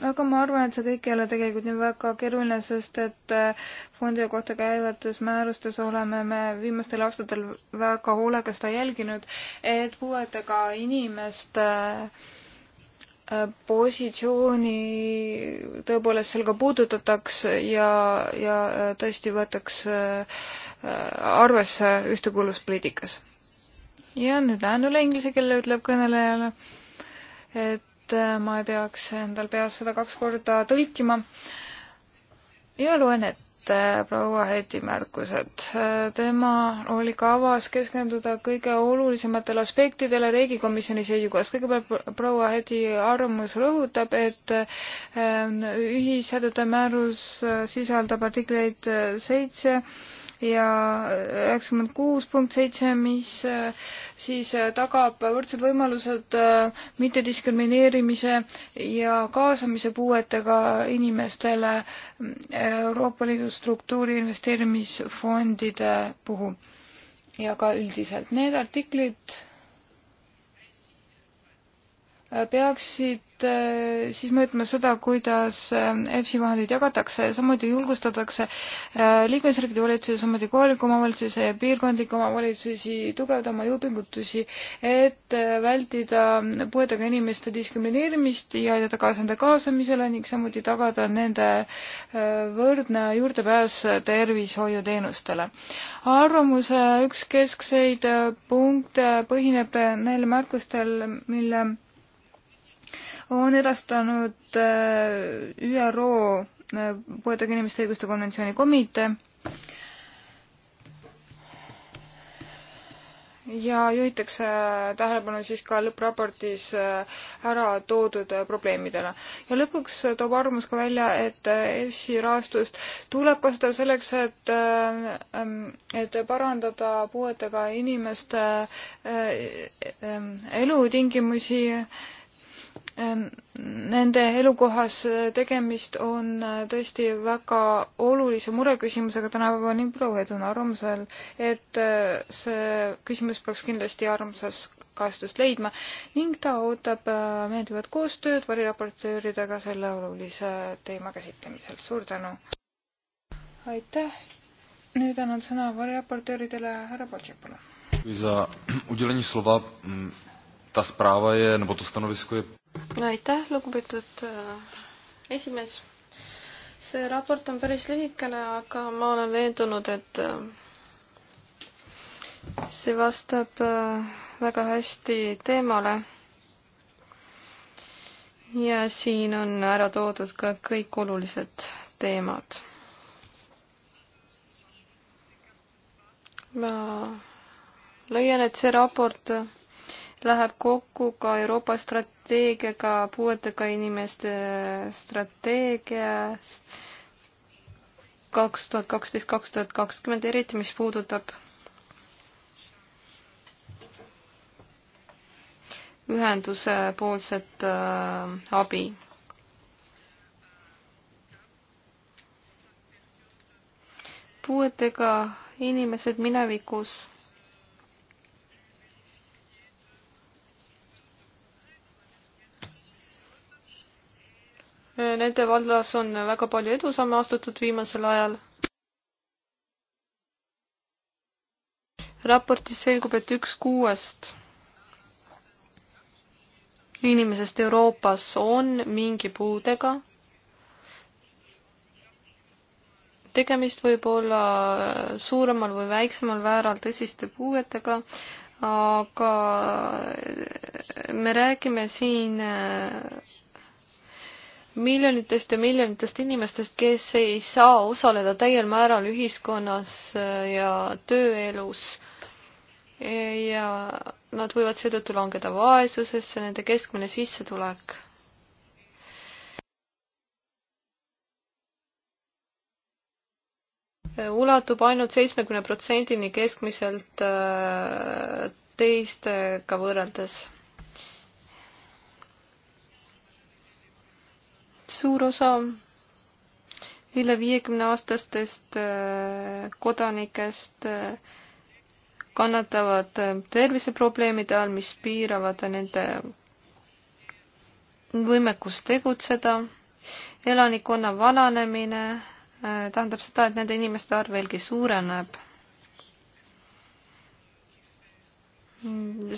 aga ma arvan, et see kõik ei ole tegelikult nii väga keeruline, sest et äh, fondide kohta käivates määrustes oleme me viimastel aastatel väga hoolega seda jälginud, et puuetega inimeste äh, äh, positsiooni tõepoolest seal ka puudutataks ja, ja tõesti võetaks arvesse ühtekuuluvuspoliitikas. ja nüüd lähen üle inglise keele, ütleb kõnelejale, et et äh, ma ei peaks endal peas seda kaks korda tõlkima. ja loen ette äh, proua Heti märkused. Äh, tema oli kavas keskenduda kõige olulisematele aspektidele riigikomisjoni seisukohast. kõigepealt proua Heti arvamus rõhutab, et ühishädade määrus sisaldab artikleid seitse 7 ja üheksakümmend kuus punkt seitse, mis äh, siis äh, tagab võrdsed võimalused äh, mittediskrimineerimise ja kaasamise puuetega inimestele mm, Euroopa Liidu struktuuri investeerimisfondide puhul ja ka üldiselt. Need artiklid peaksid eh, siis mõõtma seda, kuidas eh, EFSI vahendeid jagatakse, samuti julgustatakse eh, liikmesriikide valitsusi, samuti kohaliku omavalitsuse ja piirkondlikke omavalitsusi tugevdama jõupingutusi, et vältida puuetega inimeste diskrimineerimist ja aidata kaasa nende kaasamisele ning samuti tagada nende võrdne juurdepääs tervishoiuteenustele. arvamuse üks keskseid punkte põhineb neil märkustel, mille on edastanud äh, ÜRO äh, puuetega inimeste õiguste konventsiooni komitee ja juhitakse tähelepanu siis ka lõppraportis äh, ära toodud probleemidele. ja lõpuks toob arvamus ka välja, et EFSI rahastust tuleb kasutada selleks, et, ähm, et parandada puuetega inimeste ähm, elutingimusi Ehm, nende elukohas äh, tegemist on äh, tõesti väga olulise mureküsimusega tänapäeval ning proovijad on arvamusel, et äh, see küsimus peaks kindlasti armsas kajastust leidma ning ta ootab meeldivat koostööd variraportööridega selle olulise teema käsitlemisel. suur tänu! aitäh! nüüd annan sõna variraportööridele, härra Potšek, palun! za udělení slova. Mm, ta zpráva je, nebo to stanovisko je aitäh, lugupeetud äh, esimees. see raport on päris lühikene, aga ma olen veendunud, et äh, see vastab äh, väga hästi teemale. ja siin on ära toodud ka kõik olulised teemad ma leian, et see raport läheb kokku ka Euroopa strateegiaga, puuetega inimeste strateegiast kaks tuhat kaksteist, kaks tuhat kakskümmend, eriti mis puudutab ühenduse poolset äh, abi puuetega inimesed minevikus Nende vallas on väga palju edusamme astutud viimasel ajal. raportis selgub, et üks kuuest inimesest Euroopas on mingi puudega. tegemist võib olla suuremal või väiksemal määral tõsiste puuetega, aga me räägime siin miljonitest ja miljonitest inimestest, kes ei saa osaleda täiel määral ühiskonnas äh, ja tööelus. ja nad võivad seetõttu langeda vaesusesse, nende keskmine sissetulek. ulatub ainult seitsmekümne protsendini keskmiselt äh, teistega võrreldes suur osa üle viiekümne aastastest äh, kodanikest äh, kannatavad äh, terviseprobleemide all, mis piiravad nende võimekust tegutseda. elanikkonna vananemine tähendab seda, et nende inimeste arv veelgi suureneb.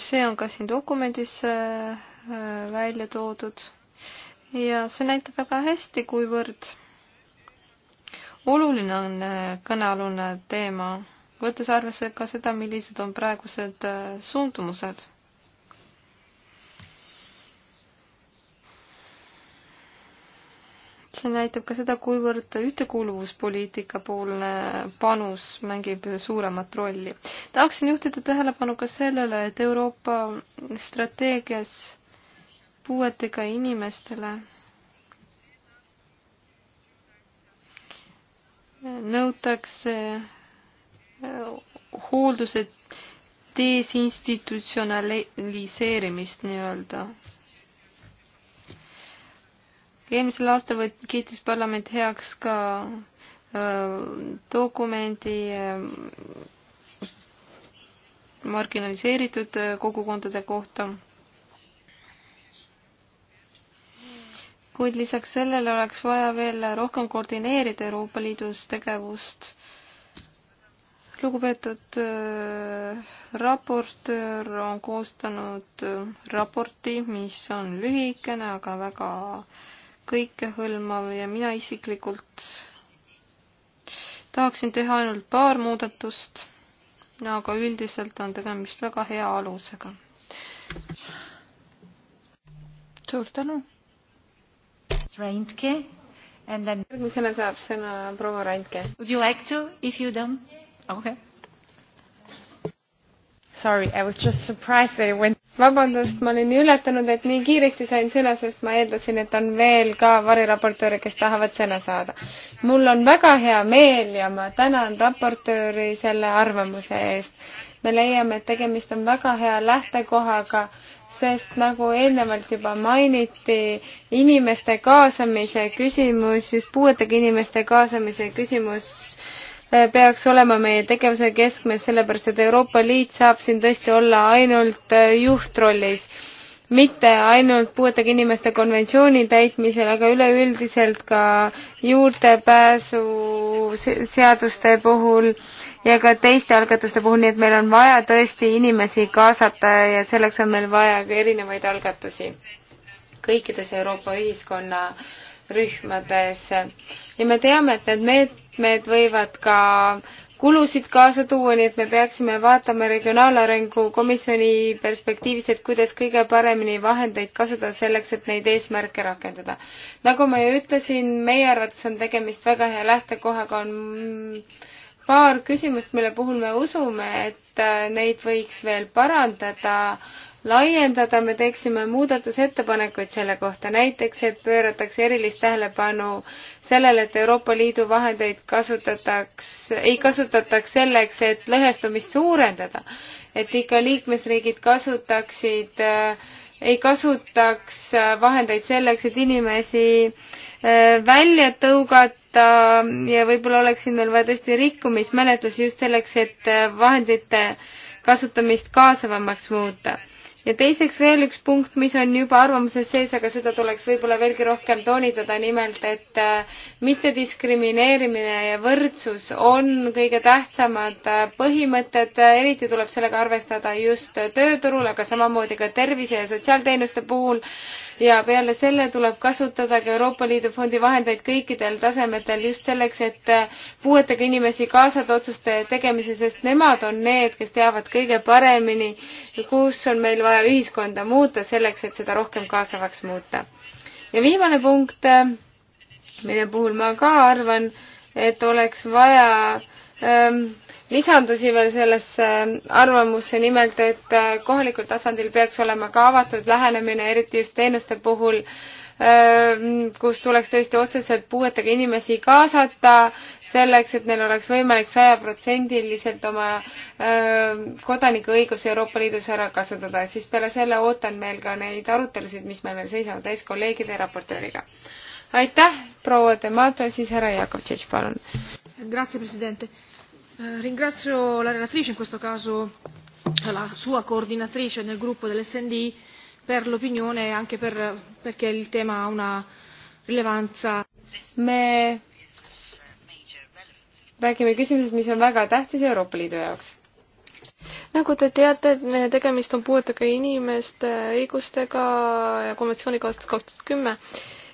see on ka siin dokumendis välja toodud ja see näitab väga hästi, kuivõrd oluline on äh, kõnealune teema, võttes arvesse ka seda, millised on praegused äh, suundumused. see näitab ka seda, kuivõrd ühtekuuluvuspoliitika poolne panus mängib suuremat rolli. tahaksin juhtida tähelepanu ka sellele, et Euroopa strateegias puuetega inimestele nõutakse äh, hoolduse desinstitutsionaliseerimist nii-öelda. eelmisel aastal võt-, kiitis parlament heaks ka öö, äh, dokumendi öö, äh, marginaliseeritud kogukondade kohta kuid lisaks sellele oleks vaja veel rohkem koordineerida Euroopa Liidus tegevust. lugupeetud äh, raportöör on koostanud äh, raporti, mis on lühikene, aga väga kõikehõlmav ja mina isiklikult tahaksin teha ainult paar muudatust, aga üldiselt on tegemist väga hea alusega. suur tänu Reintke and then järgmisena saab sõna proua Reintke. Would you like to if you don't? Okay. Sorry, I was just surprised that it went vabandust, ma olin üllatunud, et nii kiiresti sain sõna, sest ma eeldasin, et on veel ka variraportööre, kes tahavad sõna saada. mul on väga hea meel ja ma tänan raportööri selle arvamuse eest. me leiame, et tegemist on väga hea lähtekohaga sest nagu eelnevalt juba mainiti, inimeste kaasamise küsimus, just puuetega inimeste kaasamise küsimus eh, peaks olema meie tegevuse keskmes, sellepärast et Euroopa Liit saab siin tõesti olla ainult eh, juhtrollis, mitte ainult puuetega inimeste konventsiooni täitmisel, aga üleüldiselt ka juurdepääsu seaduste puhul äh, ja ka teiste algatuste puhul, nii et meil on vaja tõesti inimesi kaasata ja selleks on meil vaja ka erinevaid algatusi kõikides Euroopa ühiskonna rühmades. ja me teame, et need meetmed võivad ka kulusid kaasa tuua, nii et me peaksime vaatama Regionaalarengu Komisjoni perspektiivist, et kuidas kõige paremini vahendeid kasutada selleks, et neid eesmärke rakendada. nagu ma ju ütlesin, meie arvates on tegemist väga hea lähtekohaga, on paar küsimust, mille puhul me usume, et äh, neid võiks veel parandada, laiendada, me teeksime muudatusettepanekuid selle kohta, näiteks et pööratakse erilist tähelepanu sellele, et Euroopa Liidu vahendeid kasutataks, ei kasutataks selleks, et lõhestumist suurendada. et ikka liikmesriigid kasutaksid, äh, ei kasutaks äh, vahendeid selleks, et inimesi äh, Äh, välja tõugata ja võib-olla oleks siin veel vaja tõesti rikkumismenetlusi just selleks, et äh, vahendite kasutamist kaasavamaks muuta. ja teiseks veel üks punkt, mis on juba arvamuses sees, aga seda tuleks võib-olla veelgi rohkem toonitada, nimelt et äh, mittediskrimineerimine ja võrdsus on kõige tähtsamad põhimõtted, eriti tuleb sellega arvestada just tööturul, aga samamoodi ka tervise ja sotsiaalteenuste puhul ja peale selle tuleb kasutada ka Euroopa Liidu fondi vahendeid kõikidel tasemetel just selleks, et puuetega inimesi kaasada otsuste tegemise, sest nemad on need, kes teavad kõige paremini, kus on meil vaja ühiskonda muuta selleks, et seda rohkem kaasavaks muuta. ja viimane punkt, mille puhul ma ka arvan, et oleks vaja ähm, lisandusi veel sellesse arvamusse, nimelt et äh, kohalikul tasandil peaks olema ka avatud lähenemine, eriti just teenuste puhul, ähm, kus tuleks tõesti otseselt puuetega inimesi kaasata, selleks, et neil oleks võimalik sajaprotsendiliselt oma ähm, kodanikuõigusi Euroopa Liidus ära kasutada, siis peale selle ootan veel ka neid arutelusid, mis meil veel seisavad ees kolleegide ja raportööriga. aitäh, proua Demato, siis härra Jakovtšitš, palun. Grazie, president Eh, ringrazio la relatrice in questo caso la sua coordinatrice nel gruppo dell'sd per l'opinione e anche per, perché il tema ha una rilevanza. me räägime küsimusest, mis on väga tähtis Euroopa Liidu jaoks. nagu te teate, tegemist on puuetega inimeste õigustega ja konventsiooniga aastast kaks tuhat kümme.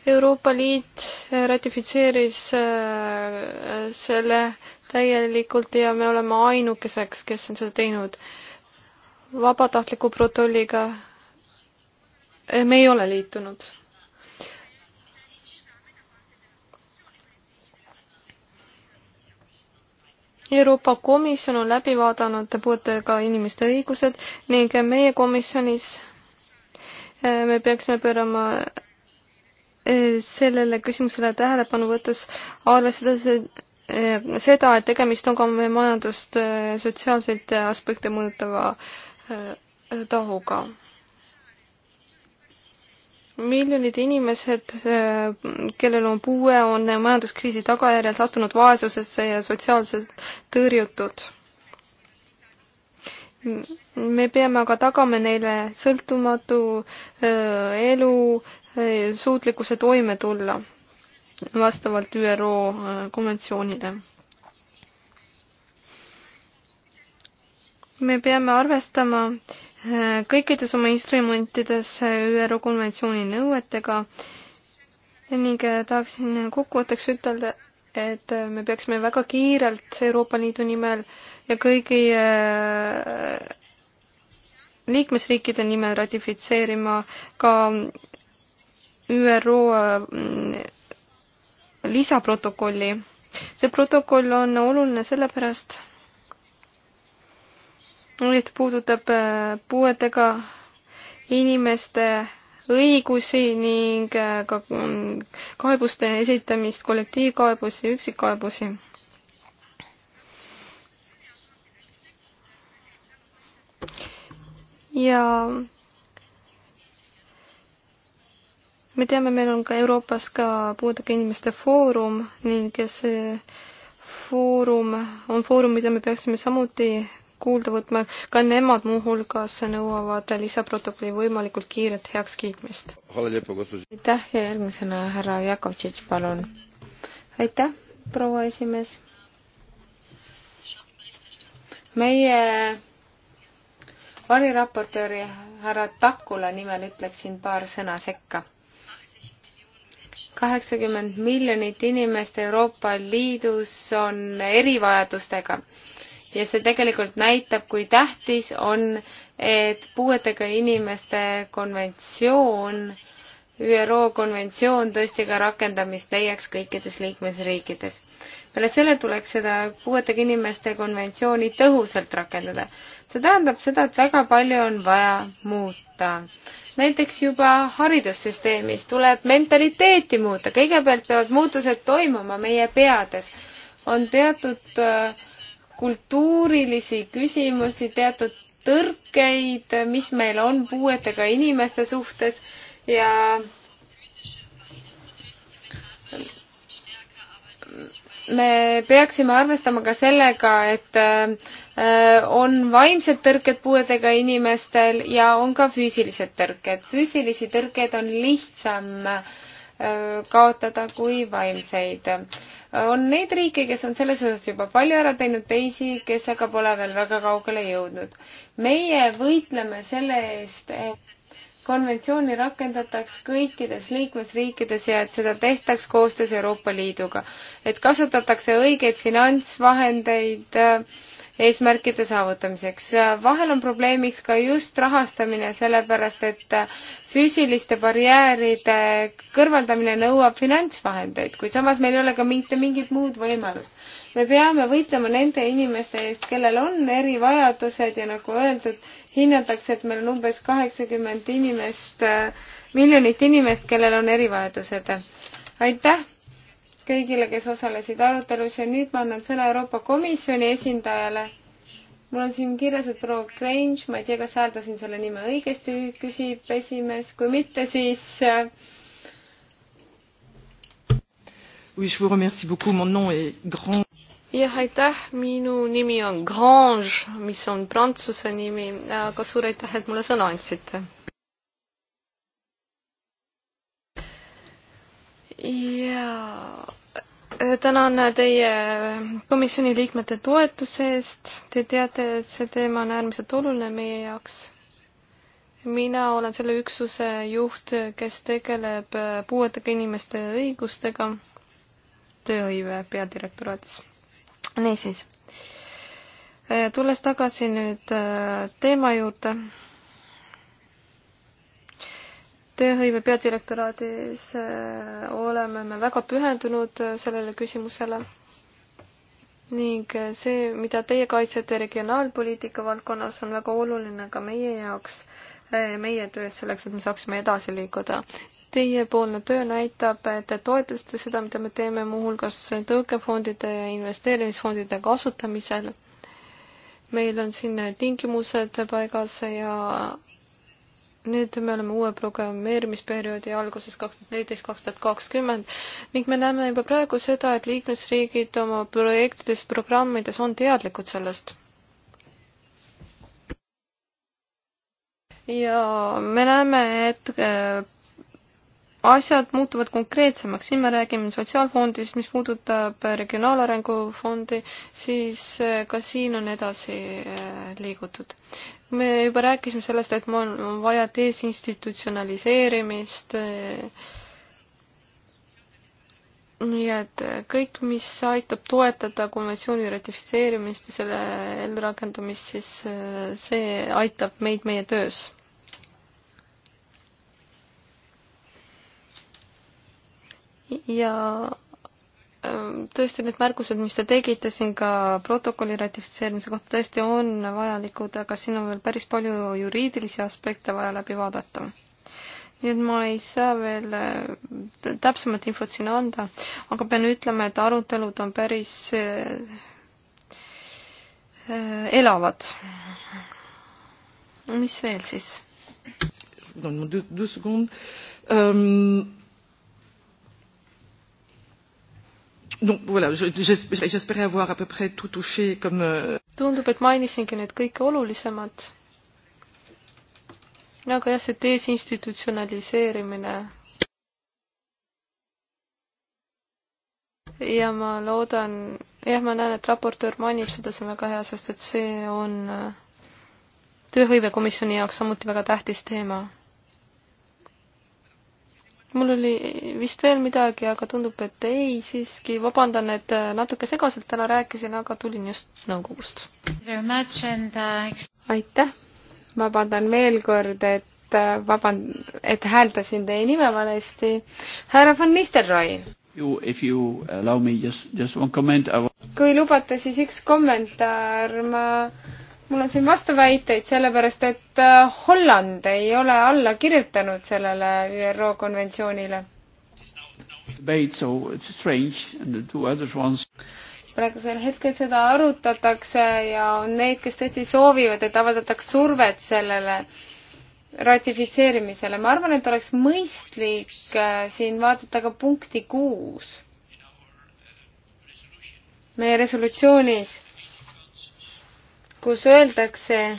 Euroopa Liit ratifitseeris äh, selle täielikult ja me oleme ainukeseks, kes on seda teinud. vabatahtliku protolliga me ei ole liitunud. Euroopa Komisjon on läbi vaadanud puuetega inimeste õigused ning meie komisjonis eh, me peaksime pöörama eh, sellele küsimusele tähelepanu võttes arvestades, et Äh, seda, et tegemist on ka meie majandust äh, sotsiaalseid aspekte mõjutava äh, tahuga. miljonid inimesed, kellel on puue, on majanduskriisi tagajärjel sattunud vaesusesse ja sotsiaalselt tõrjutud. me peame aga tagama neile sõltumatu elu, suutlikkuse toime tulla vastavalt ÜRO äh, konventsioonile. me peame arvestama äh, kõikides oma instrumentides äh, ÜRO konventsiooni nõuetega ning tahaksin kokkuvõtteks ütelda, et me peaksime väga kiirelt Euroopa Liidu nimel ja kõigi liikmesriikide nimel ratifitseerima ka ÜRO lisaprotokolli. see protokoll on oluline sellepärast, et puudutab äh, puuetega inimeste õigusi ning äh, ka mm, kaebuste esitamist, kollektiivkaebusi, üksikkaebusi. ja me teame, meil on ka Euroopas ka puudega inimeste foorum ning see foorum on foorum, mida me peaksime samuti kuulda võtma, ka nemad muuhulgas nõuavad lisaprotokolli võimalikult kiiret heakskiitmist. aitäh ja järgmisena härra Jakovtšitš, palun. aitäh, proua esimees. meie variraportööri härra Takula nimel ütleksin paar sõna sekka kaheksakümmend miljonit inimest Euroopa Liidus on erivajadustega ja see tegelikult näitab, kui tähtis on, et puuetega inimeste konventsioon, ÜRO konventsioon tõesti ka rakendamist leiaks kõikides liikmesriikides. peale selle tuleks seda puuetega inimeste konventsiooni tõhusalt rakendada. see tähendab seda, et väga palju on vaja muuta näiteks juba haridussüsteemis tuleb mentaliteeti muuta, kõigepealt peavad muutused toimuma meie peades. on teatud äh, kultuurilisi küsimusi, teatud tõrkeid, äh, mis meil on puuetega inimeste suhtes ja me peaksime arvestama ka sellega, et äh, on vaimsed tõrked puuetega inimestel ja on ka füüsilised tõrked. füüsilisi tõrkeid on lihtsam äh, kaotada kui vaimseid. on neid riike, kes on selles osas juba palju ära teinud, teisi, kes aga pole veel väga kaugele jõudnud. meie võitleme selle eest, et konventsiooni rakendataks kõikides liikmesriikides ja et seda tehtaks koostöös Euroopa Liiduga. et kasutatakse õigeid finantsvahendeid äh, eesmärkide saavutamiseks. vahel on probleemiks ka just rahastamine, sellepärast et äh, füüsiliste barjääride kõrvaldamine nõuab finantsvahendeid, kuid samas meil ei ole ka mitte mingit muud võimalust me peame võitlema nende inimeste eest, kellel on erivajadused ja nagu öeldud, hinnatakse, et meil on umbes kaheksakümmend inimest, äh, miljonit inimest, kellel on erivajadused. aitäh kõigile, kes osalesid arutelus ja nüüd ma annan sõna Euroopa Komisjoni esindajale. mul on siin kirjas, et proua Grange, ma ei tea, kas hääldasin selle nime õigesti, küsib esimees, kui mitte, siis äh, Oui, je vous remercie beaucoup. Mon nom est Grand jah, aitäh, minu nimi on Grange, mis on prantsuse nimi, aga suur aitäh, et mulle sõna andsite. jaa tänan teie komisjoni liikmete toetuse eest. Te teate, et see teema on äärmiselt oluline meie jaoks. mina olen selle üksuse juht, kes tegeleb puuetega inimeste õigustega tööhõive peadirektoraadis niisiis, äh, tulles tagasi nüüd äh, teema juurde. tööhõive peadirektoraadis äh, oleme me väga pühendunud sellele küsimusele ning see, mida teie kaitsete regionaalpoliitika valdkonnas, on väga oluline ka meie jaoks, meie töös selleks, et me saaksime edasi liikuda. Teiepoolne töö näitab, et te toetate seda, mida me teeme muuhulgas tõukefondide ja investeerimisfondide kasutamisel. meil on siin tingimused paigas ja nüüd me oleme uue programmeerimisperioodi alguses kaks tuhat neliteist, kaks tuhat kakskümmend ning me näeme juba praegu seda, et liikmesriigid oma projektides, programmides on teadlikud sellest ja me näeme, et äh, asjad muutuvad konkreetsemaks, siin me räägime sotsiaalfondist, mis puudutab regionaalarengu fondi, siis eh, ka siin on edasi eh, liigutud. me juba rääkisime sellest, et on vaja desinstitutsionaliseerimist. nii eh, et kõik, mis aitab toetada konventsiooni ratifitseerimist ja selle ellurakendamist, siis see aitab meid meie töös ja ähm, tõesti need märgused, mis te tegite siin ka protokolli ratifitseerimise kohta, tõesti on vajalikud, aga siin on veel päris palju juriidilisi aspekte vaja läbi vaadata nii et ma ei saa veel äh, täpsemat infot siin anda, aga pean ütlema, et arutelud on päris äh, äh, elavad. mis veel siis? Donc voilà, j'espérais avoir à peu près tout touché comme euh, tundub, et mainisingi need kõige olulisemad. aga jah, see desinstitutsionaliseerimine. ja ma loodan, jah, ma näen, et raportöör mainib seda, see on väga hea, sest et see on äh, tööhõivekomisjoni jaoks samuti väga tähtis teema mul oli vist veel midagi, aga tundub, et ei, siiski vabandan, et äh, natuke segaselt täna rääkisin, aga tulin just nõukogust. Äh, aitäh, vabandan veel kord, et äh, vaband-, et hääldasin teie nime valesti. härra Van Nistelrooy. kui lubate, siis üks kommentaar, ma mul on siin vastuväiteid, sellepärast et äh, Holland ei ole alla kirjutanud sellele ÜRO konventsioonile. praegusel hetkel seda arutatakse ja on need, kes tõesti soovivad, et avaldataks survet sellele ratifitseerimisele. ma arvan, et oleks mõistlik äh, siin vaadata ka punkti kuus meie resolutsioonis kus öeldakse,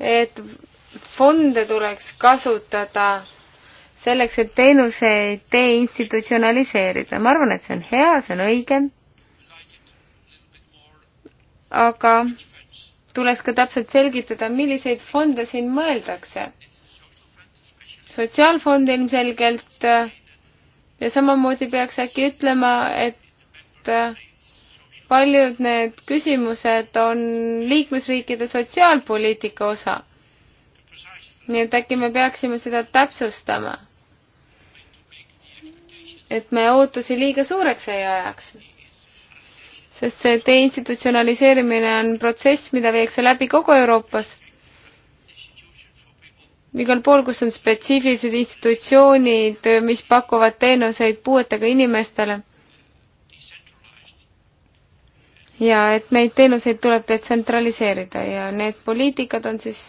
et fonde tuleks kasutada selleks, et teenuseid deinstitutsionaliseerida. ma arvan, et see on hea, see on õige. aga tuleks ka täpselt selgitada, milliseid fonde siin mõeldakse. sotsiaalfond ilmselgelt ja samamoodi peaks äkki ütlema, et paljud need küsimused on liikmesriikide sotsiaalpoliitika osa. nii et äkki me peaksime seda täpsustama. et me ootusi liiga suureks ei ajaks. sest see deinstitutsionaliseerimine on protsess, mida viiakse läbi kogu Euroopas igal pool, kus on spetsiifilised institutsioonid, mis pakuvad teenuseid puuetega inimestele ja et neid teenuseid tuleb detsentraliseerida ja need poliitikad on siis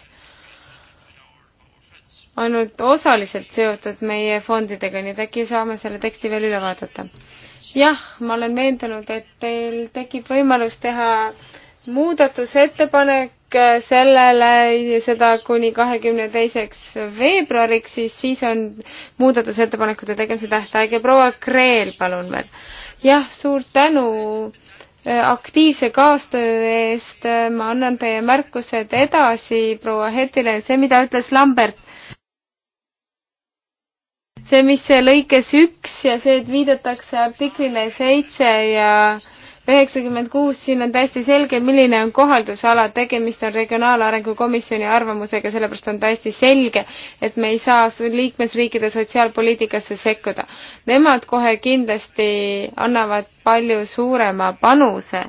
ainult osaliselt seotud meie fondidega, nii et äkki saame selle teksti veel üle vaadata. jah, ma olen veendunud, et teil tekib võimalus teha muudatusettepanek sellele ja seda kuni kahekümne teiseks veebruariks, siis, siis on muudatusettepanekute tegemise tähtaeg ja proua Kreel, palun veel. jah, suur tänu Äh, aktiivse kaastöö eest, äh, ma annan teie märkused edasi proua Hetile, see, mida ütles Lambert. see, mis lõikes üks ja see, et viidatakse artiklile seitse ja äh, üheksakümmend kuus, siin on täiesti selge, milline on kohaldusala, tegemist on Regionaalarengu Komisjoni arvamusega, sellepärast on täiesti selge, et me ei saa liikmesriikide sotsiaalpoliitikasse sekkuda. Nemad kohe kindlasti annavad palju suurema panuse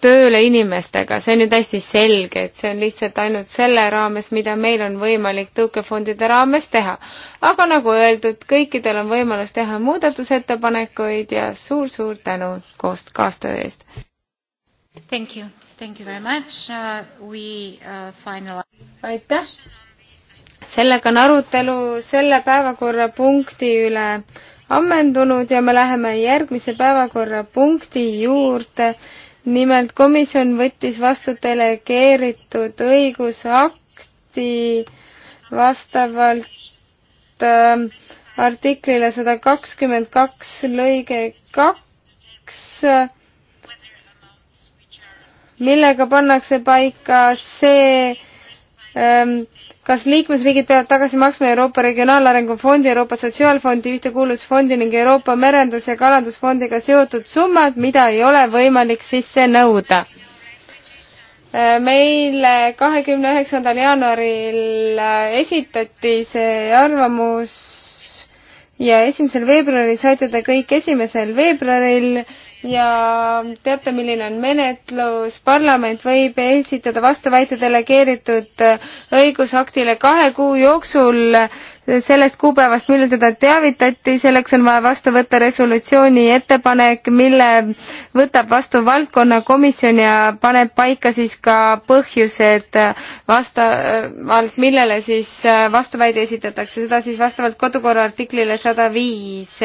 tööle inimestega, see on ju täiesti selge, et see on lihtsalt ainult selle raames, mida meil on võimalik tõukefondide raames teha. aga nagu öeldud, kõikidel on võimalus teha muudatusettepanekuid ja suur-suur tänu koost-, kaastöö eest! Thank you, thank you very much uh,, we uh, finalize. aitäh! sellega on arutelu selle päevakorrapunkti üle ammendunud ja me läheme järgmise päevakorrapunkti juurde nimelt komisjon võttis vastu delegeeritud õigusakti vastavalt äh, artiklile sada kakskümmend kaks lõige kaks, millega pannakse paika see ähm, kas liikmesriigid peavad tagasi maksma Euroopa Regionaalarengu Fondi, Euroopa Sotsiaalfondi, Ühtekuuluvusfondi ning Euroopa Merendus- ja Kalandusfondiga seotud summad, mida ei ole võimalik sisse nõuda? Äh, meile kahekümne üheksandal jaanuaril äh, esitati see arvamus ja esimesel veebruaril saite te kõik esimesel veebruaril ja teate, milline on menetlus, parlament võib esitada vastuväite delegeeritud õigusaktile kahe kuu jooksul sellest kuupäevast, millal teda teavitati, selleks on vaja vastu võtta resolutsiooni ettepanek, mille võtab vastu valdkonnakomisjon ja paneb paika siis ka põhjused vastavalt, millele siis vastuväide esitatakse, seda siis vastavalt kodukorra artiklile sada viis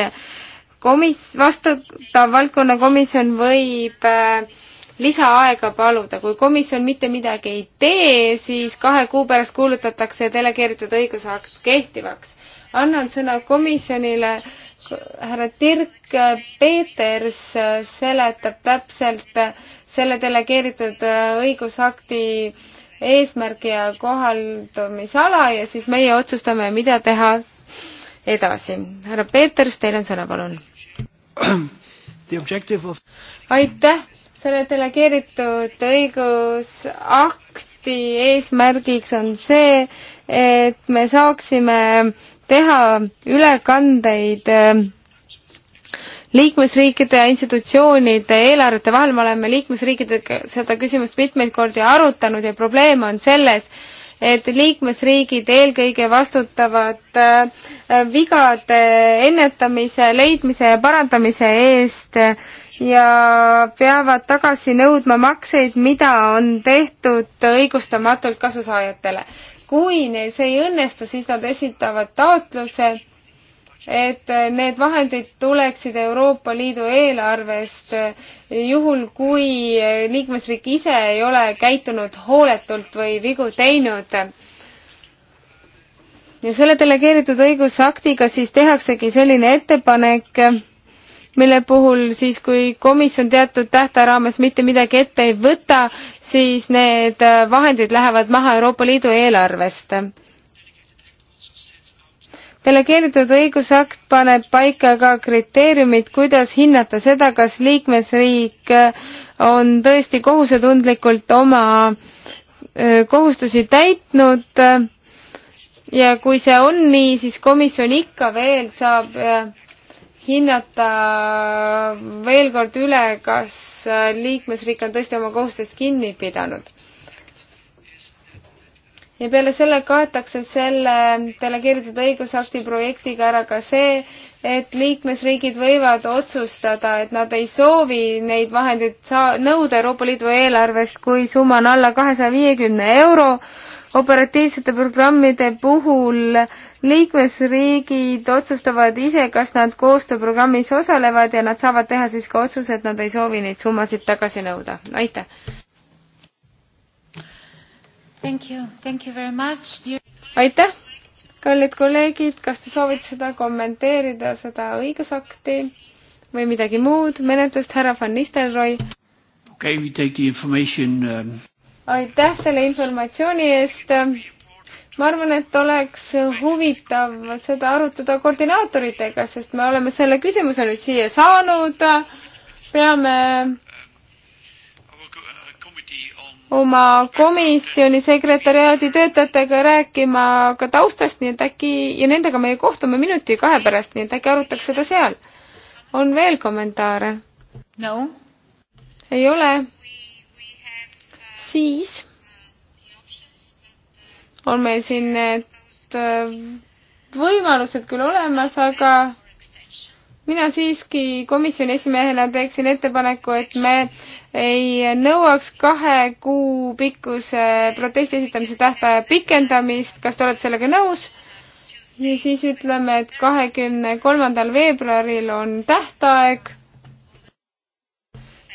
komis-, vastutav valdkonnakomisjon võib äh, lisaaega paluda, kui komisjon mitte midagi ei tee, siis kahe kuu pärast kuulutatakse delegeeritud õigusakt kehtivaks. annan sõna komisjonile, härra Dirk Peeters seletab täpselt selle delegeeritud äh, õigusakti eesmärgi ja kohaldumisala ja siis meie otsustame, mida teha edasi. härra Peeters, teil on sõna, palun. Of... aitäh, selle delegeeritud õigusakti eesmärgiks on see, et me saaksime teha ülekandeid äh, liikmesriikide ja institutsioonide eelarvete vahel, me oleme liikmesriikidega seda küsimust mitmeid kordi arutanud ja probleem on selles, et liikmesriigid eelkõige vastutavad äh, vigade ennetamise, leidmise ja parandamise eest ja peavad tagasi nõudma makseid, mida on tehtud õigustamatult kasusaajatele. kui neil see ei õnnestu, siis nad esitavad taotluse et eh, need vahendid tuleksid Euroopa Liidu eelarvest eh, juhul, kui eh, liikmesriik ise ei ole käitunud hooletult või vigu teinud. ja selle delegeeritud õigusaktiga siis tehaksegi selline ettepanek, mille puhul siis, kui komisjon teatud tähtaja raames mitte midagi ette ei võta, siis need vahendid lähevad maha Euroopa Liidu eelarvest delegeeritud õigusakt paneb paika ka kriteeriumid, kuidas hinnata seda, kas liikmesriik äh, on tõesti kohusetundlikult oma äh, kohustusi täitnud ja kui see on nii, siis komisjon ikka veel saab äh, hinnata veel kord üle, kas liikmesriik on tõesti oma kohustust kinni pidanud ja peale selle kaetakse selle delegeeritud õigusakti projektiga ära ka see, et liikmesriigid võivad otsustada, et nad ei soovi neid vahendeid saa-, nõuda Euroopa Liidu eelarvest, kui summa on alla kahesaja viiekümne euro. operatiivsete programmide puhul liikmesriigid otsustavad ise, kas nad koostööprogrammis osalevad ja nad saavad teha siis ka otsuse, et nad ei soovi neid summasid tagasi nõuda. aitäh! aitäh, kallid kolleegid, kas te soovite seda kommenteerida, seda õigusakti või midagi muud, menetlust, härra Van Nistelrooy? okei okay,, we take the information um... aitäh selle informatsiooni eest ma arvan, et oleks huvitav seda arutada koordinaatoritega, sest me oleme selle küsimuse nüüd siia saanud. peame oma komisjoni sekretäriaadi töötajatega rääkima ka taustast, nii et äkki, ja nendega me kohtume minuti kahe pärast, nii et äkki arutaks seda seal. on veel kommentaare? no. ei ole? siis on meil siin need äh, võimalused küll olemas, aga mina siiski komisjoni esimehena teeksin ettepaneku, et me ei nõuaks kahe kuu pikkuse protesti esitamise tähtaja pikendamist, kas te olete sellega nõus? ja siis ütleme, et kahekümne kolmandal veebruaril on tähtaeg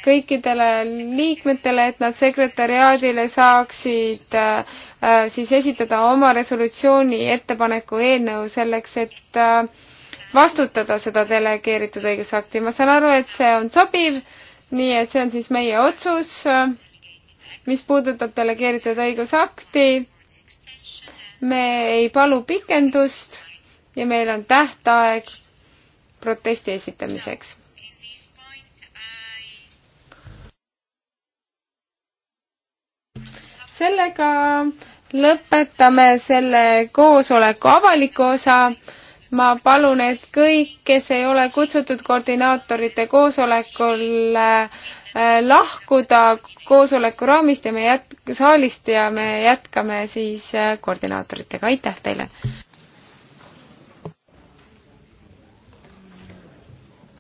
kõikidele liikmetele, et nad sekretäriaadile saaksid äh, siis esitada oma resolutsiooni ettepaneku eelnõu selleks, et äh, vastutada seda delegeeritud õigusakti. ma saan aru, et see on sobiv nii et see on siis meie otsus, äh, mis puudutab delegeeritud õigusakti. me ei palu pikendust ja meil on tähtaeg protesti esitamiseks. sellega lõpetame selle koosoleku avaliku osa ma palun, et kõik, kes ei ole kutsutud koordinaatorite koosolekul äh, lahkuda koosoleku raamist ja me jät-, saalist ja me jätkame siis äh, koordinaatoritega, aitäh teile!